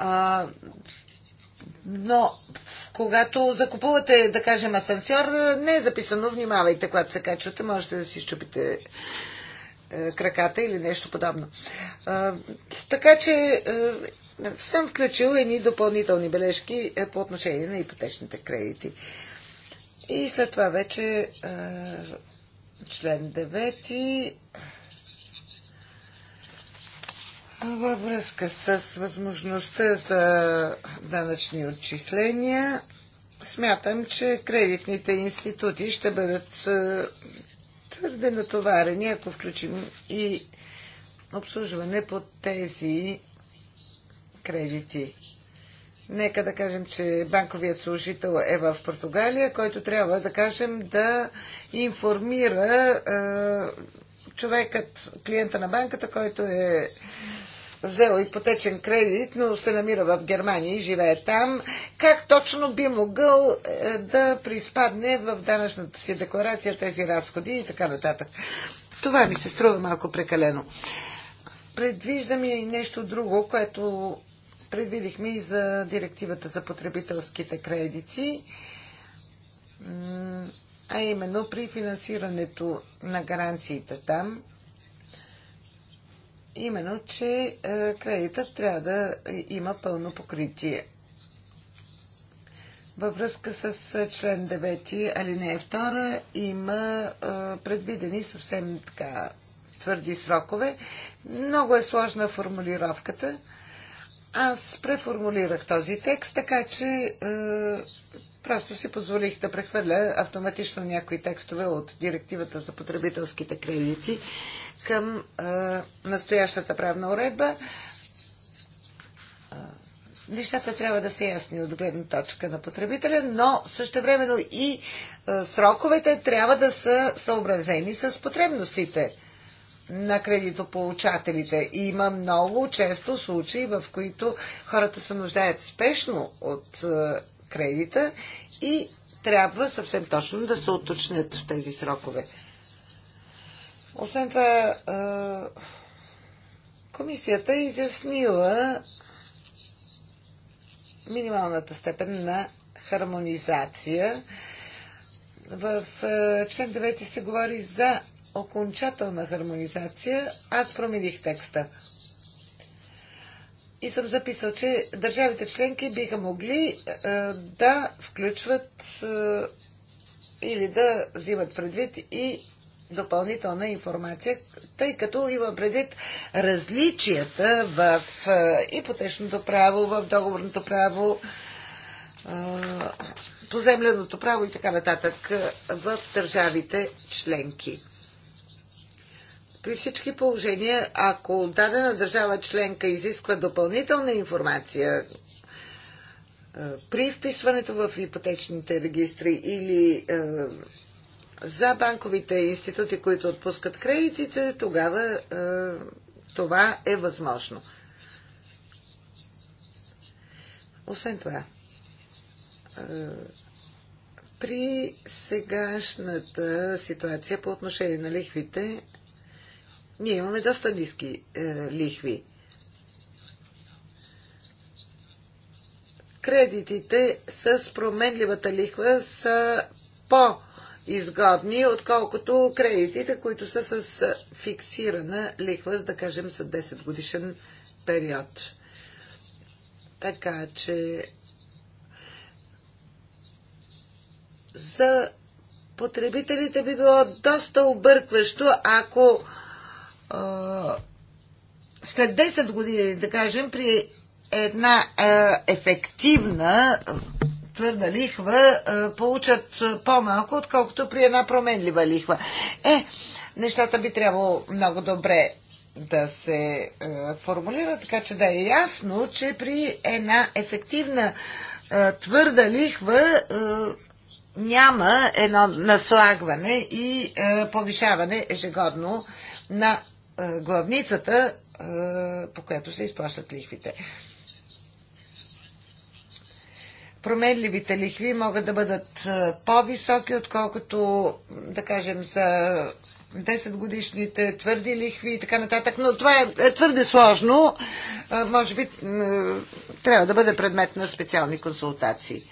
Е, но когато закупувате, да кажем, асансьор, не е записано, внимавайте, когато се качвате, можете да си щупите е, краката или нещо подобно. Така че е, съм включил едни допълнителни бележки е, по отношение на ипотечните кредити. И след това вече член 9 във връзка с възможността за данъчни отчисления, смятам, че кредитните институти ще бъдат е, твърде натоварени, ако включим и обслужване под тези кредити. Нека да кажем, че банковият служител е в Португалия, който трябва да кажем да информира е, човекът, клиента на банката, който е взел ипотечен кредит, но се намира в Германия и живее там, как точно би могъл е, да приспадне в данъчната си декларация тези разходи и така нататък. Това ми се струва малко прекалено. Предвиждам и нещо друго, което предвидихме и за директивата за потребителските кредити, а именно при финансирането на гаранциите там – именно, че е, кредитът трябва да има пълно покритие. Във връзка с е, член 9, алинея 2, има е, предвидени съвсем така твърди срокове. Много е сложна формулировката. Аз преформулирах този текст, така че Просто си позволих да прехвърля автоматично някои текстове от директивата за потребителските кредити към а, настоящата правна уредба. А, нещата трябва да са ясни от гледна точка на потребителя, но същевременно и а, сроковете трябва да са съобразени с потребностите на кредитополучателите. И има много често случаи, в които хората се нуждаят спешно от кредита и трябва съвсем точно да се уточнят в тези срокове. Освен това, комисията е изяснила минималната степен на хармонизация. В член 9 се говори за окончателна хармонизация. Аз промених текста и съм записал, че държавите членки биха могли е, е, да включват е, или да взимат предвид и допълнителна информация, тъй като има предвид различията в ипотечното право, в договорното право, поземленото право и така нататък в държавите членки при всички положения, ако дадена държава членка изисква допълнителна информация е, при вписването в ипотечните регистри или е, за банковите институти, които отпускат кредитите, тогава е, това е възможно. Освен това, при сегашната ситуация по отношение на лихвите, ние имаме доста ниски е, лихви. Кредитите с променливата лихва са по-изгодни, отколкото кредитите, които са с е, фиксирана лихва, да кажем, с 10 годишен период. Така че за потребителите би било доста объркващо, ако след 10 години, да кажем, при една ефективна твърда лихва получат по-малко, отколкото при една променлива лихва. Е, нещата би трябвало много добре да се е, формулира, така че да е ясно, че при една ефективна е, твърда лихва е, няма едно наслагване и е, повишаване ежегодно на главницата, по която се изплащат лихвите. Променливите лихви могат да бъдат по-високи, отколкото, да кажем, за 10 годишните твърди лихви и така нататък, но това е, е твърде сложно. Може би трябва да бъде предмет на специални консултации.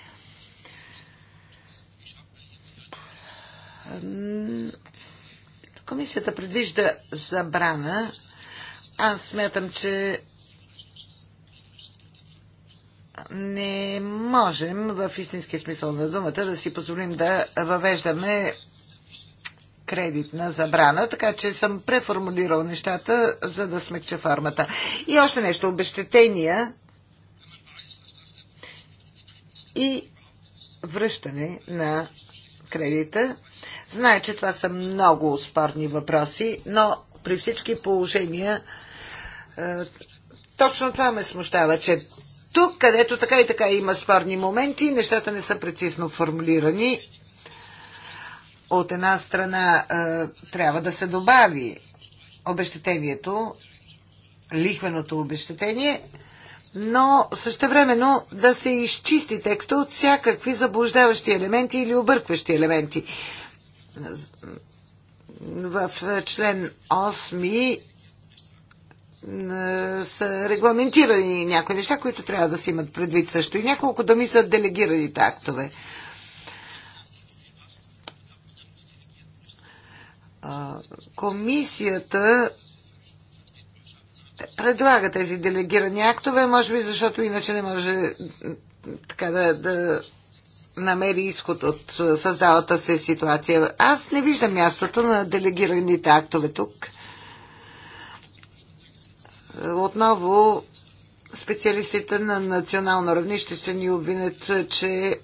Комисията предвижда забрана. Аз смятам, че не можем в истинския смисъл на думата да си позволим да въвеждаме кредитна забрана, така че съм преформулирал нещата, за да смекча формата. И още нещо, обещетения и връщане на кредита Знае, че това са много спорни въпроси, но при всички положения е, точно това ме смущава, че тук, където така и така има спорни моменти, нещата не са прецизно формулирани. От една страна е, трябва да се добави обещетението, лихвеното обещетение, но същевременно да се изчисти текста от всякакви заблуждаващи елементи или объркващи елементи в член 8 са регламентирани някои неща, които трябва да се имат предвид също. И няколко думи са делегираните актове. Комисията предлага тези делегирани актове, може би защото иначе не може така да, да намери изход от е, създалата се ситуация. Аз не виждам мястото на делегираните актове тук. Отново специалистите на национално равнище ще ни обвинят, че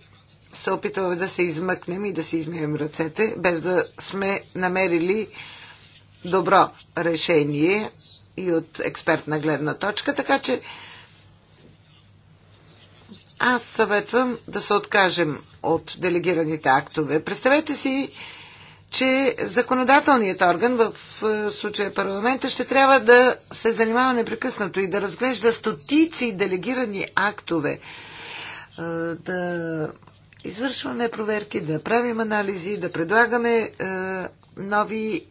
се опитваме да се измъкнем и да си измием ръцете, без да сме намерили добро решение и от експертна гледна точка. Така че аз съветвам да се откажем от делегираните актове. Представете си, че законодателният орган, в е, случая парламента, ще трябва да се занимава непрекъснато и да разглежда стотици делегирани актове, е, да извършваме проверки, да правим анализи, да предлагаме е, нови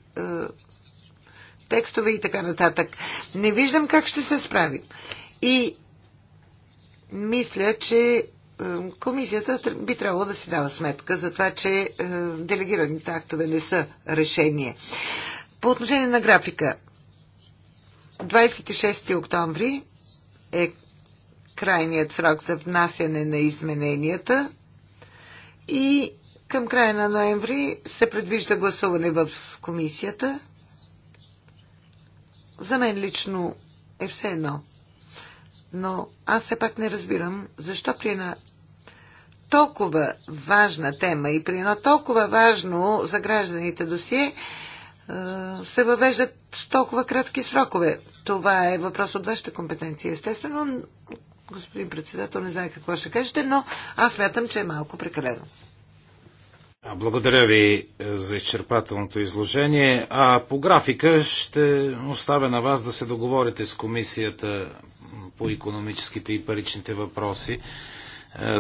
текстове и така нататък. Не виждам как ще се справим. И мисля, че е, комисията би трябвало да си дава сметка за това, че е, делегираните актове не са решение. По отношение на графика, 26 октомври е крайният срок за внасяне на измененията и към края на ноември се предвижда гласуване в комисията. За мен лично е все едно но аз все пак не разбирам защо при една толкова важна тема и при едно толкова важно за гражданите досие се въвеждат толкова кратки срокове. Това е въпрос от вашата компетенция, естествено. Господин председател, не знае какво ще кажете, но аз мятам, че е малко прекалено. Благодаря ви е, за изчерпателното изложение. А по графика ще оставя на вас да се договорите с комисията по економическите и паричните въпроси. Е,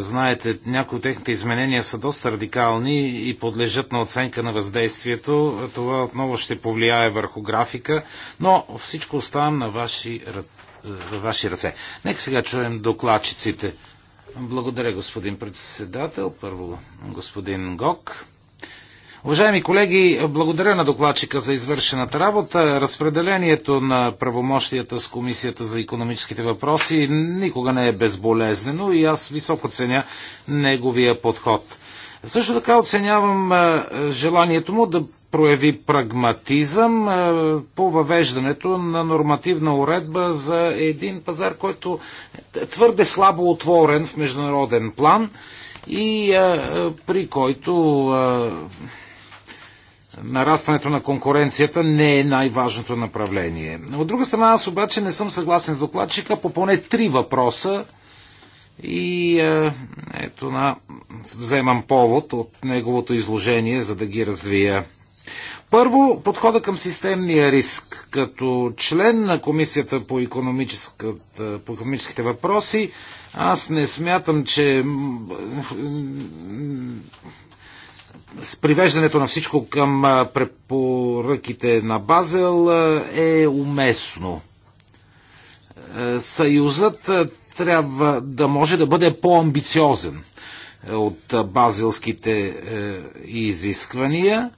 знаете, някои от техните изменения са доста радикални и подлежат на оценка на въздействието. Това отново ще повлияе върху графика, но всичко оставам на ваши, е, ваши ръце. Нека сега чуем докладчиците. Благодаря, господин председател. Първо, господин Гок. Уважаеми колеги, благодаря на докладчика за извършената работа. Разпределението на правомощията с Комисията за економическите въпроси никога не е безболезнено и аз високо ценя неговия подход. Също така оценявам е, желанието му да прояви прагматизъм е, по въвеждането на нормативна уредба за един пазар, който е твърде слабо отворен в международен план и е, при който нарастването на конкуренцията не е най-важното направление. От друга страна, аз обаче не съм съгласен с докладчика по поне три въпроса, и е, ето на, вземам повод от неговото изложение, за да ги развия. Първо, подхода към системния риск. Като член на Комисията по, по економическите въпроси, аз не смятам, че с привеждането на всичко към препоръките на Базел е уместно. Е, съюзът трябва да може да бъде по-амбициозен е, от е, базилските е, изисквания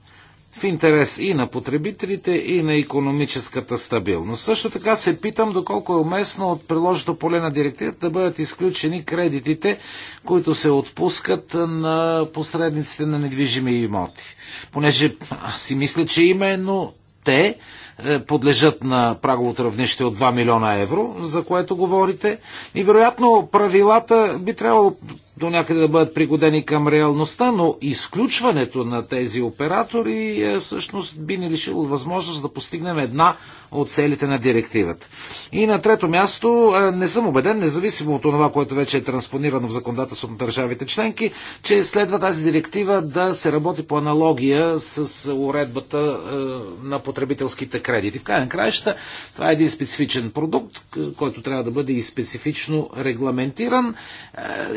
в интерес и на потребителите, и на економическата стабилност. Също така се питам доколко е уместно от приложното поле на директивата да бъдат изключени кредитите, които се отпускат на посредниците на недвижими имоти. Понеже си мисля, че именно те е, подлежат на праговото равнище от 2 милиона евро, за което говорите. И вероятно правилата би трябвало до някъде да бъдат пригодени към реалността, но изключването на тези оператори е, всъщност би ни лишило възможност да постигнем една от целите на директивата. И на трето място, е, не съм убеден, независимо от това, което вече е транспонирано в законодателството на държавите членки, че следва тази директива да се работи по аналогия с уредбата на потребителските кредити. В крайна краища това е един специфичен продукт, който трябва да бъде и специфично регламентиран. Е,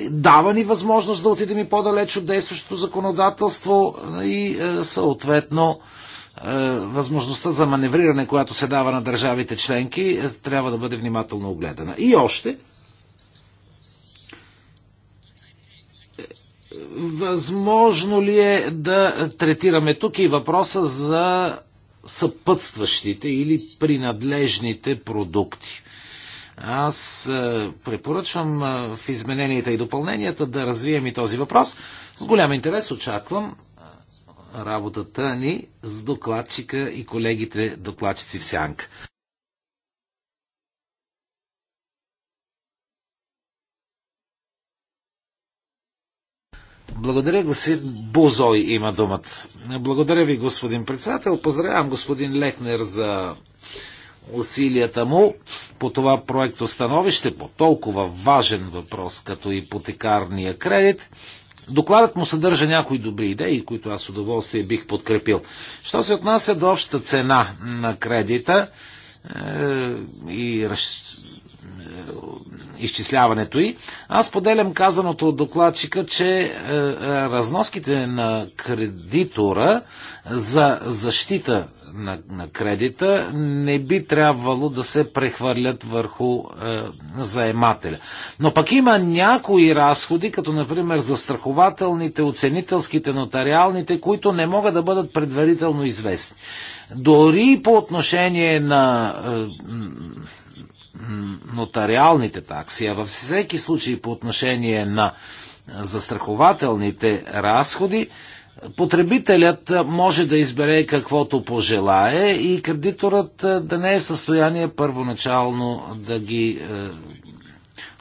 дава ни възможност да отидем и по-далеч от действащото законодателство и е, съответно е, възможността за маневриране, която се дава на държавите членки, трябва да бъде внимателно огледана. И още, възможно ли е да третираме тук и въпроса за съпътстващите или принадлежните продукти. Аз е, препоръчвам е, в измененията и допълненията да развием и този въпрос. С голям интерес очаквам е, работата ни с докладчика и колегите докладчици в Сянка. Благодаря, господин Бузой има думата. Благодаря ви, господин председател. Поздравявам господин Лехнер за усилията му по това проекто становище, по толкова важен въпрос, като ипотекарния кредит. Докладът му съдържа някои добри идеи, които аз с удоволствие бих подкрепил. Що се отнася до общата цена на кредита е, и е, изчисляването й. Аз поделям казаното от докладчика, че е, е, разноските на кредитора за защита на, на кредита не би трябвало да се прехвърлят върху е, заемателя. Но пък има някои разходи, като например застрахователните, оценителските, нотариалните, които не могат да бъдат предварително известни. Дори по отношение на нотариалните такси, а във всеки случай по отношение на застрахователните разходи, потребителят може да избере каквото пожелае и кредиторът да не е в състояние първоначално да ги е,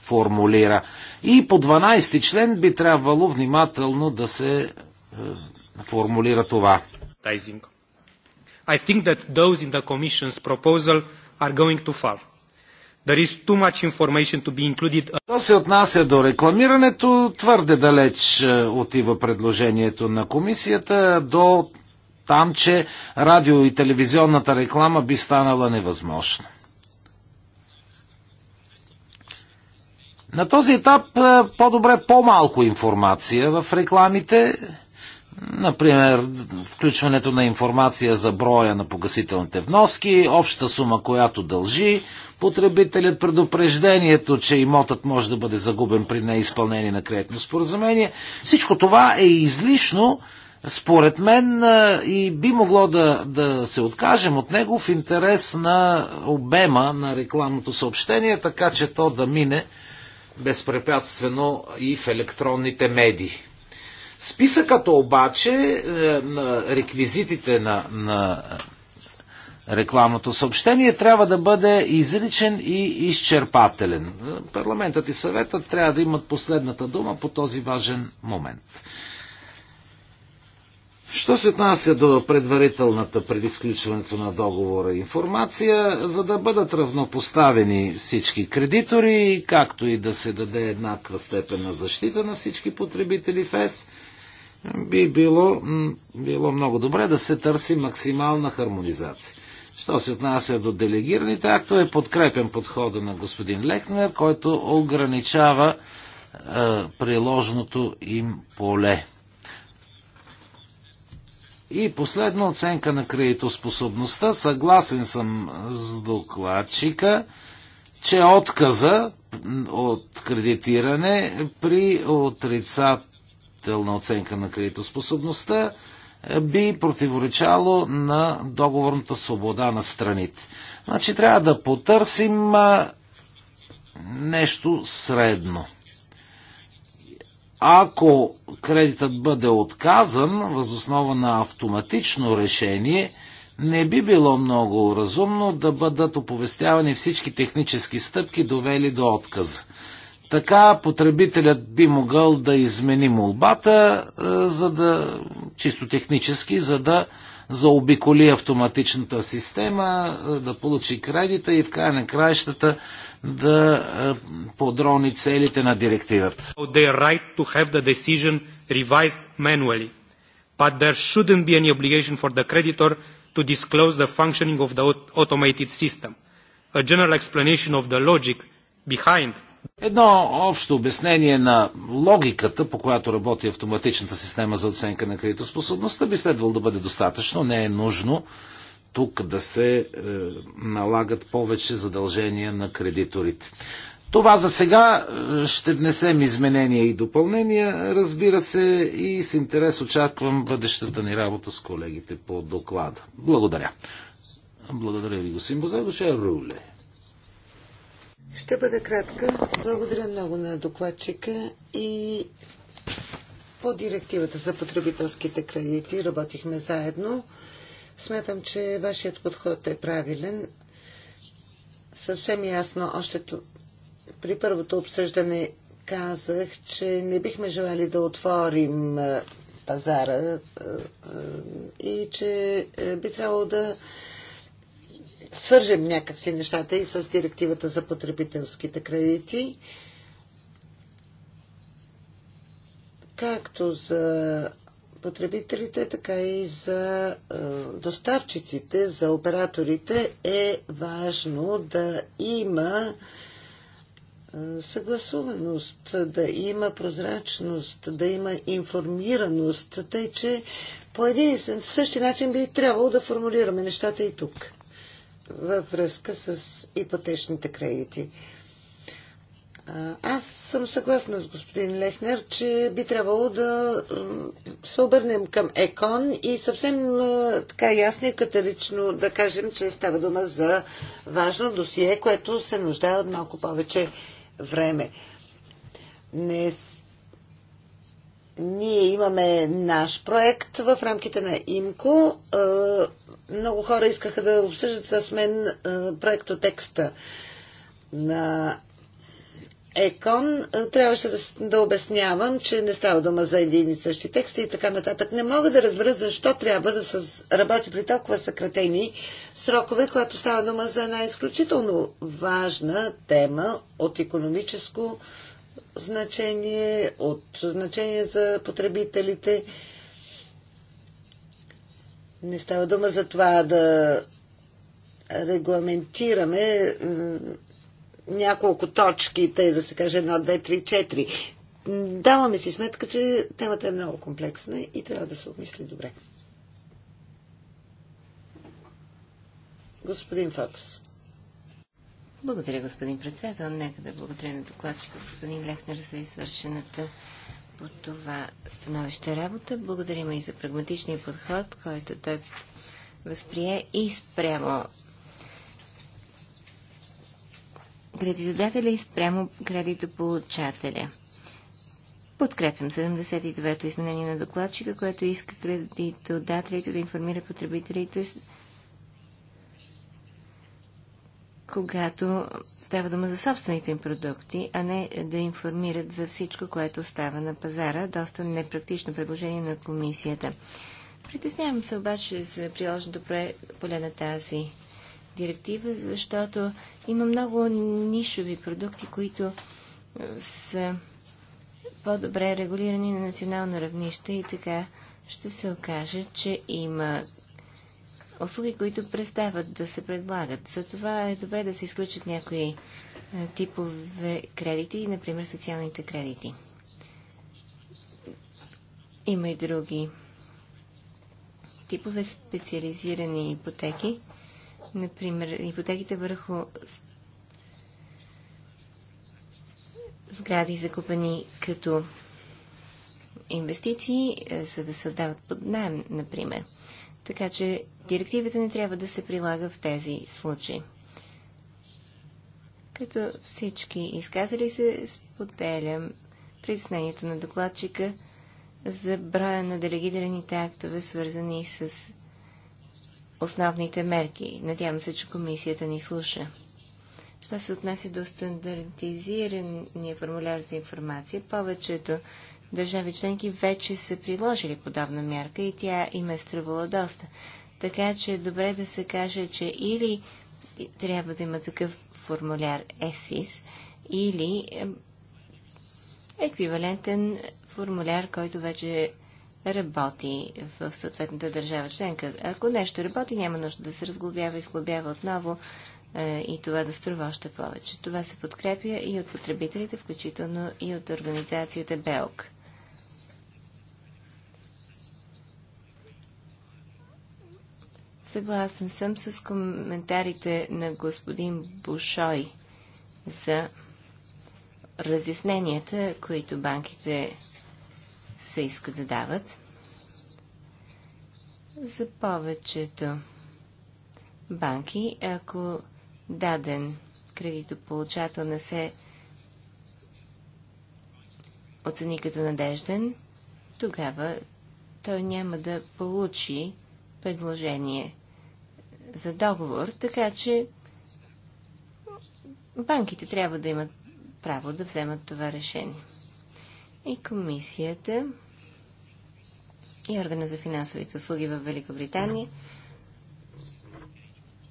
формулира. И по 12 член би трябвало внимателно да се е, формулира това. I think that those in the Commission's proposal are going too far. There is too much information to be included. То се отнася до рекламирането, твърде далеч е, отива предложението на комисията до там, че радио и телевизионната реклама би станала невъзможна. На този етап е, по-добре по-малко информация в рекламите, Например, включването на информация за броя на погасителните вноски, обща сума, която дължи потребителят, предупреждението, че имотът може да бъде загубен при неизпълнение на кредитно споразумение. Всичко това е излишно, според мен, и би могло да, да се откажем от него в интерес на обема на рекламното съобщение, така че то да мине безпрепятствено и в електронните медии. Списъкът обаче е, на реквизитите на, на рекламното съобщение трябва да бъде изричен и изчерпателен. Е, парламентът и съветът трябва да имат последната дума по този важен момент. Що се отнася до предварителната пред изключването на договора информация, за да бъдат равнопоставени всички кредитори, както и да се даде еднаква степен на защита на всички потребители в ЕС, би било, било много добре да се търси максимална хармонизация. Що се отнася до делегираните актове, подкрепен подхода на господин Лехнер, който ограничава е, приложното им поле. И последно оценка на кредитоспособността. Съгласен съм с докладчика, че отказа от кредитиране при отрицателна оценка на кредитоспособността е, би противоречало на договорната свобода на страните. Значи трябва да потърсим нещо средно. Ако кредитът бъде отказан възоснова на автоматично решение, не би било много разумно да бъдат оповестявани всички технически стъпки, довели до отказа. Така потребителят би могъл да измени молбата, е, за да, чисто технически, за да заобиколи автоматичната система, е, да получи кредита и в края на краищата да е, подрони целите на директивата. Едно общо обяснение на логиката, по която работи автоматичната система за оценка на кредитоспособността, би следвало да бъде достатъчно. Не е нужно тук да се е, налагат повече задължения на кредиторите. Това за сега е, ще внесем изменения и допълнения, разбира се, и с интерес очаквам бъдещата ни работа с колегите по доклада. Благодаря. Благодаря ви, господин Бозагоше. Руле. Ще бъда кратка. Благодаря много на докладчика и по директивата за потребителските кредити работихме заедно. Смятам, че вашият подход е правилен. Съвсем ясно, още при първото обсъждане казах, че не бихме желали да отворим пазара и че е, би трябвало да свържем някакси нещата и с директивата за потребителските кредити, както за потребителите, така и за е, доставчиците, за операторите е важно да има е, съгласуваност, да има прозрачност, да има информираност, тъй че по един и същи начин би трябвало да формулираме нещата и тук във връзка с ипотечните кредити. Аз съм съгласна с господин Лехнер, че би трябвало да се обърнем към ЕКОН и съвсем така ясно и катерично да кажем, че става дума за важно досие, което се нуждае от малко повече време. Не... Ние имаме наш проект в рамките на ИМКО. Много хора искаха да обсъждат с мен проекто текста на ЕКОН трябваше да, да обяснявам, че не става дума за един и същи текст и така нататък. Не мога да разбера защо трябва да се работи при толкова съкратени срокове, когато става дума за една изключително важна тема от економическо значение, от значение за потребителите. Не става дума за това да регламентираме няколко точки, тъй да се каже едно, две, три, четири. Даваме си сметка, че темата е много комплексна и трябва да се обмисли добре. Господин Фокс. Благодаря, господин председател. Нека да благодаря на докладчика господин Лехнер за извършената по това становище работа. Благодарим и за прагматичния подход, който той възприе и спрямо кредитодателя и спрямо кредитополучателя. Подкрепям 79-то изменение на докладчика, което иска кредитодателите да информира потребителите, когато става дума за собствените им продукти, а не да информират за всичко, което става на пазара. Доста непрактично предложение на комисията. Притеснявам се обаче за приложното поле на тази директива, защото има много нишови продукти, които е, са по-добре регулирани на национално равнище и така ще се окаже, че има услуги, които престават да се предлагат. Затова е добре да се изключат някои е, типове кредити, например социалните кредити. Има и други типове специализирани ипотеки, Например, ипотеките върху сгради, закупени като инвестиции, е, за да се дават под найем, например. Така че директивата не трябва да се прилага в тези случаи. Като всички изказали се, споделям притеснението на докладчика за броя на делегираните актове, свързани с основните мерки. Надявам се, че комисията ни слуша. Що се отнася до стандартизирания формуляр за информация, повечето държави членки вече са приложили подобна мярка и тя им е струвала доста. Така че е добре да се каже, че или трябва да има такъв формуляр ЕФИС, или еквивалентен формуляр, който вече е работи в съответната държава членка. Ако нещо работи, няма нужда да се разглобява и сглобява отново е, и това да струва още повече. Това се подкрепя и от потребителите, включително и от организацията БЕЛК. Съгласен съм с коментарите на господин Бушой за разясненията, които банките се иска да дават. За повечето банки, ако даден кредитополучател не се оцени като надежден, тогава той няма да получи предложение за договор, така че банките трябва да имат право да вземат това решение. И комисията и Органа за финансовите услуги в Великобритания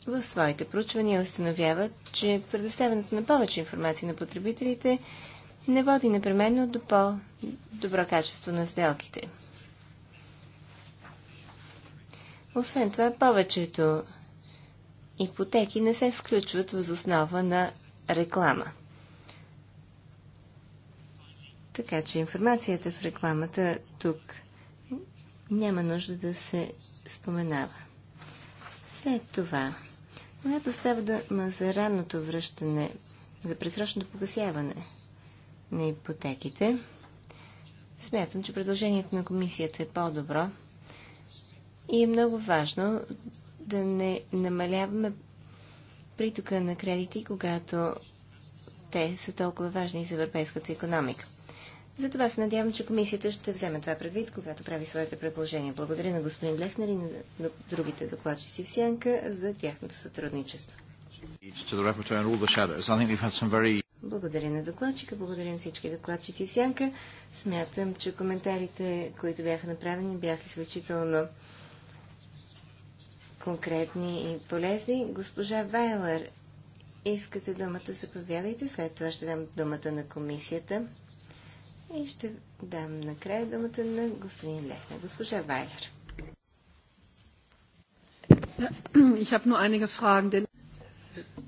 в своите проучвания установяват, че предоставянето на повече информация на потребителите не води непременно до по-добро качество на сделките. Освен това, повечето ипотеки не се сключват въз основа на реклама. Така че информацията в рекламата тук няма нужда да се споменава. След това, когато става дума за ранното връщане, за пресрочното погасяване на ипотеките, смятам, че предложението на комисията е по-добро и е много важно да не намаляваме притока на кредити, когато те са толкова важни за европейската економика. Затова се надявам, че комисията ще вземе това предвид, когато прави своите предложения. Благодаря на господин Лехнер и на другите докладчици в Сянка за тяхното сътрудничество. Благодаря на докладчика, благодаря на всички докладчици в Сянка. Смятам, че коментарите, които бяха направени, бяха изключително конкретни и полезни. Госпожа Вайлер, искате думата, заповядайте. След това ще дам думата на комисията. И ще дам накрая думата на господин Лехна, госпожа Вайлер.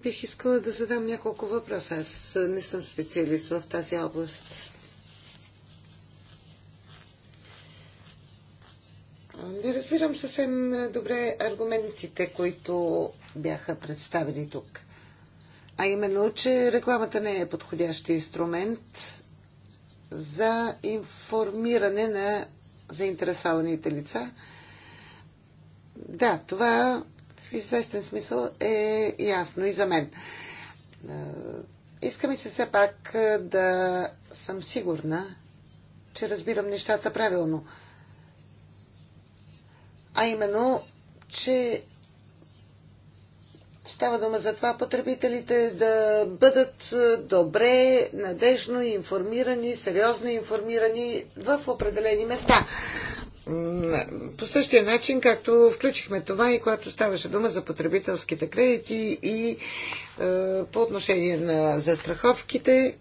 Бих искала да задам няколко въпроса. Аз не съм специалист в тази област. Не разбирам съвсем е, добре аргументите, които бяха представени тук. А именно, че рекламата не е подходящ инструмент за информиране на заинтересованите лица. Да, това в известен смисъл е ясно и за мен. Е, Искам и се все пак е, да съм сигурна, че разбирам нещата правилно. А именно, че Става дума за това потребителите да бъдат е, добре, надежно информирани, сериозно информирани в определени места. По същия начин, както включихме това и когато ставаше дума за потребителските кредити и е, по отношение на застраховките. Е,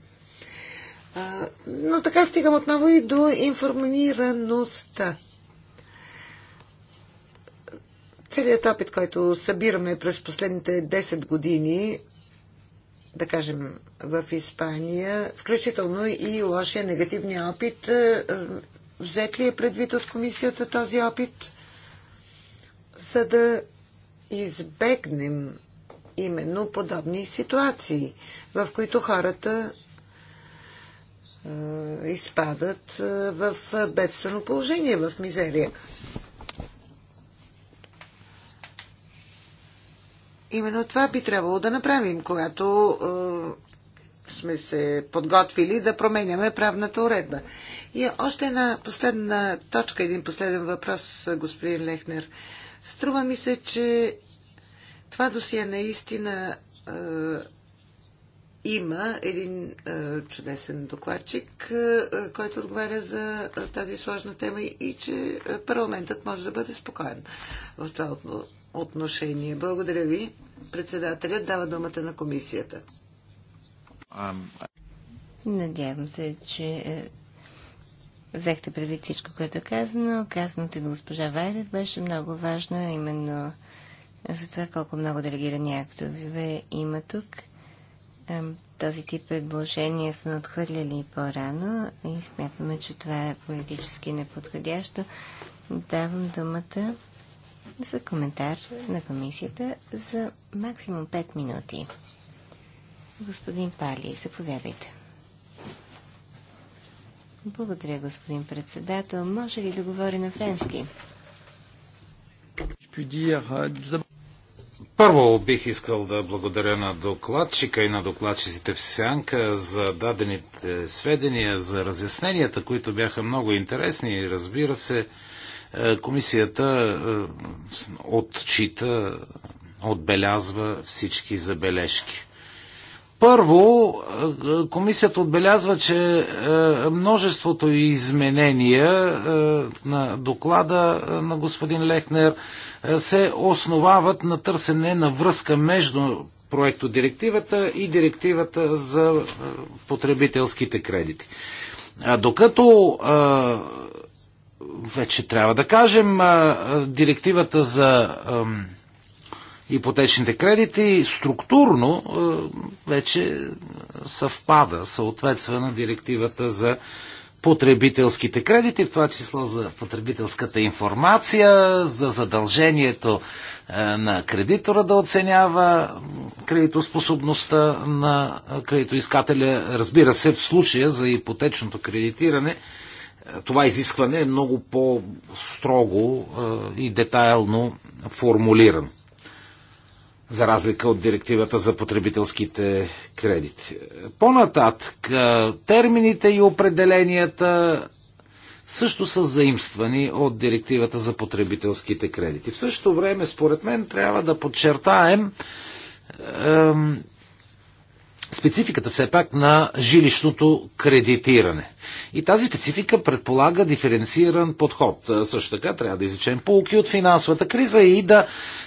но така стигам отново и до информираността. Целият опит, който събираме през последните 10 години, да кажем, в Испания, включително и лошия негативния опит, е, е, взет ли е предвид от комисията този опит, за да избегнем именно подобни ситуации, в които хората е, изпадат в бедствено положение, в мизерия. Именно това би трябвало да направим, когато е, сме се подготвили да променяме правната уредба. И още една последна точка, един последен въпрос, господин Лехнер. Струва ми се, че това досие наистина е, има един е, чудесен докладчик, е, който отговаря за е, тази сложна тема и че парламентът може да бъде спокоен в това отношение. Благодаря ви. Председателят дава думата на комисията. Надявам се, че е, взехте предвид всичко, което е казано. Казаното и до госпожа Вайлет беше много важно, именно за това колко много делегирани актове има тук. Този тип предложения сме отхвърляли по-рано и смятаме, че това е политически неподходящо. Давам думата за коментар на комисията за максимум 5 минути. Господин Пали, заповядайте. Благодаря, господин председател. Може ли да говори на френски? Първо бих искал да благодаря на докладчика и на докладчиците в Сянка за дадените сведения, за разясненията, които бяха много интересни и разбира се, Комисията е, отчита, отбелязва всички забележки. Първо, е, комисията отбелязва, че е, множеството изменения на доклада на господин Лехнер се основават на търсене на връзка между проекто директивата и директивата за потребителските кредити. Докато вече трябва да кажем, директивата за ипотечните кредити структурно вече съвпада, съответства на директивата за потребителските кредити, в това число за потребителската информация, за задължението на кредитора да оценява кредитоспособността на кредитоискателя. Разбира се, в случая за ипотечното кредитиране това изискване е много по-строго и детайлно формулиран, за разлика от директивата за потребителските кредити. По-нататък, термините и определенията също са заимствани от директивата за потребителските кредити. В същото време, според мен, трябва да подчертаем спецификата все пак на жилищното кредитиране. И тази специфика предполага диференциран подход. Е, също така трябва да изречем полки от финансовата криза и да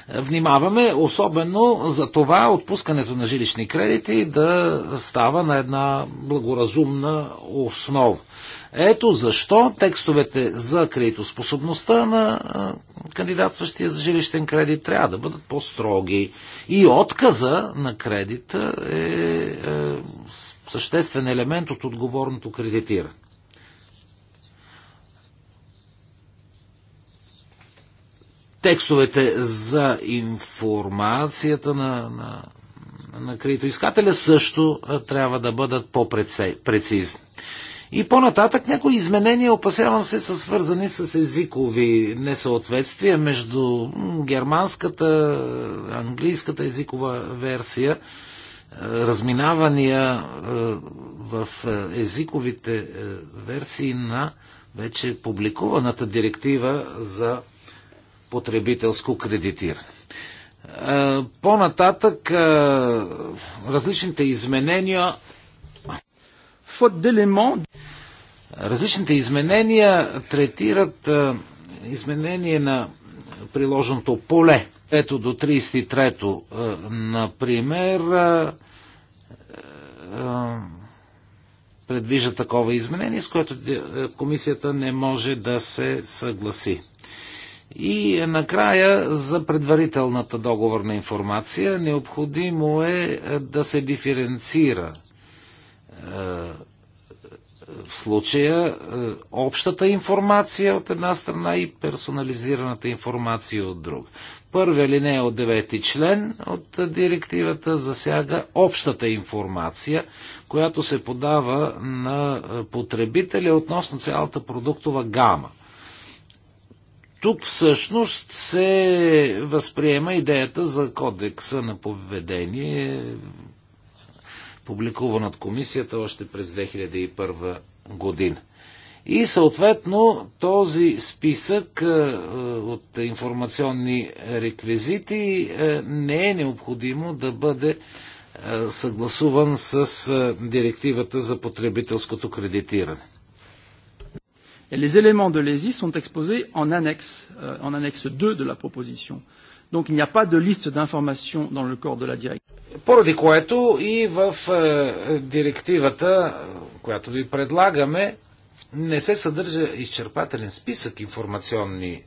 е, внимаваме особено за това отпускането на жилищни кредити да става на една благоразумна основа. Ето защо текстовете за кредитоспособността на е, кандидатстващия за жилищен кредит трябва да бъдат по-строги. И отказа на кредита е, е съществен елемент от отговорното кредитиране. текстовете за информацията на, на, на кредитоискателя също трябва да бъдат по-прецизни. И по-нататък някои изменения, опасявам се, са свързани с езикови несъответствия между германската, английската езикова версия, разминавания в езиковите версии на вече публикуваната директива за потребителско кредитиране. По-нататък различните изменения Различните изменения третират изменение на приложеното поле. Ето до 33-то, например, предвижда такова изменение, с което комисията не може да се съгласи. И е накрая за предварителната договорна информация необходимо е, е да се диференцира е, в случая общата информация от една страна и персонализираната информация от друга. Първия линия от девети член от директивата засяга общата информация, която се подава на потребителя относно цялата продуктова гама. Тук всъщност се възприема идеята за кодекса на поведение, публикуван от комисията още през 2001 година. И съответно този списък е, от информационни реквизити е, не е необходимо да бъде е, съгласуван с директивата за потребителското кредитиране. Et les éléments de l'ESI sont exposés en annexe, euh, en annexe 2 de la proposition. Donc il n'y a pas de liste d'informations dans le corps de la directive. Поради което и в е, директивата, която ви предлагаме, не се съдържа изчерпателен списък информационни е,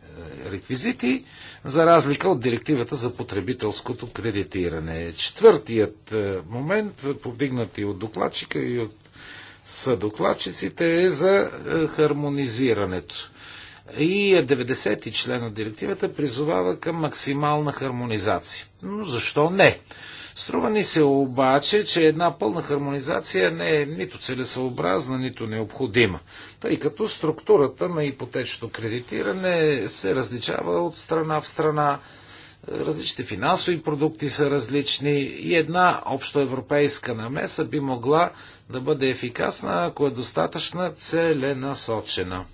реквизити, за разлика от директивата за потребителското кредитиране. Четвъртият е, момент, повдигнати от докладчика и от са докладчиците е за е, хармонизирането. И 90 е ти член от директивата призовава към максимална хармонизация. Но защо не? Струва ни се обаче, че една пълна хармонизация не е нито целесъобразна, нито необходима, тъй като структурата на ипотечното кредитиране се различава от страна в страна, различните финансови продукти са различни и една общоевропейска намеса би могла да бъде ефикасна, ако е достатъчна целенасочена.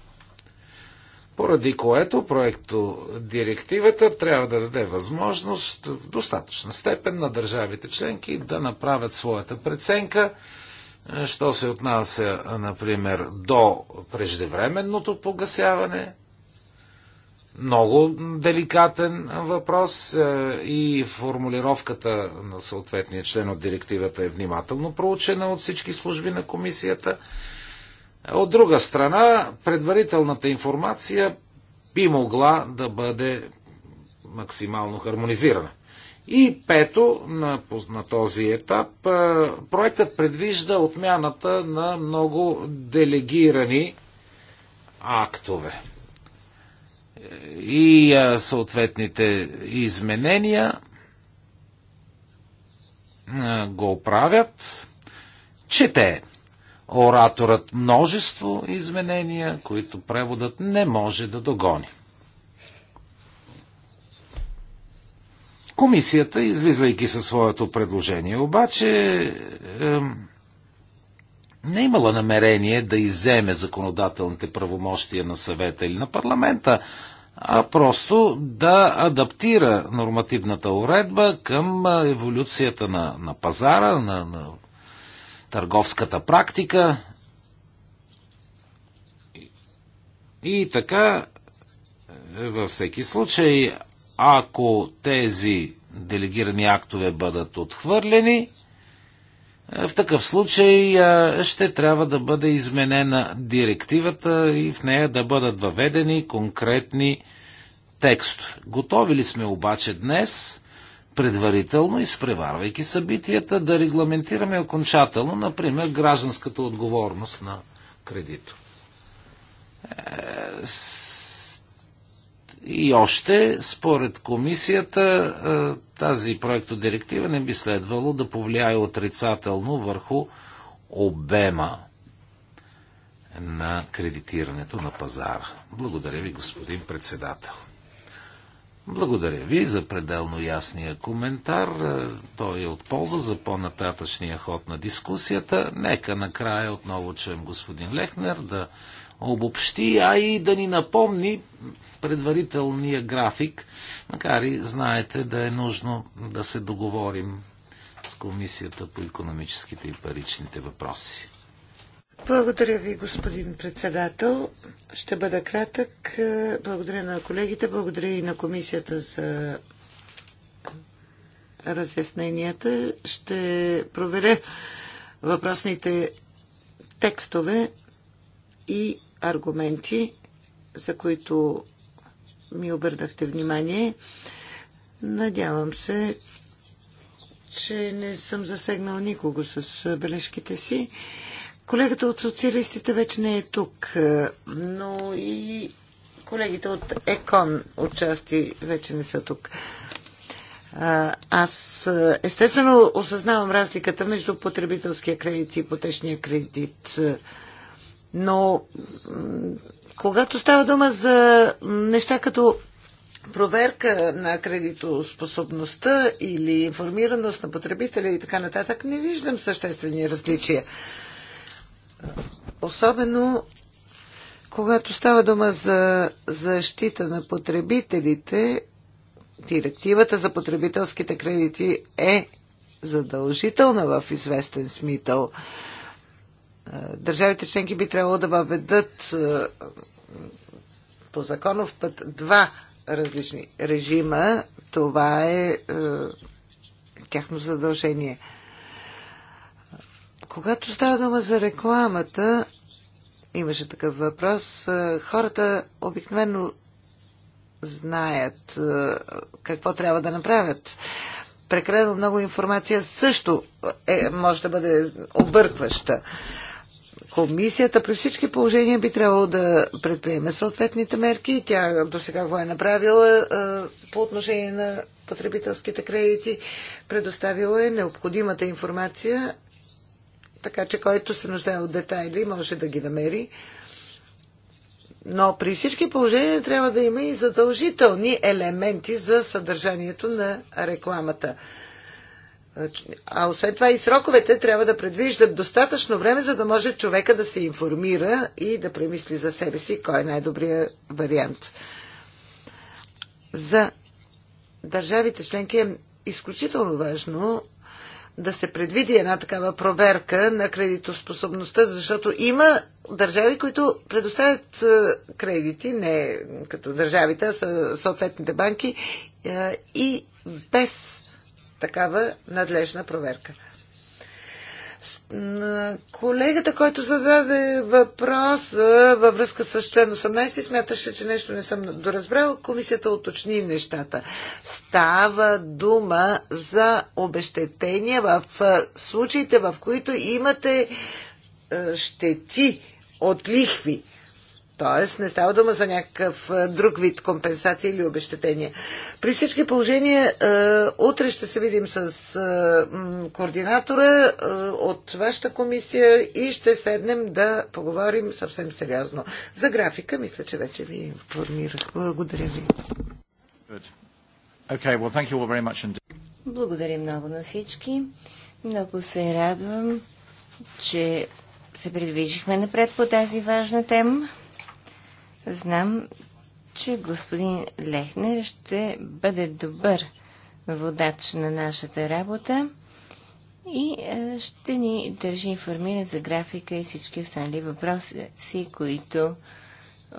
Поради което проекто директивата трябва да даде възможност в достатъчна степен на държавите членки да направят своята преценка, е, що се отнася, например, до преждевременното погасяване много деликатен въпрос е, и формулировката на съответния член от директивата е внимателно проучена от всички служби на комисията. От друга страна, предварителната информация би могла да бъде максимално хармонизирана. И пето, на, на този етап, е, проектът предвижда отмяната на много делегирани актове и съответните изменения го правят. Чете ораторът множество изменения, които преводът не може да догони. Комисията, излизайки със своето предложение, обаче е, не имала намерение да иземе законодателните правомощия на съвета или на парламента, а просто да адаптира нормативната уредба към еволюцията на, на пазара, на, на търговската практика. И, и така, е, във всеки случай, ако тези делегирани актове бъдат отхвърлени, в такъв случай ще трябва да бъде изменена директивата и в нея да бъдат въведени конкретни текстове. Готови ли сме обаче днес, предварително изпреварвайки събитията, да регламентираме окончателно, например, гражданската отговорност на кредито? Е, и още, според комисията, е, тази проектодиректива не би следвало да повлияе отрицателно върху обема на кредитирането на пазара. Благодаря ви, господин председател. Благодаря ви за пределно ясния коментар. Е, той е от полза за по-нататъчния ход на дискусията. Нека накрая отново чуем господин Лехнер да обобщи, а и да ни напомни предварителния график, макар и знаете да е нужно да се договорим с Комисията по економическите и паричните въпроси. Благодаря ви, господин председател. Ще бъда кратък. Благодаря на колегите, благодаря и на комисията за разясненията. Ще проверя въпросните текстове и аргументи, за които ми обърнахте внимание. Надявам се, че не съм засегнал никого с бележките си. Колегата от социалистите вече не е тук, но и колегите от ЕКОН отчасти вече не са тук. Аз естествено осъзнавам разликата между потребителския кредит и потешния кредит, но когато става дума за неща като проверка на кредитоспособността или информираност на потребителя и така нататък, не виждам съществени различия. Особено когато става дума за защита на потребителите, директивата за потребителските кредити е задължителна в известен смисъл. Държавите членки би трябвало да въведат е, по законов път два различни режима. Това е, е, тяхно задължение. Когато става дума за рекламата, имаше такъв въпрос, е, хората обикновено знаят какво трябва да направят. Прекалено много информация също е, може да бъде объркваща комисията при всички положения би трябвало да предприеме съответните мерки. Тя до сега го е направила е, по отношение на потребителските кредити. Предоставила е необходимата информация, така че който се нуждае от детайли може да ги намери. Но при всички положения трябва да има и задължителни елементи за съдържанието на рекламата. А освен това и сроковете трябва да предвиждат достатъчно време, за да може човека да се информира и да премисли за себе си кой е най-добрият вариант. За държавите членки е изключително важно да се предвиди една такава проверка на кредитоспособността, защото има държави, които предоставят е, кредити, не като държавите, а съответните банки е, и без такава надлежна проверка. Колегата, който зададе въпрос във връзка с член 18, смяташе, че нещо не съм доразбрал. Комисията уточни нещата. Става дума за обещетения в случаите, в които имате щети от лихви. Тоест не става дума за някакъв друг вид компенсация или обещетение. При всички положения, утре ще се видим с координатора от вашата комисия и ще седнем да поговорим съвсем сериозно. За графика, мисля, че вече ви информирах. Благодаря ви. Okay, well, thank you all very much indeed. Благодаря много на всички. Много се радвам, че се придвижихме напред по тази важна тема. Знам, че господин Лехнер ще бъде добър водач на нашата работа и е, ще ни държи информиране за графика и всички останали въпроси, които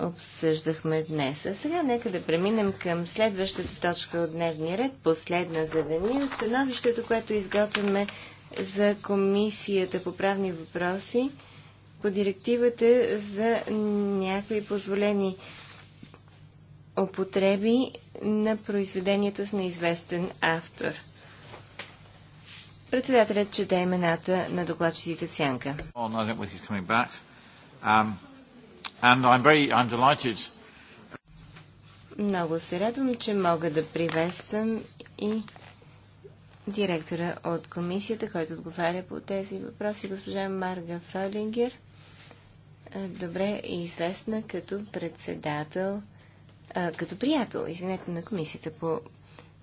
обсъждахме днес. А сега нека да преминем към следващата точка от дневния ред, последна за деня, становището, което изготвяме за Комисията по правни въпроси по директивата за някои позволени употреби на произведенията с неизвестен автор. Председателят чете имената на докладчиците в сянка. Oh, um, Много се радвам, че мога да приветствам и директора от комисията, който отговаря по тези въпроси, госпожа Марга Фройдингер. Е, добре известна като председател, а, като приятел, извинете, на Комисията по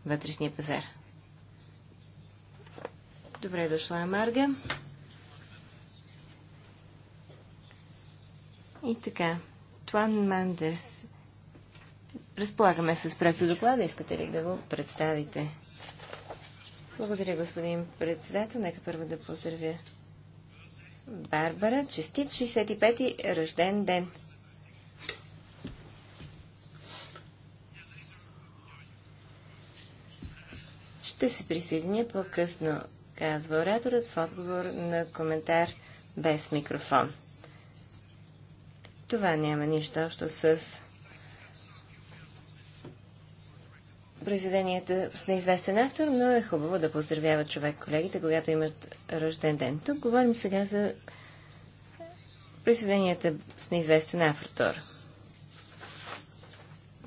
вътрешния пазар. Добре дошла, Марга. И така, Туан Мандерс, разполагаме с проекто доклада. Искате ли да го представите? Благодаря, господин председател. Нека първо да поздравя Барбара, честит 65-ти рожден ден! Ще се присъединя по-късно, казва ораторът в отговор на коментар без микрофон. Това няма нищо общо с произведенията с неизвестен автор, но е хубаво да поздравява човек колегите, когато имат рожден ден. Тук говорим сега за произведенията с неизвестен автор.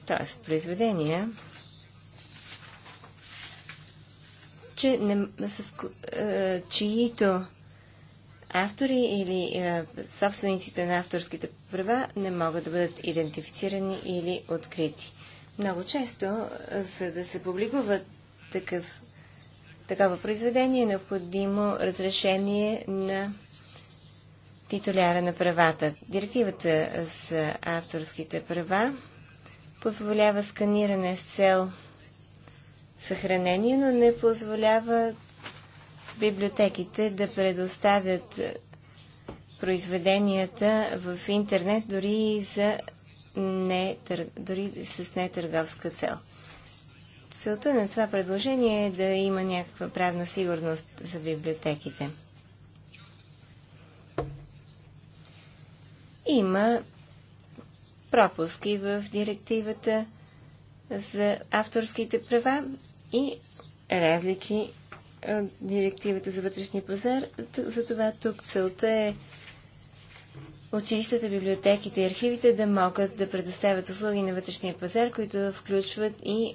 Тоест, произведения, че не, с, е, чието автори или е, собствениците на авторските права не могат да бъдат идентифицирани или открити. Много често, за да се публикува такъв, такова произведение, е необходимо разрешение на титуляра на правата. Директивата за авторските права позволява сканиране с цел съхранение, но не позволява библиотеките да предоставят произведенията в интернет дори и за не, дори с нетърговска цел. Целта на това предложение е да има някаква правна сигурност за библиотеките. Има пропуски в директивата за авторските права и разлики от директивата за вътрешния пазар. Затова тук целта е училищата, библиотеките и архивите да могат да предоставят услуги на вътрешния пазар, които включват и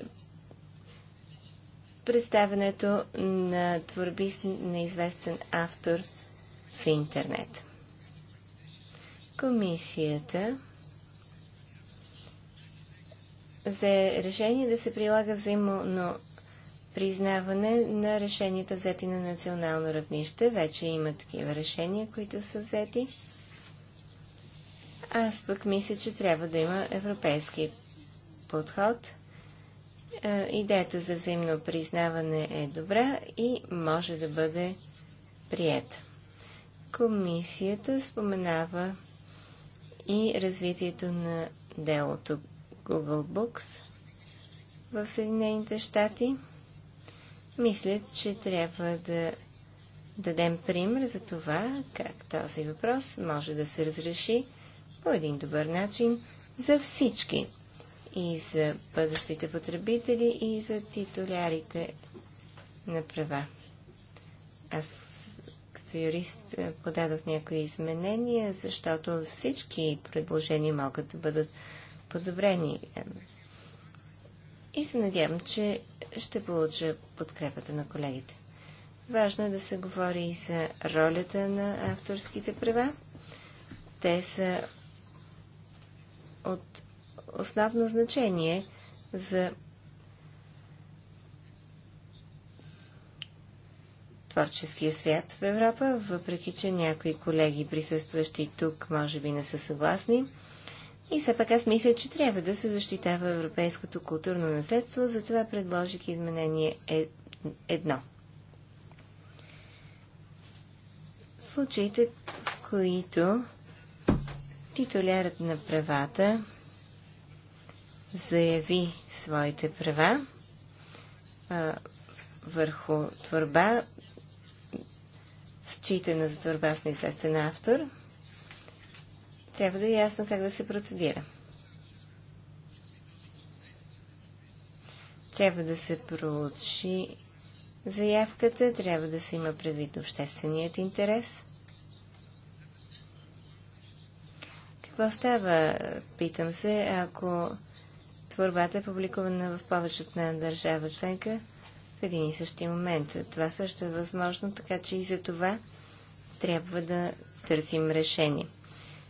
представянето на творби на известен автор в интернет. Комисията взе решение да се прилага взаимно признаване на решенията взети на национално равнище. Вече има такива решения, които са взети. Аз пък мисля, че трябва да има европейски подход. Е, идеята за взаимно признаване е добра и може да бъде приета. Комисията споменава и развитието на делото Google Books в Съединените щати. Мисля, че трябва да дадем пример за това, как този въпрос може да се разреши по един добър начин за всички и за бъдещите потребители и за титулярите на права. Аз като юрист подадох някои изменения, защото всички предложения могат да бъдат подобрени. И се надявам, че ще получа подкрепата на колегите. Важно е да се говори и за ролята на авторските права. Те са от основно значение за творческия свят в Европа, въпреки че някои колеги присъстващи тук може би не са съгласни. И все пак аз мисля, че трябва да се защитава европейското културно наследство, затова предложих изменение е едно. В случаите, в които Титулярът на правата заяви своите права а, върху творба, вчитана за творба с неизвестен автор. Трябва да е ясно как да се процедира. Трябва да се проучи заявката, трябва да се има предвид общественият интерес, Какво става, питам се, ако творбата е публикувана в повече от една държава членка в един и същи момент? Това също е възможно, така че и за това трябва да търсим решение.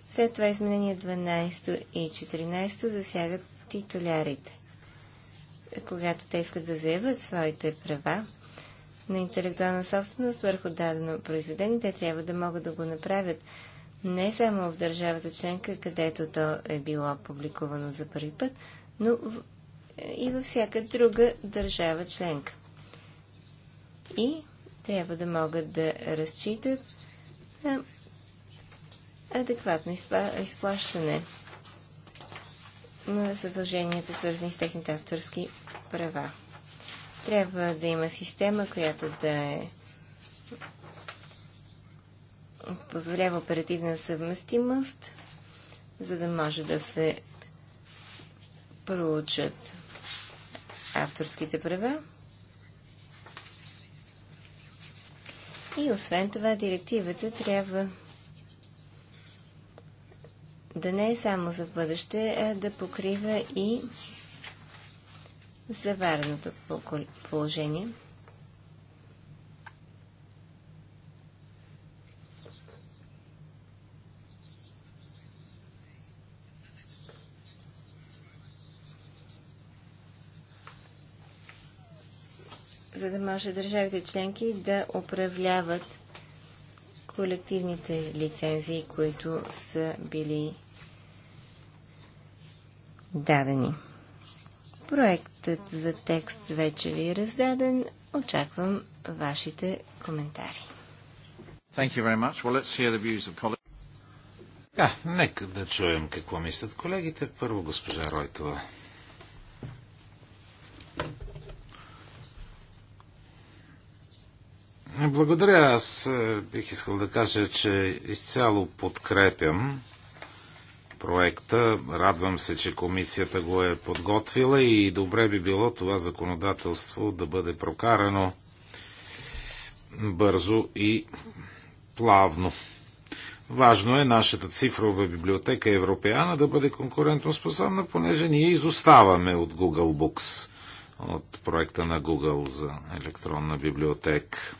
След това изменения 12 и 14 засягат титулярите. Когато те искат да заявят своите права на интелектуална собственост върху дадено произведение, те трябва да могат да го направят не само в държавата членка, където то е било публикувано за първи път, но и във всяка друга държава членка. И трябва да могат да разчитат на адекватно изплащане на задълженията, свързани с техните авторски права. Трябва да има система, която да е позволява оперативна съвместимост, за да може да се проучат авторските права. И освен това, директивата трябва да не е само за бъдеще, а да покрива и завареното положение. за да може държавите членки да управляват колективните лицензии, които са били дадени. Проектът за текст вече ви е раздаден. Очаквам вашите коментари. Thank you very much. Well, let's hear the views of colleagues. Да, нека да чуем какво мислят колегите. Първо госпожа Ройтова. Благодаря. Аз е, бих искал да кажа, че изцяло подкрепям проекта. Радвам се, че комисията го е подготвила и добре би било това законодателство да бъде прокарано бързо и плавно. Важно е нашата цифрова библиотека Европеана да бъде конкурентоспособна, понеже ние изоставаме от Google Books, от проекта на Google за електронна библиотека.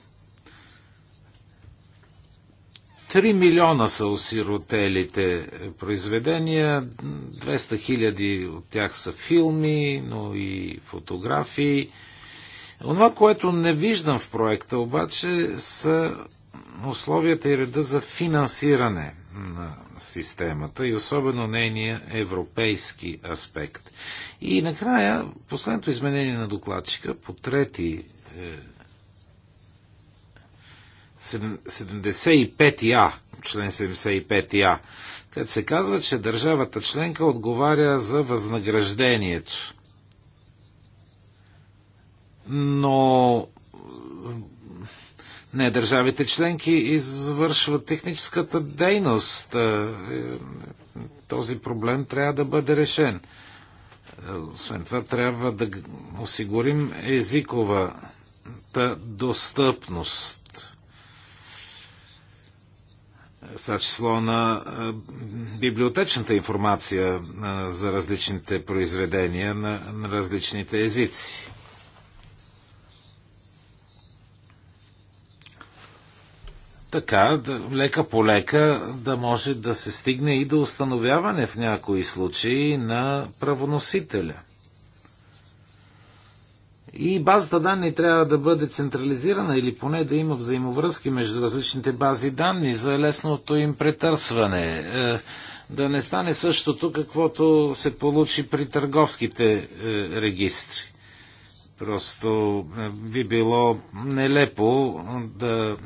3 милиона са осиротелите произведения, 200 хиляди от тях са филми, но и фотографии. Онова, което не виждам в проекта обаче са условията и реда за финансиране на системата и особено нейния европейски аспект. И накрая, последното изменение на докладчика по трети е, 75А, член 75А, където се казва, че държавата членка отговаря за възнаграждението. Но не, държавите членки извършват техническата дейност. Е, този проблем трябва да бъде решен. Освен това, трябва да осигурим езиковата достъпност това число на библиотечната информация за различните произведения на различните езици. така, да, лека по лека, да може да се стигне и до установяване в някои случаи на правоносителя – и базата данни трябва да бъде централизирана или поне да има взаимовръзки между различните бази данни за лесното им претърсване. Е, да не стане същото, каквото се получи при търговските е, регистри. Просто е, би било нелепо да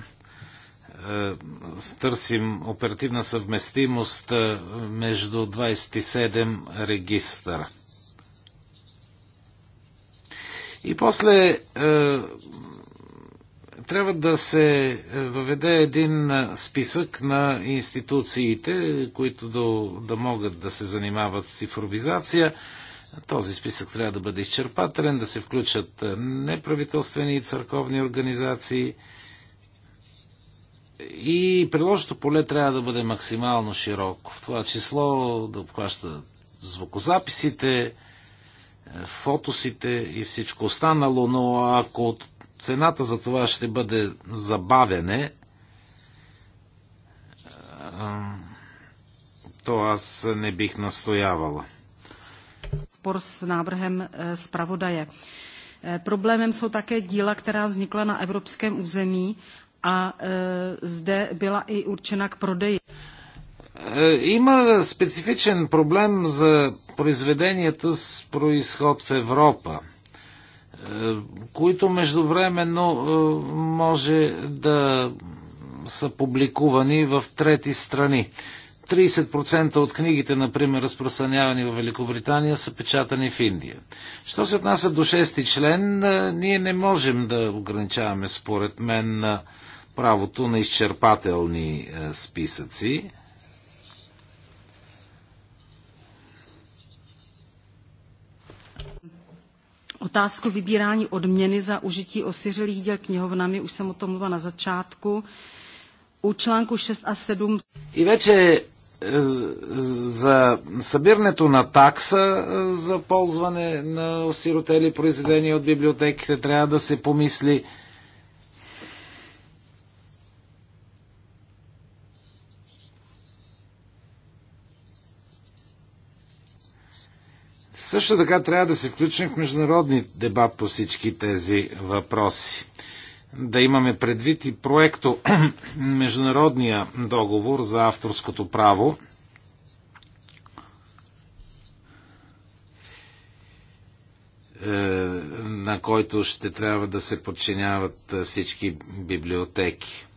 търсим оперативна съвместимост между 27 регистъра. И после е, трябва да се е, въведе един е, списък на институциите, които да, да могат да се занимават с цифровизация. Този списък трябва да бъде изчерпателен, да се включат е, неправителствени и църковни организации. И приложното поле трябва да бъде максимално широко. В това число да обхваща звукозаписите, фотосите и всичко останало, но ако цената за това ще бъде забавяне, то аз не бих настоявала. Спор с návrhem zpravodaje. Problémem jsou také díla, která vznikla na evropském území a zde byla i určena k prodeji. Е, има специфичен проблем за произведенията с происход в Европа, е, които междувременно е, може да са публикувани в трети страни. 30% от книгите, например, разпространявани в Великобритания, са печатани в Индия. Що се отнася до 6 член, ние не можем да ограничаваме, според мен, правото на изчерпателни списъци Otázku vybírání odměny za užití osiřelých děl knihovnami, už jsem o tom mluvila na začátku, u článku 6 а 7. И вече за събирането на такса за ползване на осиротели произведения от библиотеките трябва да се помисли Също така трябва да се включим в международни дебат по всички тези въпроси. Да имаме предвид и проекто <clears throat> Международния договор за авторското право, е, на който ще трябва да се подчиняват е, всички библиотеки.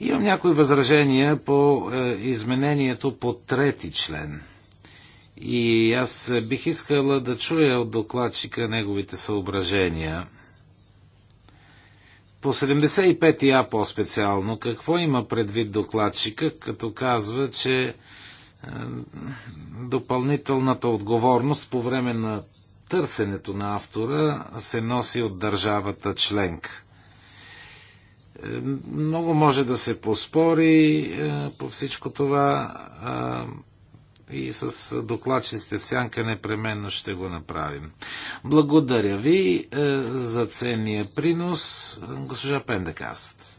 Имам някои възражения по е, изменението по трети член – и аз бих искала да чуя от докладчика неговите съображения. По 75 я по-специално, какво има предвид докладчика, като казва, че е, допълнителната отговорност по време на търсенето на автора се носи от държавата членка. Е, много може да се поспори е, по всичко това и с докладчиците в сянка непременно ще го направим. Благодаря ви е, за ценния принос, госпожа Пендекаст.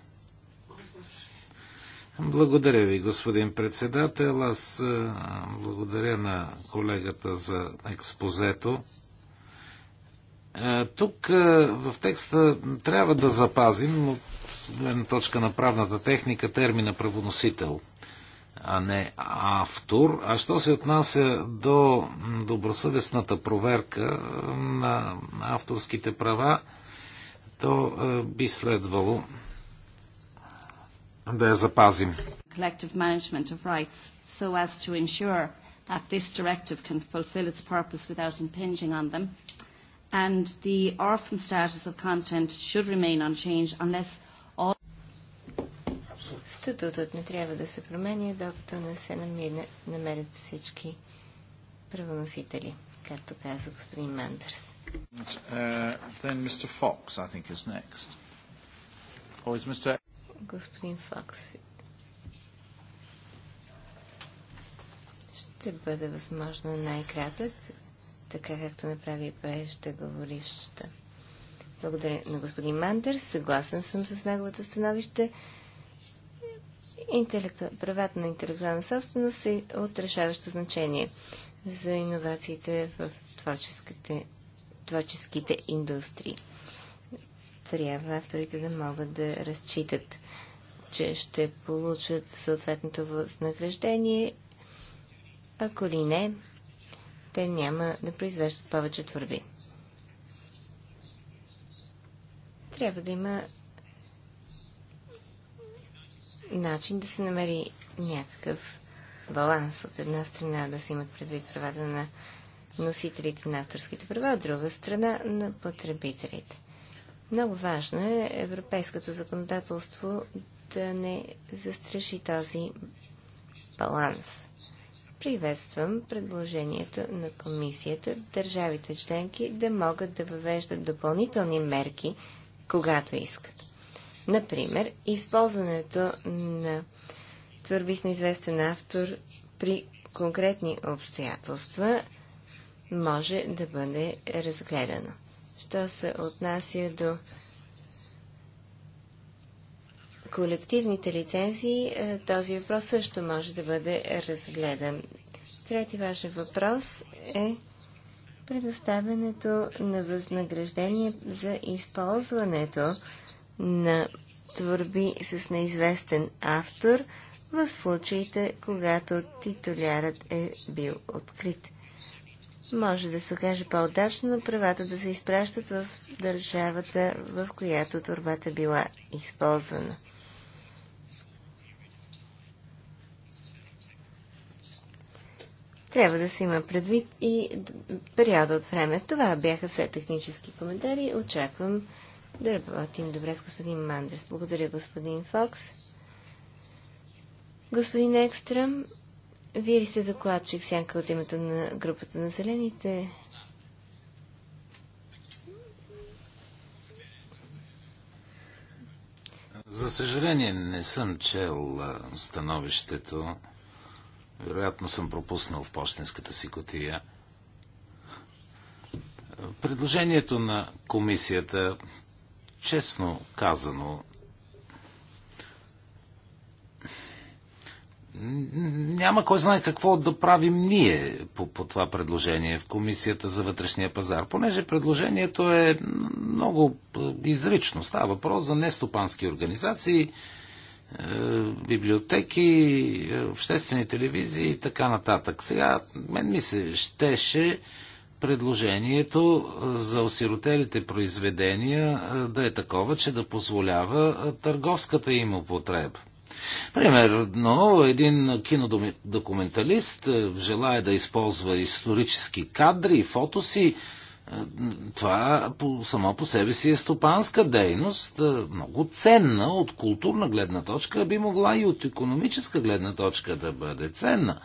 Благодаря ви, господин председател. Аз е, благодаря на колегата за експозето. Е, тук в текста трябва да запазим от гледна точка на правната техника термина правоносител – а не автор. А що се отнася до добросъвестната проверка на авторските права, то би следвало да я запазим. Collective management of rights so as to ensure that this directive can fulfill its purpose without impinging on them. And the orphan status of content should remain unchanged unless Статутът не трябва да се променя, докато не се намерят всички правоносители, както каза господин Мандърс. Uh, господин Фокс. Ще бъде възможно най-кратък, така както направи преждеговорищата. Благодаря на господин Мандърс. Съгласен съм с неговото становище. Интелекту... Правата на интелектуална собственост е от решаващо значение за иновациите в творческите, творческите индустрии. Трябва авторите да могат да разчитат, че ще получат съответното възнаграждение. Ако ли не, те няма да произвеждат повече творби. Трябва да има начин да се намери някакъв баланс. От една страна да се имат предвид правата на носителите на авторските права, от друга страна на потребителите. Много важно е европейското законодателство да не застраши този баланс. Приветствам предложението на комисията държавите членки да могат да въвеждат допълнителни мерки, когато искат. Например, използването на твърбис на известен автор при конкретни обстоятелства може да бъде разгледано. Що се отнася до колективните лицензии, е, този въпрос също може да бъде разгледан. Трети важен въпрос е предоставянето на възнаграждение за използването на творби с неизвестен автор в случаите, когато титулярът е бил открит. Може да се окаже по-удачно правата да се изпращат в държавата, в която творбата била използвана. трябва да се има предвид и периода от време. Това бяха все технически коментари. Очаквам да работим добре с господин Мандерс. Благодаря, господин Фокс. Господин Екстрам, вие ли сте докладчик сянка от името на групата на зелените? За съжаление не съм чел становището. Вероятно съм пропуснал в почтенската си котия. Предложението на комисията Честно казано, няма кой знае какво да правим ние по, по това предложение в Комисията за вътрешния пазар, понеже предложението е много е, изрично. Става въпрос за нестопански организации, е, библиотеки, е, обществени телевизии и така нататък. Сега мен ми се щеше предложението за осиротелите произведения да е такова, че да позволява търговската им употреба. Примерно, един кинодокументалист желая да използва исторически кадри, фото си. Това само по себе си е стопанска дейност, много ценна от културна гледна точка, би могла и от економическа гледна точка да бъде ценна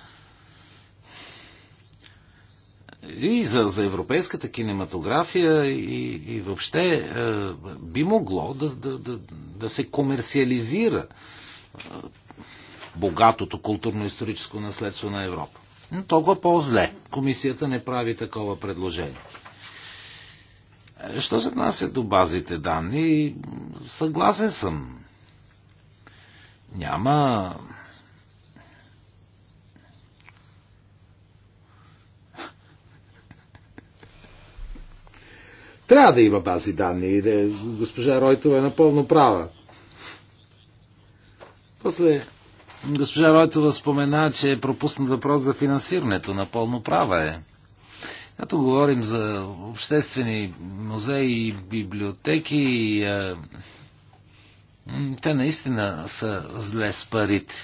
и за, за европейската кинематография и, и въобще е, би могло да, да, да, да се комерциализира е, богатото културно-историческо наследство на Европа. Но толкова е по-зле. Комисията не прави такова предложение. Е, що се отнася до базите данни, съгласен съм. Няма Трябва да има бази данни. Е, госпожа Ройтова е напълно права. После госпожа Ройтова спомена, че е пропуснат въпрос за финансирането. Напълно права е. Като говорим за обществени музеи и библиотеки, е, те наистина са зле с парите.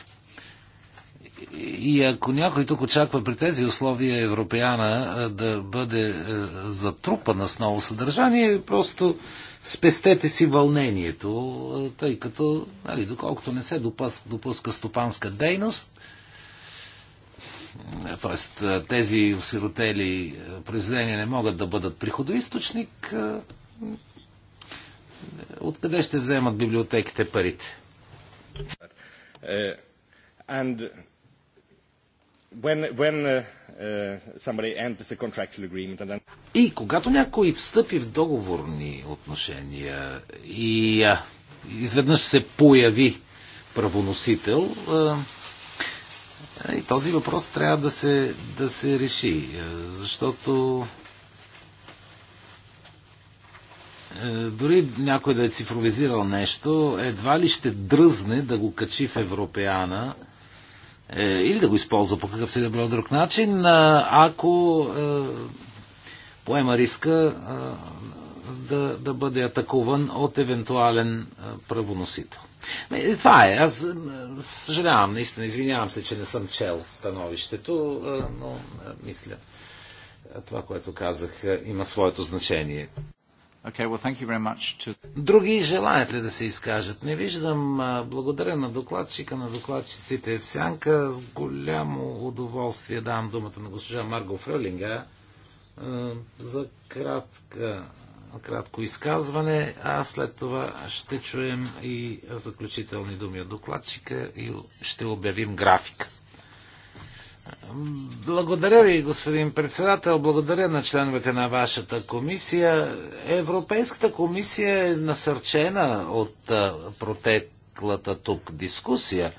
И ако някой тук очаква при тези условия Европеяна да бъде е, затрупана с ново съдържание, просто спестете си вълнението, е, тъй като, нали, доколкото не се допуска, допуска стопанска дейност, т.е. тези осиротели е, произведения не могат да бъдат приходоисточник, откъде ще вземат библиотеките парите? and Uh, uh, и когато някой встъпи в договорни отношения и а, изведнъж се появи правоносител, а, и този въпрос трябва да се, да се реши, защото дори някой да е цифровизирал нещо, едва ли ще дръзне да го качи в Европеана – е, или да го използва по какъвто и да било друг начин, ако е, поема риска е, да, да бъде атакуван от евентуален правоносител. Това е. Аз съжалявам, наистина, извинявам се, че не съм чел становището, но мисля, това, което казах, има своето значение. Други желаят ли да се изкажат? Не виждам. Благодаря на докладчика, на докладчиците в Сянка. С голямо удоволствие давам думата на госпожа Марго Фрелинга за кратка, кратко изказване, а след това ще чуем и заключителни думи от докладчика и ще обявим графика. Благодаря ви, господин председател. Благодаря на членовете на вашата комисия. Европейската комисия е насърчена от протеклата тук дискусия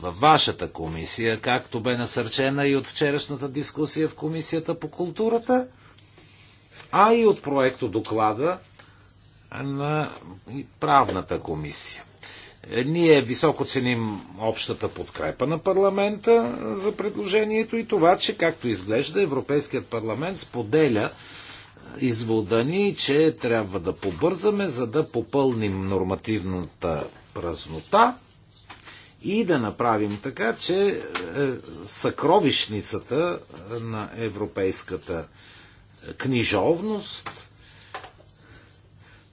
във вашата комисия, както бе насърчена и от вчерашната дискусия в комисията по културата, а и от проекто доклада на правната комисия. Ние високо ценим общата подкрепа на парламента за предложението и това, че както изглежда Европейският парламент споделя извода ни, че трябва да побързаме, за да попълним нормативната празнота и да направим така, че е, съкровищницата на европейската книжовност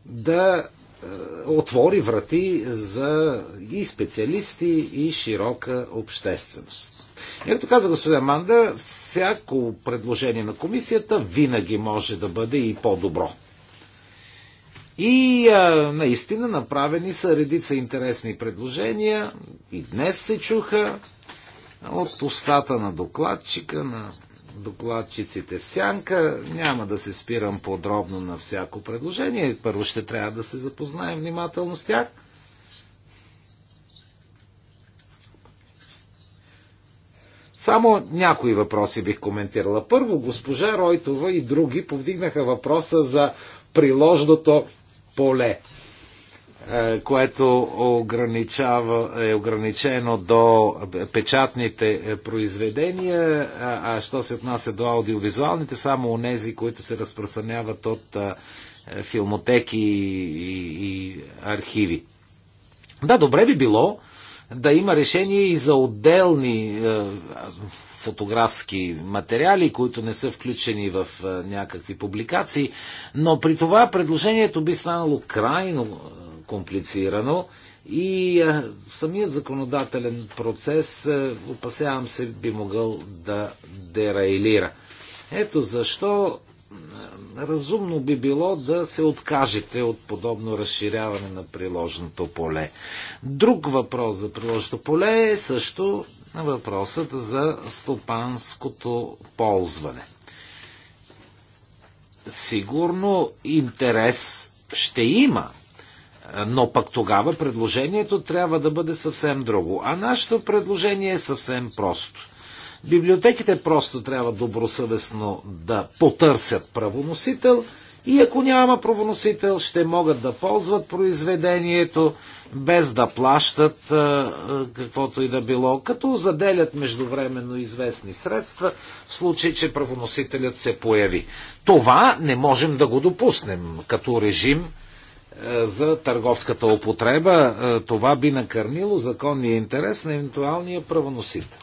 да е, отвори врати за и специалисти, и широка общественост. И както каза господин Манда, всяко предложение на комисията винаги може да бъде и по-добро. И а, е, наистина направени са редица интересни предложения. И днес се чуха от устата на докладчика, на докладчиците в сянка. Няма да се спирам подробно на всяко предложение. Първо ще трябва да се запознаем внимателно с тях. Само някои въпроси бих коментирала. Първо, госпожа Ройтова и други повдигнаха въпроса за приложното поле. Е, което ограничава, е ограничено до печатните е, произведения, а, а що се отнася до аудиовизуалните, само нези, които се разпространяват от а, е, филмотеки и, и архиви. Да, добре би било да има решение и за отделни е, фотографски материали, които не са включени в е, някакви публикации, но при това предложението би станало крайно комплицирано и самият законодателен процес, опасявам се, би могъл да дерайлира. Ето защо разумно би било да се откажете от подобно разширяване на приложното поле. Друг въпрос за приложното поле е също въпросът за стопанското ползване. Сигурно интерес ще има е, но пък тогава предложението трябва да бъде съвсем друго. А нашето предложение е съвсем просто. Библиотеките просто трябва добросъвестно да потърсят правоносител и ако няма правоносител, ще могат да ползват произведението без да плащат е, е, каквото и да било, като заделят междувременно известни средства в случай, че правоносителят се появи. Това не можем да го допуснем като режим е, за търговската употреба, е, това би накърнило законния интерес на евентуалния правоносител.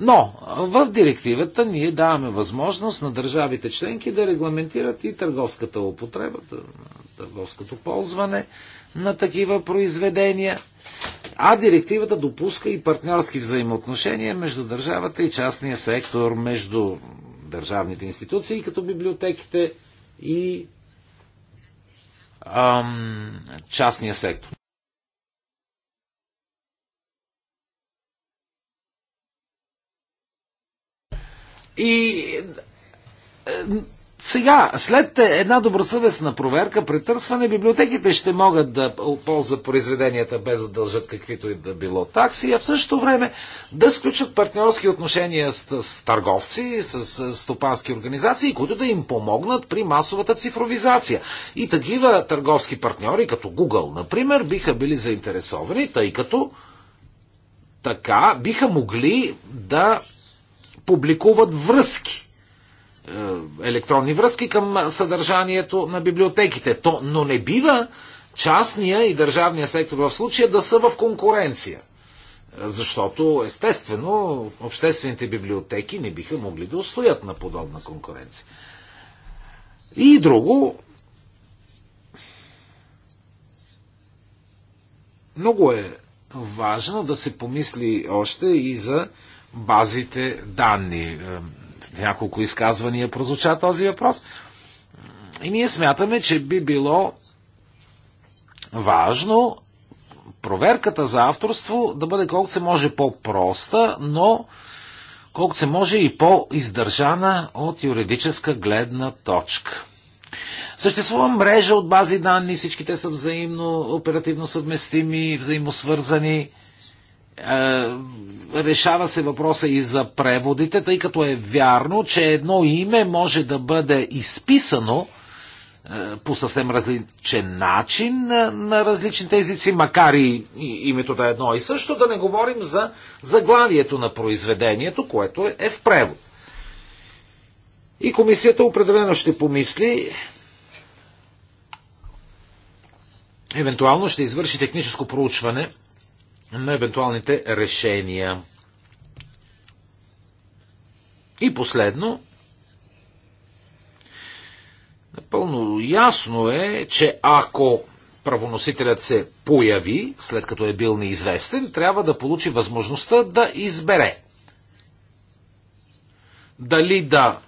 Но в директивата ние даваме възможност на държавите членки да регламентират и търговската употреба, търговското ползване на такива произведения. А директивата допуска и партньорски взаимоотношения между държавата и частния сектор, между държавните институции, като библиотеките и ам, частния сектор. И е, сега, след една добросъвестна проверка, претърсване, библиотеките ще могат да ползват произведенията без да дължат каквито и да било такси, а в същото време да сключат партньорски отношения с, с търговци, с, с стопански организации, които да им помогнат при масовата цифровизация. И такива търговски партньори, като Google, например, биха били заинтересовани, тъй като така биха могли да публикуват връзки е, електронни връзки към съдържанието на библиотеките. То, но не бива частния и държавния сектор в случая да са в конкуренция. Защото, естествено, обществените библиотеки не биха могли да устоят на подобна конкуренция. И друго, много е важно да се помисли още и за базите данни няколко изказвания прозвуча този въпрос. И ние смятаме, че би било важно проверката за авторство да бъде колкото се може по-проста, но колкото се може и по-издържана от юридическа гледна точка. Съществува мрежа от бази данни, всички те са взаимно оперативно съвместими, взаимосвързани. Е, решава се въпроса и за преводите, тъй като е вярно, че едно име може да бъде изписано е, по съвсем различен начин е, на различните езици, макар и името да е едно и също, да не говорим за заглавието на произведението, което е, е в превод. И комисията определено ще помисли, евентуално ще извърши техническо проучване – на евентуалните решения. И последно, напълно ясно е, че ако правоносителят се появи, след като е бил неизвестен, трябва да получи възможността да избере. Дали да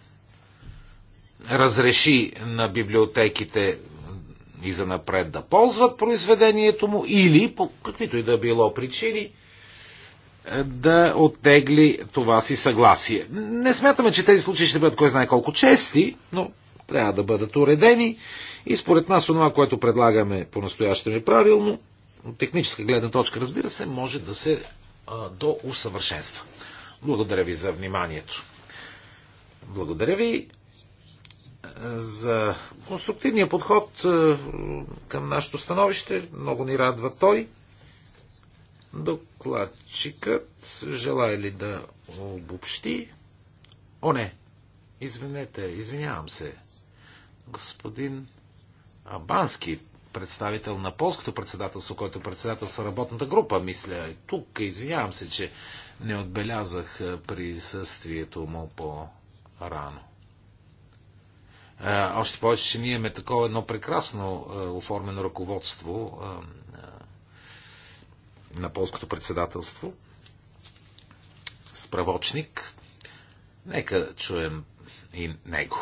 разреши на библиотеките и за напред да ползват произведението му или по каквито и да било причини е, да оттегли това си съгласие. Не смятаме, че тези случаи ще бъдат кой знае колко чести, но трябва да бъдат уредени и според нас това, което предлагаме по-настоящем е правилно. От техническа гледна точка, разбира се, може да се а, до усъвършенства. Благодаря ви за вниманието. Благодаря ви за конструктивния подход е, към нашето становище. Много ни радва той. Докладчикът желая ли да обобщи? О, не! Извинете, извинявам се. Господин Абански, представител на полското председателство, който председателства работната група, мисля, е тук, извинявам се, че не отбелязах е, присъствието му по-рано. Още повече, че ние имаме такова едно прекрасно оформено ръководство на полското председателство справочник. Нека чуем и него.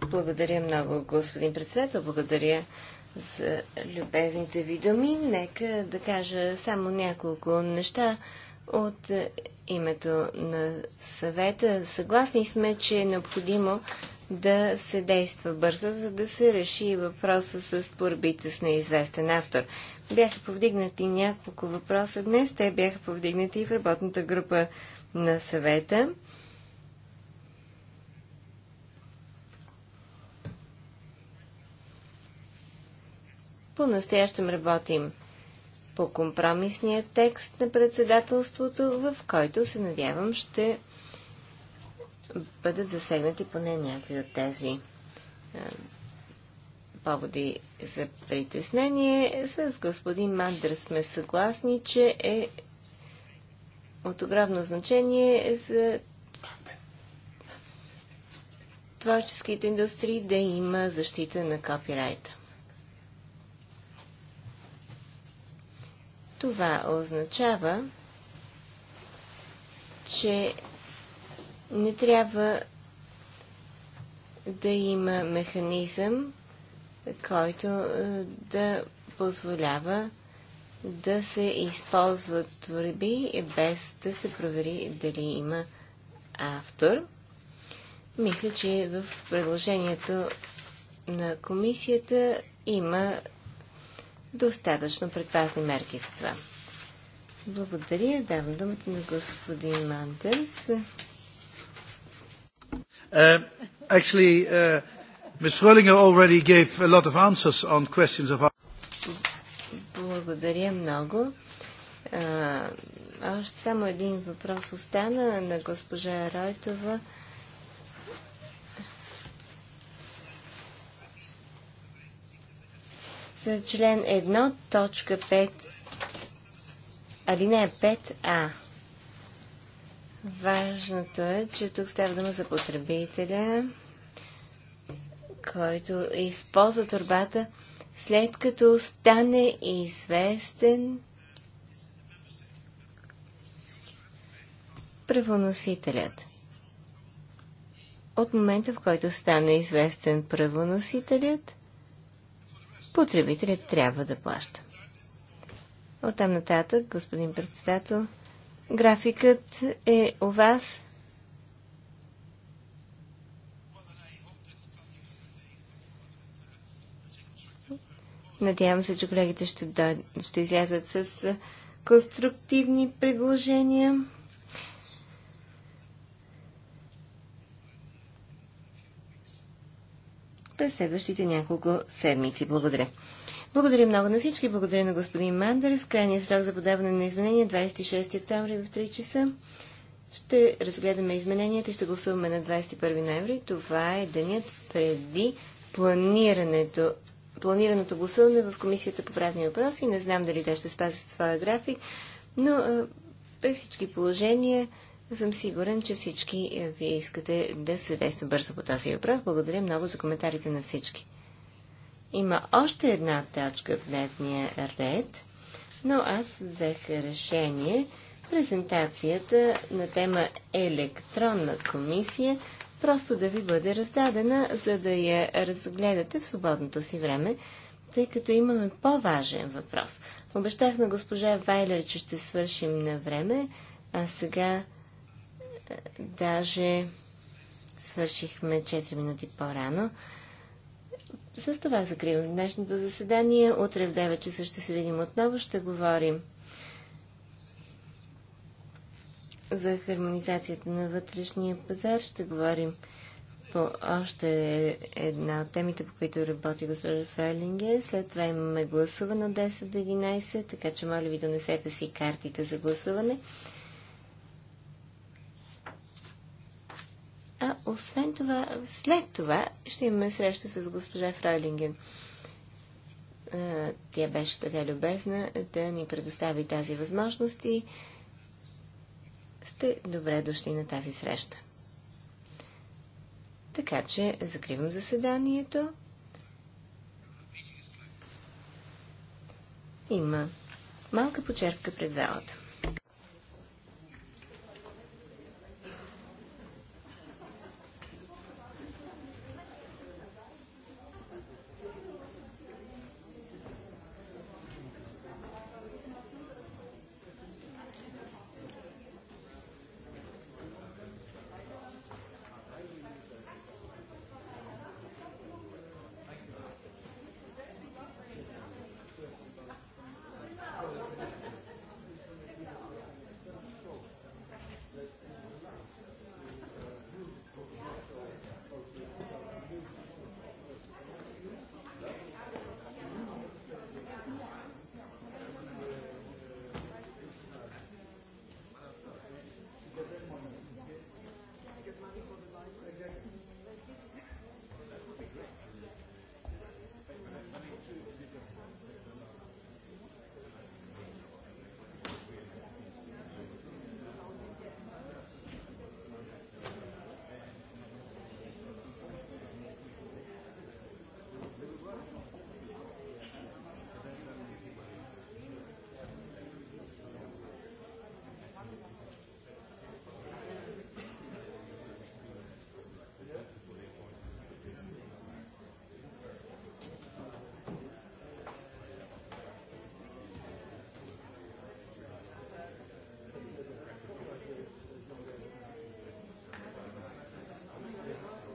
Благодаря много, господин председател. Благодаря за любезните ви думи. Нека да кажа само няколко неща от името на съвета. Съгласни сме, че е необходимо да се действа бързо, за да се реши въпроса с борбите с неизвестен автор. Бяха повдигнати няколко въпроса днес. Те бяха повдигнати и в работната група на съвета. По-настоящем работим по компромисния текст на председателството, в който се надявам ще бъдат засегнати поне някои от тези е, поводи за притеснение. С господин Мандър сме съгласни, че е от огромно значение за творческите индустрии да има защита на копирайта. Това означава, че не трябва да има механизъм, който е, да позволява да се използват творби без да се провери дали има автор. Мисля, че в предложението на комисията има достатъчно предпазни мерки за това. Благодаря. Давам думата на господин Мантерс. Uh, е, actually, uh, е, Ms. already gave a lot of answers on questions of... Благодаря много. Uh, още само един въпрос остана на госпожа Ройтова член 1, точка 5, алинея 5а. Важното е, че тук става дума за потребителя, който използва турбата след като стане известен правоносителят. От момента, в който стане известен правоносителят, потребителят трябва да плаща. Оттам нататък, господин председател, графикът е у вас. Надявам се, че колегите ще, дой... ще излязат с конструктивни предложения. през следващите няколко седмици. Благодаря. Благодаря много на всички. Благодаря на господин Мандерс. Крайният срок за подаване на изменения 26 е октомври в 3 часа. Ще разгледаме измененията и ще гласуваме на 21 ноември. Това е денят преди планирането планираното гласуване в Комисията по правни въпроси. Не знам дали те ще спазят своя график, но при всички положения съм сигурен, че всички е, вие искате да се действа бързо по този въпрос. Благодаря много за коментарите на всички. Има още една точка в дневния ред, но аз взех решение презентацията на тема електронна комисия просто да ви бъде раздадена, за да я разгледате в свободното си време, тъй като имаме по-важен въпрос. Обещах на госпожа Вайлер, че ще свършим на време, а сега Даже свършихме 4 минути по-рано. С това закривам днешното заседание. Утре в 9 часа ще се видим отново. Ще говорим за хармонизацията на вътрешния пазар. Ще говорим по още една от темите, по които работи госпожа Фрайлинге. След това имаме гласуване от 10 до 11, така че моля ви донесете си картите за гласуване. А освен това, след това ще имаме среща с госпожа Фройлинген. Тя беше така любезна да ни предостави тази възможност и сте добре дошли на тази среща. Така че закривам заседанието. Има малка почерпка пред залата.